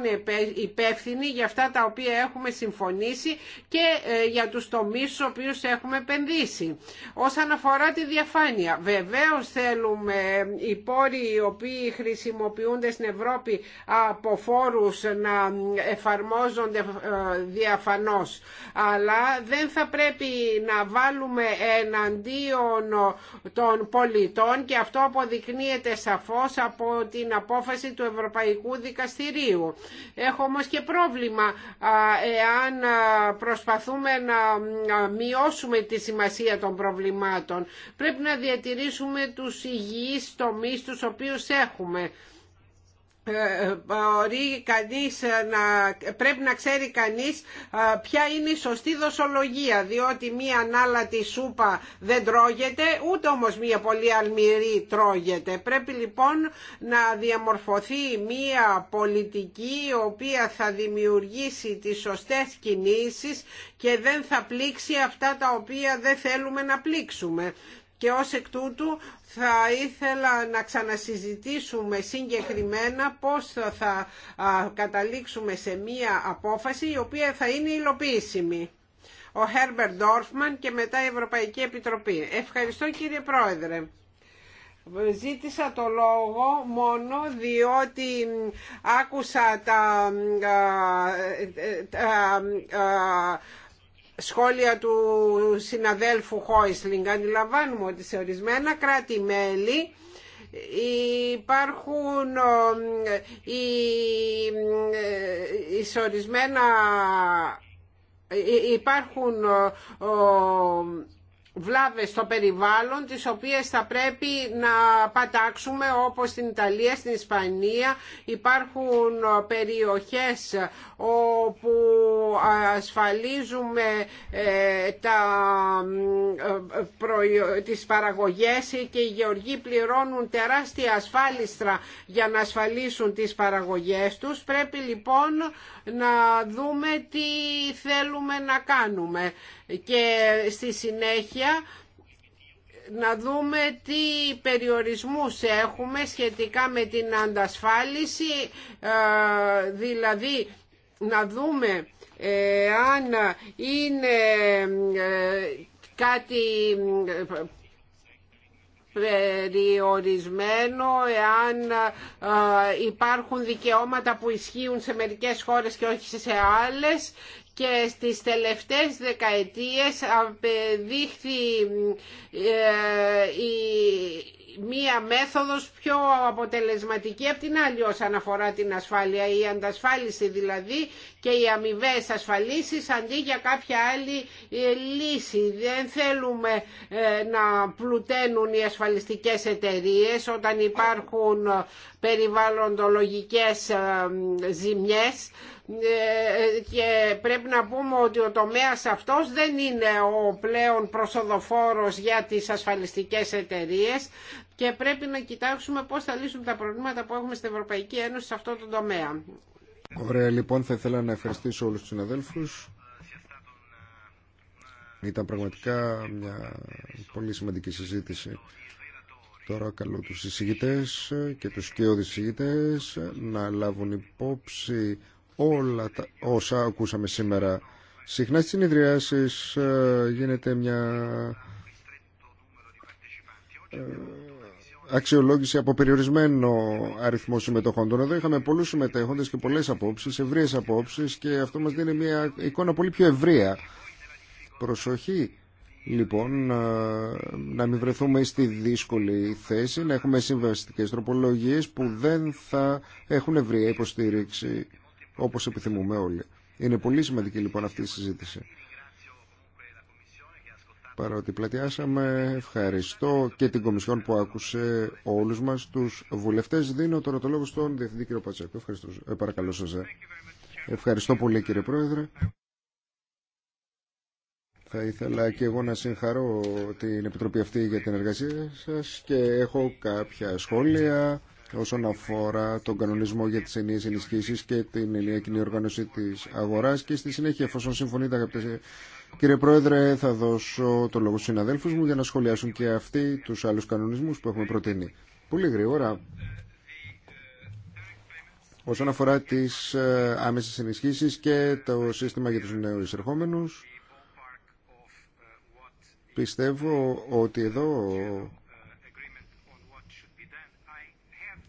υπεύθυνοι για αυτά τα οποία έχουμε συμφωνήσει και ε, για τους τομείς στους οποίους έχουμε επενδύσει. Όσον αφορά τη διαφάνεια, βεβαίως θέλουμε ε, οι πόροι οι οποίοι χρησιμοποιούνται στην Ευρώπη από φόρους να εφαρμόζονται ε, διαφανώς. Αλλά δεν θα πρέπει να βάλουμε εναντίον των πολιτών και αυτό αποδεικνύεται σαφώς από την απόφαση του Ευρωπαϊκού Δικαστηρίου. Έχω όμως και πρόβλημα εάν προσπαθούμε να μειώσουμε τη σημασία των προβλημάτων. Πρέπει να διατηρήσουμε τους υγιείς τομείς τους οποίους έχουμε. Ε, κανείς να, πρέπει να ξέρει κανείς ε, ποια είναι η σωστή δοσολογία διότι μία ανάλατη σούπα δεν τρώγεται ούτε όμως μία πολύ αλμυρή τρώγεται πρέπει λοιπόν να διαμορφωθεί μία πολιτική η οποία θα δημιουργήσει τις σωστές κινήσεις και δεν θα πλήξει αυτά τα οποία δεν θέλουμε να πλήξουμε και ως εκ τούτου θα ήθελα να ξανασυζητήσουμε συγκεκριμένα πώς θα καταλήξουμε σε μία απόφαση η οποία θα είναι υλοποιήσιμη. Ο Herbert Dorfman και μετά η Ευρωπαϊκή Επιτροπή. Ευχαριστώ κύριε Πρόεδρε. Ζήτησα το λόγο μόνο διότι άκουσα τα, ε, ε, τα σχόλια του συναδέλφου Χόισλινγκ. Αντιλαμβάνουμε ότι σε ορισμένα κράτη-μέλη υπάρχουν οι ε, ορισμένα ε, υπάρχουν βλάβες στο περιβάλλον τις οποίες θα πρέπει να πατάξουμε όπως στην Ιταλία, στην Ισπανία υπάρχουν περιοχές όπου ασφαλίζουμε ε, τα, ε, τις παραγωγές και οι γεωργοί πληρώνουν τεράστια ασφάλιστρα για να ασφαλίσουν τις παραγωγές τους πρέπει λοιπόν να δούμε τι θέλουμε να κάνουμε και στη συνέχεια να δούμε τι περιορισμούς έχουμε σχετικά με την αντασφάλιση, ε, δηλαδή να δούμε ε, αν είναι ε, κάτι περιορισμένο εάν υπάρχουν δικαιώματα που ισχύουν σε μερικές χώρες και όχι σε άλλες και στις τελευταίες δεκαετίες απεδείχθη ε, η μία μέθοδος πιο αποτελεσματική από την άλλη όσον αφορά την ασφάλεια, η αντασφάλιση δηλαδή και οι αμοιβέ ασφαλίσεις αντί για κάποια άλλη ε, λύση. Δεν θέλουμε ε, να πλουταίνουν οι ασφαλιστικές εταιρείες όταν υπάρχουν περιβαλλοντολογικές ε, ζημιές ε, και πρέπει να πούμε ότι ο τομέας αυτός δεν είναι ο πλέον προσοδοφόρος για τις ασφαλιστικές εταιρείες και πρέπει να κοιτάξουμε πώς θα λύσουμε τα προβλήματα που έχουμε στην Ευρωπαϊκή Ένωση σε αυτό το τομέα. Ωραία, λοιπόν, θα ήθελα να ευχαριστήσω όλους τους συναδέλφους. Ήταν πραγματικά μια πολύ σημαντική συζήτηση. Τώρα καλώ τους εισηγητές και τους και να λάβουν υπόψη όλα τα, όσα ακούσαμε σήμερα. Συχνά στις ε, γίνεται μια ε, αξιολόγηση από περιορισμένο αριθμό συμμετοχών. Εδώ είχαμε πολλούς συμμετέχοντες και πολλές απόψεις, ευρείες απόψεις και αυτό μας δίνει μια εικόνα πολύ πιο ευρεία. Προσοχή λοιπόν ε, να μην βρεθούμε στη δύσκολη θέση, να έχουμε συμβαστικές τροπολογίες που δεν θα έχουν ευρεία υποστήριξη όπως επιθυμούμε όλοι. Είναι πολύ σημαντική λοιπόν αυτή η συζήτηση. Παρότι πλατιάσαμε, ευχαριστώ και την Κομισιόν που άκουσε όλους μας τους βουλευτές. Δίνω τώρα το λόγο στον Διευθυντή κύριο Πατσέκο. Ευχαριστώ. Ε, παρακαλώ σας. Ευχαριστώ πολύ κύριε Πρόεδρε. Θα ήθελα και εγώ να συγχαρώ την Επιτροπή αυτή για την εργασία σας και έχω κάποια σχόλια όσον αφορά τον κανονισμό για τις ενιαίες ενισχύσεις και την ενιαία κοινή οργάνωση της αγοράς και στη συνέχεια εφόσον συμφωνείτε αγαπητέ κύριε Πρόεδρε θα δώσω το λόγο στους συναδέλφους μου για να σχολιάσουν και αυτοί τους άλλους κανονισμούς που έχουμε προτείνει. Πολύ γρήγορα. Όσον αφορά τις ε, άμεσες ενισχύσεις και το σύστημα για τους νέους εισερχόμενους, πιστεύω ότι εδώ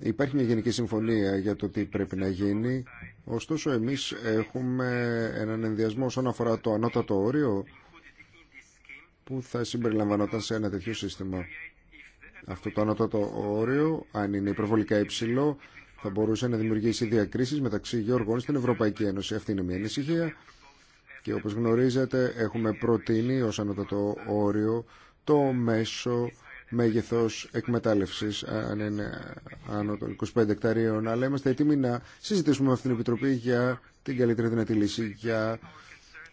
Υπάρχει μια γενική συμφωνία για το τι πρέπει να γίνει. Ωστόσο, εμείς έχουμε έναν ενδιασμό όσον αφορά το ανώτατο όριο που θα συμπεριλαμβανόταν σε ένα τέτοιο σύστημα. Αυτό το ανώτατο όριο, αν είναι υπερβολικά υψηλό, θα μπορούσε να δημιουργήσει διακρίσεις μεταξύ γεωργών στην Ευρωπαϊκή Ένωση. Αυτή είναι μια ανησυχία. Και όπως γνωρίζετε, έχουμε προτείνει ως ανώτατο όριο το μέσο Μέγεθο εκμετάλλευση, αν είναι άνω των 25 εκταρίων αλλά είμαστε έτοιμοι να συζητήσουμε με αυτήν την Επιτροπή για την καλύτερη δυνατή λύση για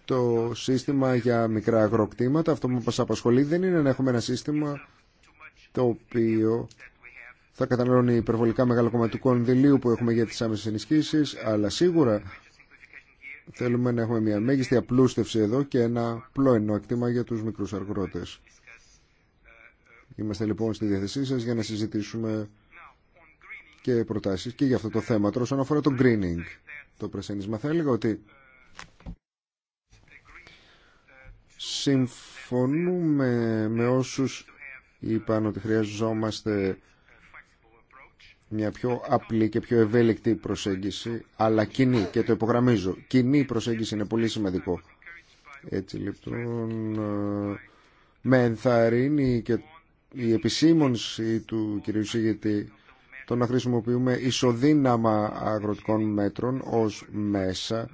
το σύστημα για μικρά αγροκτήματα. Αυτό που μα απασχολεί δεν είναι να έχουμε ένα σύστημα το οποίο θα καταναλώνει υπερβολικά μεγάλο κομμάτι του κονδυλίου που έχουμε για τι άμεσε ενισχύσει, αλλά σίγουρα θέλουμε να έχουμε μια μέγιστη απλούστευση εδώ και ένα πλόενο εκτίμα για τους μικρούς αγρότε. Είμαστε λοιπόν στη διαθεσή σας για να συζητήσουμε και προτάσεις και για αυτό το θέμα. Τώρα, όσον αφορά το greening, το πρεσένισμα, θα έλεγα ότι συμφωνούμε με όσους είπαν ότι χρειαζόμαστε μια πιο απλή και πιο ευέλικτη προσέγγιση, αλλά κοινή, και το υπογραμμίζω, κοινή προσέγγιση είναι πολύ σημαντικό. Έτσι λοιπόν, ε, με ενθαρρύνει και η επισήμονση του κυρίου Σίγητη το να χρησιμοποιούμε ισοδύναμα αγροτικών μέτρων ως μέσα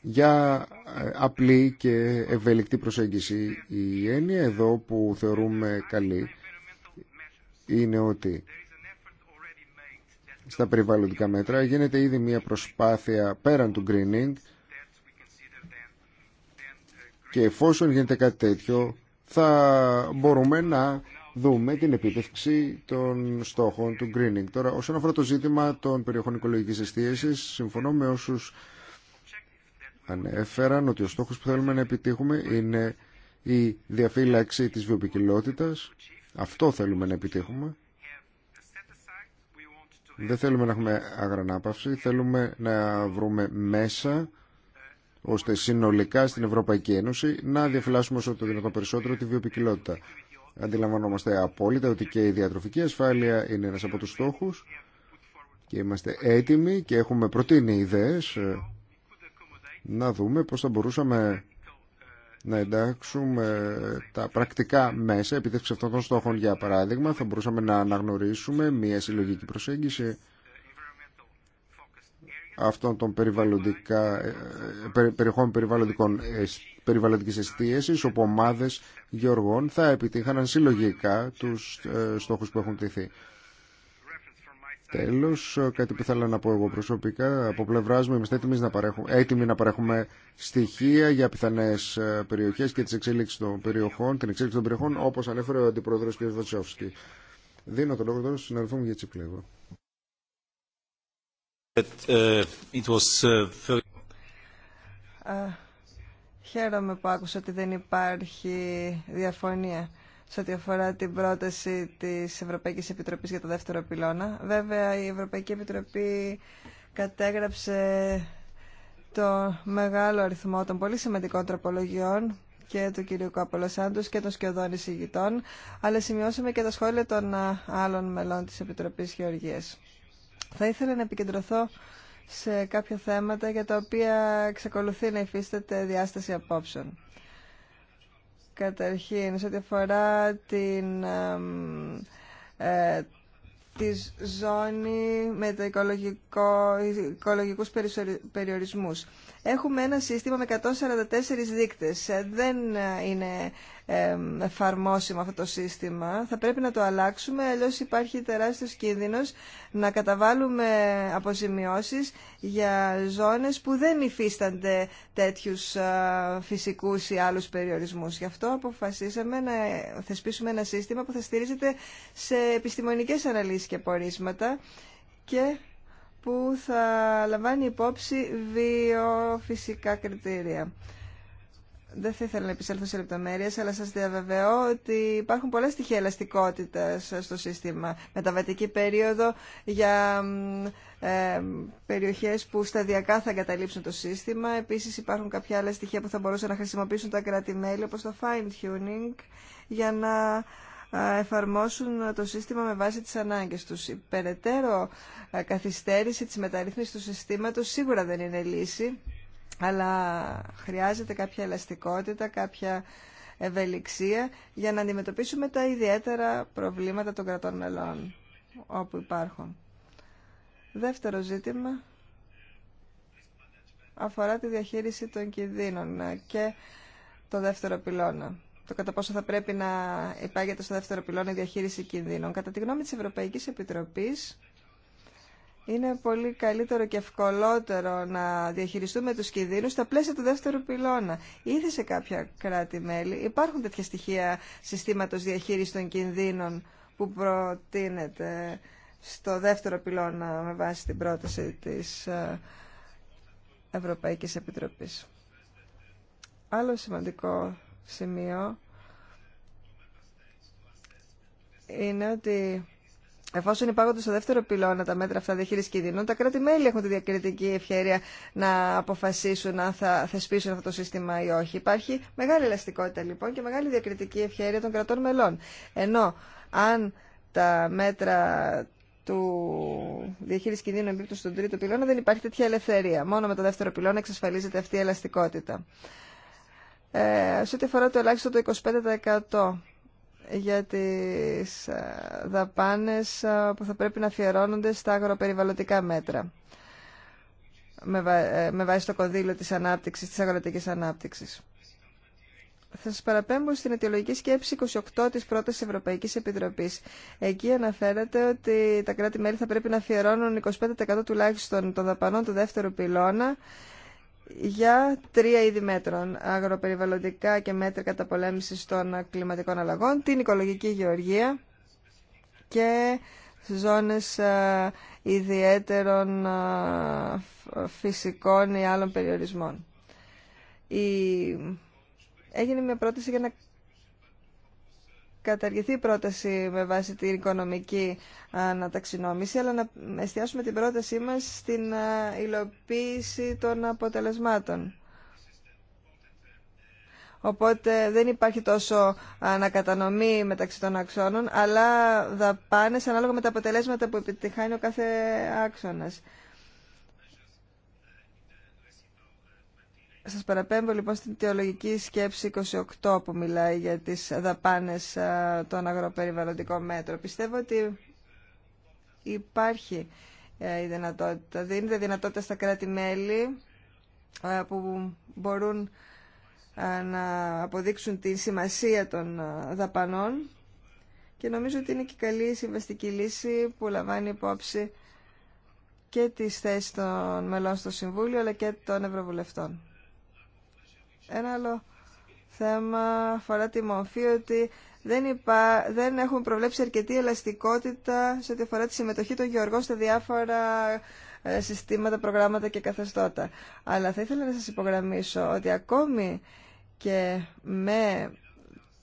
για ε, απλή και ευέλικτη προσέγγιση. Η έννοια εδώ που θεωρούμε καλή είναι ότι στα περιβαλλοντικά μέτρα γίνεται ήδη μια προσπάθεια πέραν του greening και εφόσον γίνεται κάτι τέτοιο θα μπορούμε να δούμε την επίτευξη των στόχων του greening. Τώρα, όσον αφορά το ζήτημα των περιοχών οικολογική εστίασης, συμφωνώ με όσους ανέφεραν ότι ο στόχος που θέλουμε να επιτύχουμε είναι η διαφύλαξη της βιοπικιλότητας. Αυτό θέλουμε να επιτύχουμε. Δεν θέλουμε να έχουμε αγρανάπαυση, θέλουμε να βρούμε μέσα ώστε συνολικά στην Ευρωπαϊκή Ένωση να διαφυλάσσουμε όσο το δυνατόν περισσότερο τη βιοπικιλότητα. Αντιλαμβανόμαστε απόλυτα ότι και η διατροφική ασφάλεια είναι ένας από τους στόχους και είμαστε έτοιμοι και έχουμε προτείνει ιδέες ε, να δούμε πώς θα μπορούσαμε να εντάξουμε τα πρακτικά μέσα επίτευξη αυτών των στόχων για παράδειγμα θα μπορούσαμε να αναγνωρίσουμε μια συλλογική προσέγγιση αυτών των περιβαλλοντικά, ε, ε, περιεχών περιβαλλοντικών περιβαλλοντικής εστίασης, όπου ομάδες γεωργών θα επιτύχαναν συλλογικά τους ε, στόχους που έχουν τηθεί. Τέλος, κάτι που ήθελα να πω εγώ προσωπικά, από πλευρά, μου είμαστε έτοιμοι να, παρέχουμε, έτοιμοι να παρέχουμε στοιχεία για πιθανές ε, περιοχές και τις εξέλιξεις των περιοχών, την εξέλιξη των περιοχών, όπως ανέφερε ο Αντιπρόεδρος κ. Βατσόφσκι. Δίνω το λόγο τώρα στον συναδελφό μου για τσιπλέγω. Uh, Χαίρομαι που άκουσα ότι δεν υπάρχει διαφωνία σε ό,τι αφορά την πρόταση της Ευρωπαϊκής Επιτροπής για το δεύτερο πυλώνα. Βέβαια, η Ευρωπαϊκή Επιτροπή κατέγραψε το μεγάλο αριθμό των πολύ σημαντικών τροπολογιών και του κυρίου Καπολοσάντου και των σκιωδών εισηγητών, αλλά σημειώσαμε και τα σχόλια των άλλων μελών της Επιτροπής Γεωργίας. Θα ήθελα να επικεντρωθώ σε κάποια θέματα για τα οποία εξακολουθεί να υφίσταται διάσταση απόψεων. Καταρχήν, σε ό,τι αφορά την, ε, τη ζώνη με τα οικολογικό, οικολογικούς περιορισμούς. Έχουμε ένα σύστημα με 144 δείκτες. Ε, δεν ε, είναι εφαρμόσιμο αυτό το σύστημα. Θα πρέπει να το αλλάξουμε, αλλιώ υπάρχει τεράστιο κίνδυνος να καταβάλουμε αποζημιώσει για ζώνες που δεν υφίστανται τέτοιου φυσικούς ή άλλους περιορισμούς. Γι' αυτό αποφασίσαμε να θεσπίσουμε ένα σύστημα που θα στηρίζεται σε επιστημονικές αναλύσεις και πορίσματα και που θα λαμβάνει υπόψη βιοφυσικά κριτήρια δεν θα ήθελα να επισέλθω σε λεπτομέρειε, αλλά σα διαβεβαιώ ότι υπάρχουν πολλά στοιχεία ελαστικότητα στο σύστημα. Μεταβατική περίοδο για ε, περιοχές που σταδιακά θα εγκαταλείψουν το σύστημα. Επίση, υπάρχουν κάποια άλλα στοιχεία που θα μπορούσαν να χρησιμοποιήσουν τα κράτη-μέλη, όπως το fine-tuning, για να ε, εφαρμόσουν το σύστημα με βάση τις ανάγκες τους. Η περαιτέρω ε, καθυστέρηση της μεταρρύθμισης του συστήματος σίγουρα δεν είναι λύση αλλά χρειάζεται κάποια ελαστικότητα, κάποια ευελιξία για να αντιμετωπίσουμε τα ιδιαίτερα προβλήματα των κρατών μελών όπου υπάρχουν. Δεύτερο ζήτημα αφορά τη διαχείριση των κινδύνων και το δεύτερο πυλώνα. Το κατά πόσο θα πρέπει να υπάγεται στο δεύτερο πυλώνα η διαχείριση κινδύνων. Κατά τη γνώμη της Ευρωπαϊκής Επιτροπής, είναι πολύ καλύτερο και ευκολότερο να διαχειριστούμε τους κινδύνους στα πλαίσια του δεύτερου πυλώνα. Ήδη σε κάποια κράτη-μέλη υπάρχουν τέτοια στοιχεία συστήματος διαχείρισης των κινδύνων που προτείνεται στο δεύτερο πυλώνα με βάση την πρόταση της ε, Ευρωπαϊκής Επιτροπής. Άλλο σημαντικό σημείο είναι ότι Εφόσον υπάρχουν στο δεύτερο πυλώνα τα μέτρα αυτά διαχείριση κινδυνών, τα κράτη-μέλη έχουν τη διακριτική ευχαίρεια να αποφασίσουν αν θα θεσπίσουν αυτό το σύστημα ή όχι. Υπάρχει μεγάλη ελαστικότητα λοιπόν και μεγάλη διακριτική ευχαίρεια των κρατών μελών. Ενώ αν τα μέτρα του διαχείριση κινδύνων εμπίπτουν στον τρίτο πυλώνα δεν υπάρχει τέτοια ελευθερία. Μόνο με το δεύτερο πυλώνα εξασφαλίζεται αυτή η ελαστικότητα. Ε, σε ό,τι αφορά το ελάχιστο το 25% για τις ε, δαπάνες ε, που θα πρέπει να αφιερώνονται στα αγροπεριβαλλοντικά μέτρα ε, με βάση το κονδύλιο της ανάπτυξης, της αγροτικής ανάπτυξης. Θα σας παραπέμπω στην αιτιολογική σκέψη 28 της πρώτης Ευρωπαϊκής Επιτροπής. Εκεί αναφέρεται ότι τα κράτη-μέλη θα πρέπει να αφιερώνουν 25% τουλάχιστον των δαπανών του δεύτερου πυλώνα για τρία είδη μέτρων. Αγροπεριβαλλοντικά και μέτρα καταπολέμησης των κλιματικών αλλαγών, την οικολογική γεωργία και ζώνες ε, ιδιαίτερων ε, φυσικών ή άλλων περιορισμών. Η... Έγινε μια πρόταση για να καταργηθεί η πρόταση με βάση την οικονομική αναταξινόμηση, αλλά να εστιάσουμε την πρότασή μας στην ε, υλοποίηση των αποτελεσμάτων. Οπότε δεν υπάρχει τόσο ανακατανομή μεταξύ των αξώνων, αλλά δαπάνες ανάλογα με τα αποτελέσματα που επιτυχάνει ο κάθε άξονας. Σας παραπέμπω λοιπόν στην θεολογική σκέψη 28 που μιλάει για τις δαπάνες των αγροπεριβαλλοντικών μέτρων. Πιστεύω ότι υπάρχει ε, η δυνατότητα, δίνεται δυνατότητα στα κράτη-μέλη ε, που μπορούν ε, να αποδείξουν τη σημασία των δαπανών και νομίζω ότι είναι και καλή η συμβαστική λύση που λαμβάνει υπόψη και τις θέσεις των μελών στο Συμβούλιο αλλά και των Ευρωβουλευτών. Ένα άλλο θέμα αφορά τη μορφή ότι δεν, υπά, δεν έχουν προβλέψει αρκετή ελαστικότητα σε ό,τι αφορά τη συμμετοχή των γεωργών στα διάφορα ε, συστήματα, προγράμματα και καθεστώτα. Αλλά θα ήθελα να σας υπογραμμίσω ότι ακόμη και με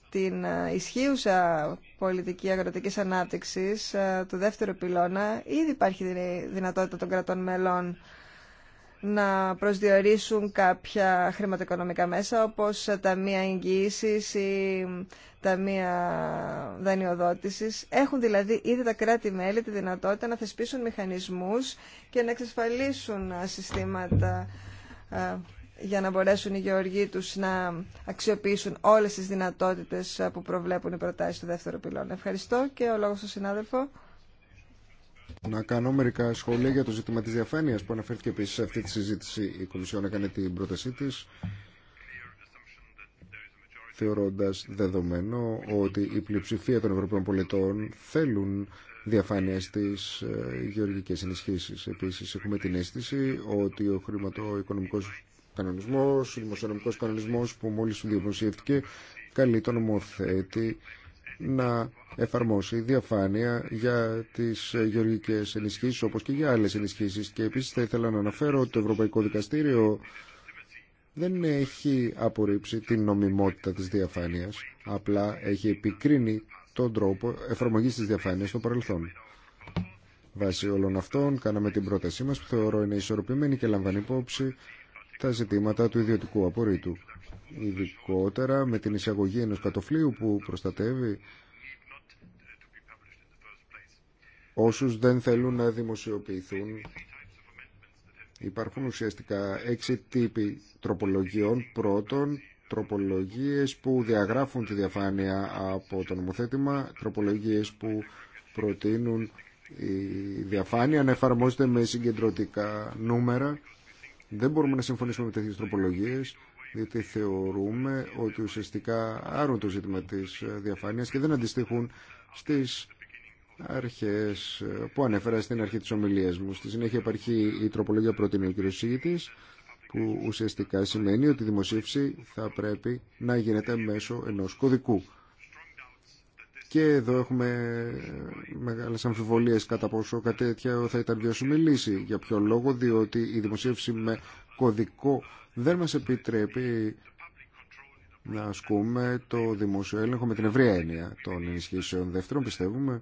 την ε, ισχύουσα πολιτική αγροτικής ανάπτυξης ε, του δεύτερου πυλώνα ήδη υπάρχει δυνατότητα των κρατών μελών να προσδιορίσουν κάποια χρηματοοικονομικά μέσα όπως ταμεία εγγύησης ή ταμεία δανειοδότησης. Έχουν δηλαδή ήδη τα κράτη-μέλη τη δυνατότητα να θεσπίσουν μηχανισμούς και να εξασφαλίσουν συστήματα ε, για να μπορέσουν οι γεωργοί τους να αξιοποιήσουν όλες τις δυνατότητες που προβλέπουν οι προτάσεις του δεύτερου πυλώνα. Ευχαριστώ και ο λόγος στον συνάδελφο. Να κάνω μερικά σχόλια για το ζήτημα της διαφάνειας που αναφέρθηκε επίσης σε αυτή τη συζήτηση. Η Κομισιόν έκανε την πρότασή τη, θεωρώντα δεδομένο ότι η πλειοψηφία των Ευρωπαίων πολιτών θέλουν διαφάνεια στι ε, γεωργικέ ενισχύσει. Επίσης έχουμε την αίσθηση ότι ο χρηματοοικονομικός κανονισμό, ο δημοσιονομικό κανονισμό που μόλις δημοσιεύτηκε καλεί τον νομοθέτη να εφαρμόσει διαφάνεια για τις γεωργικές ενισχύσεις όπως και για άλλες ενισχύσεις και επίσης θα ήθελα να αναφέρω ότι το Ευρωπαϊκό Δικαστήριο δεν έχει απορρίψει την νομιμότητα της διαφάνειας απλά έχει επικρίνει τον τρόπο εφαρμογής της διαφάνειας στο παρελθόν. Βάσει όλων αυτών κάναμε την πρότασή μας που θεωρώ είναι ισορροπημένη και λαμβάνει υπόψη τα ζητήματα του ιδιωτικού απορρίτου. Ειδικότερα με την εισαγωγή ενός κατοφλίου που προστατεύει όσους δεν θέλουν να δημοσιοποιηθούν. Υπάρχουν ουσιαστικά έξι τύποι τροπολογιών. Πρώτον, τροπολογίες που διαγράφουν τη διαφάνεια από το νομοθέτημα, τροπολογίες που προτείνουν η διαφάνεια να εφαρμόζεται με συγκεντρωτικά νούμερα δεν μπορούμε να συμφωνήσουμε με τέτοιες τροπολογίες, διότι θεωρούμε ότι ουσιαστικά άρουν το ζήτημα της ε, διαφάνειας και δεν αντιστοιχούν στις αρχές ε, που ανέφερα στην αρχή της ομιλίας μου. Στη συνέχεια υπάρχει η τροπολογία προτείνει ο κ. Συγητής, που ουσιαστικά σημαίνει ότι η δημοσίευση θα πρέπει να γίνεται μέσω ενός κωδικού. Και εδώ έχουμε μεγάλε αμφιβολίε κατά πόσο κάτι τέτοιο θα ήταν βιώσιμη λύση. Για ποιο λόγο, διότι η δημοσίευση με κωδικό δεν μα επιτρέπει να ασκούμε το δημόσιο έλεγχο με την ευρία έννοια των ενισχύσεων. Δεύτερον, πιστεύουμε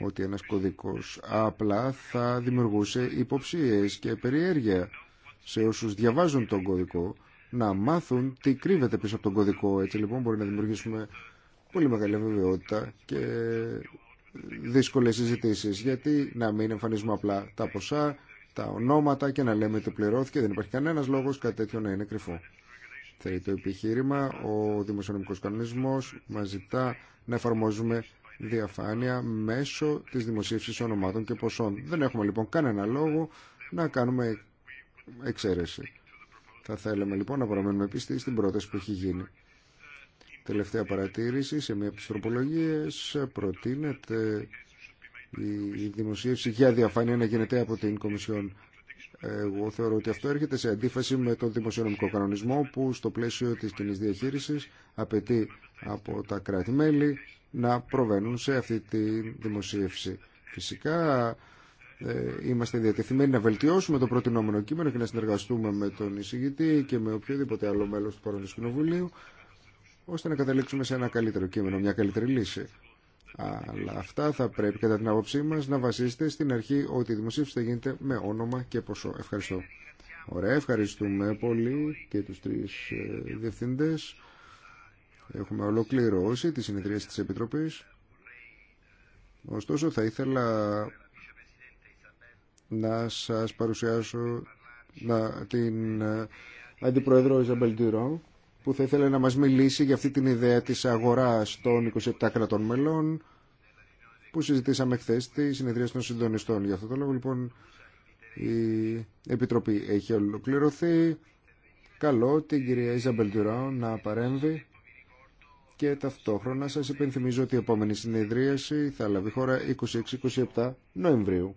ότι ένας κωδικός απλά θα δημιουργούσε υποψίες και περιέργεια σε όσους διαβάζουν τον κωδικό να μάθουν τι κρύβεται πίσω από τον κωδικό. Έτσι λοιπόν μπορεί να δημιουργήσουμε πολύ μεγάλη βεβαιότητα και δύσκολες συζητήσει. γιατί να μην εμφανίζουμε απλά τα ποσά, τα ονόματα και να λέμε ότι πληρώθηκε, δεν υπάρχει κανένας λόγος κάτι τέτοιο να είναι κρυφό. Θέλει το επιχείρημα, ο δημοσιονομικός κανονισμός μας ζητά να εφαρμόζουμε διαφάνεια μέσω της δημοσίευσης ονομάτων και ποσών. Δεν έχουμε λοιπόν κανένα λόγο να κάνουμε εξαίρεση. Θα θέλαμε λοιπόν να παραμένουμε πιστοί στην πρόταση που έχει γίνει. Τελευταία παρατήρηση, σε μια από τις τροπολογίες προτείνεται η δημοσίευση για διαφάνεια να γίνεται από την Κομισιόν. Εγώ θεωρώ ότι αυτό έρχεται σε αντίφαση με τον δημοσιονομικό κανονισμό που στο πλαίσιο της κοινή διαχείρισης απαιτεί από τα κράτη-μέλη να προβαίνουν σε αυτή τη δημοσίευση. Φυσικά ε, είμαστε διατεθειμένοι να βελτιώσουμε το προτινόμενο κείμενο και να συνεργαστούμε με τον εισηγητή και με οποιοδήποτε άλλο μέλος του Παρόντος Κοινοβουλίου ώστε να καταλήξουμε σε ένα καλύτερο κείμενο, μια καλύτερη λύση. Αλλά αυτά θα πρέπει κατά την άποψή μα να βασίζεται στην αρχή ότι η δημοσίευση θα γίνεται με όνομα και ποσό. Ευχαριστώ. Ωραία, ευχαριστούμε πολύ και τους τρεις ε, διευθυντές. Έχουμε ολοκληρώσει τη συνεδρία της Επιτροπής. Ωστόσο θα ήθελα να σας παρουσιάσω να, την ε, Αντιπρόεδρο Ιζαμπελ Τιρόν που θα ήθελε να μας μιλήσει για αυτή την ιδέα της αγοράς των 27 κρατών μελών που συζητήσαμε χθε στη συνεδρία των συντονιστών. Για αυτό το λόγο λοιπόν η Επιτροπή έχει ολοκληρωθεί. Καλό την κυρία Ιζαμπελ Τουράου να παρέμβει και ταυτόχρονα σας υπενθυμίζω ότι η επόμενη συνεδρίαση θα λάβει χώρα 26-27 Νοεμβρίου.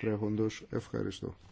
Τρέχοντος ευχαριστώ.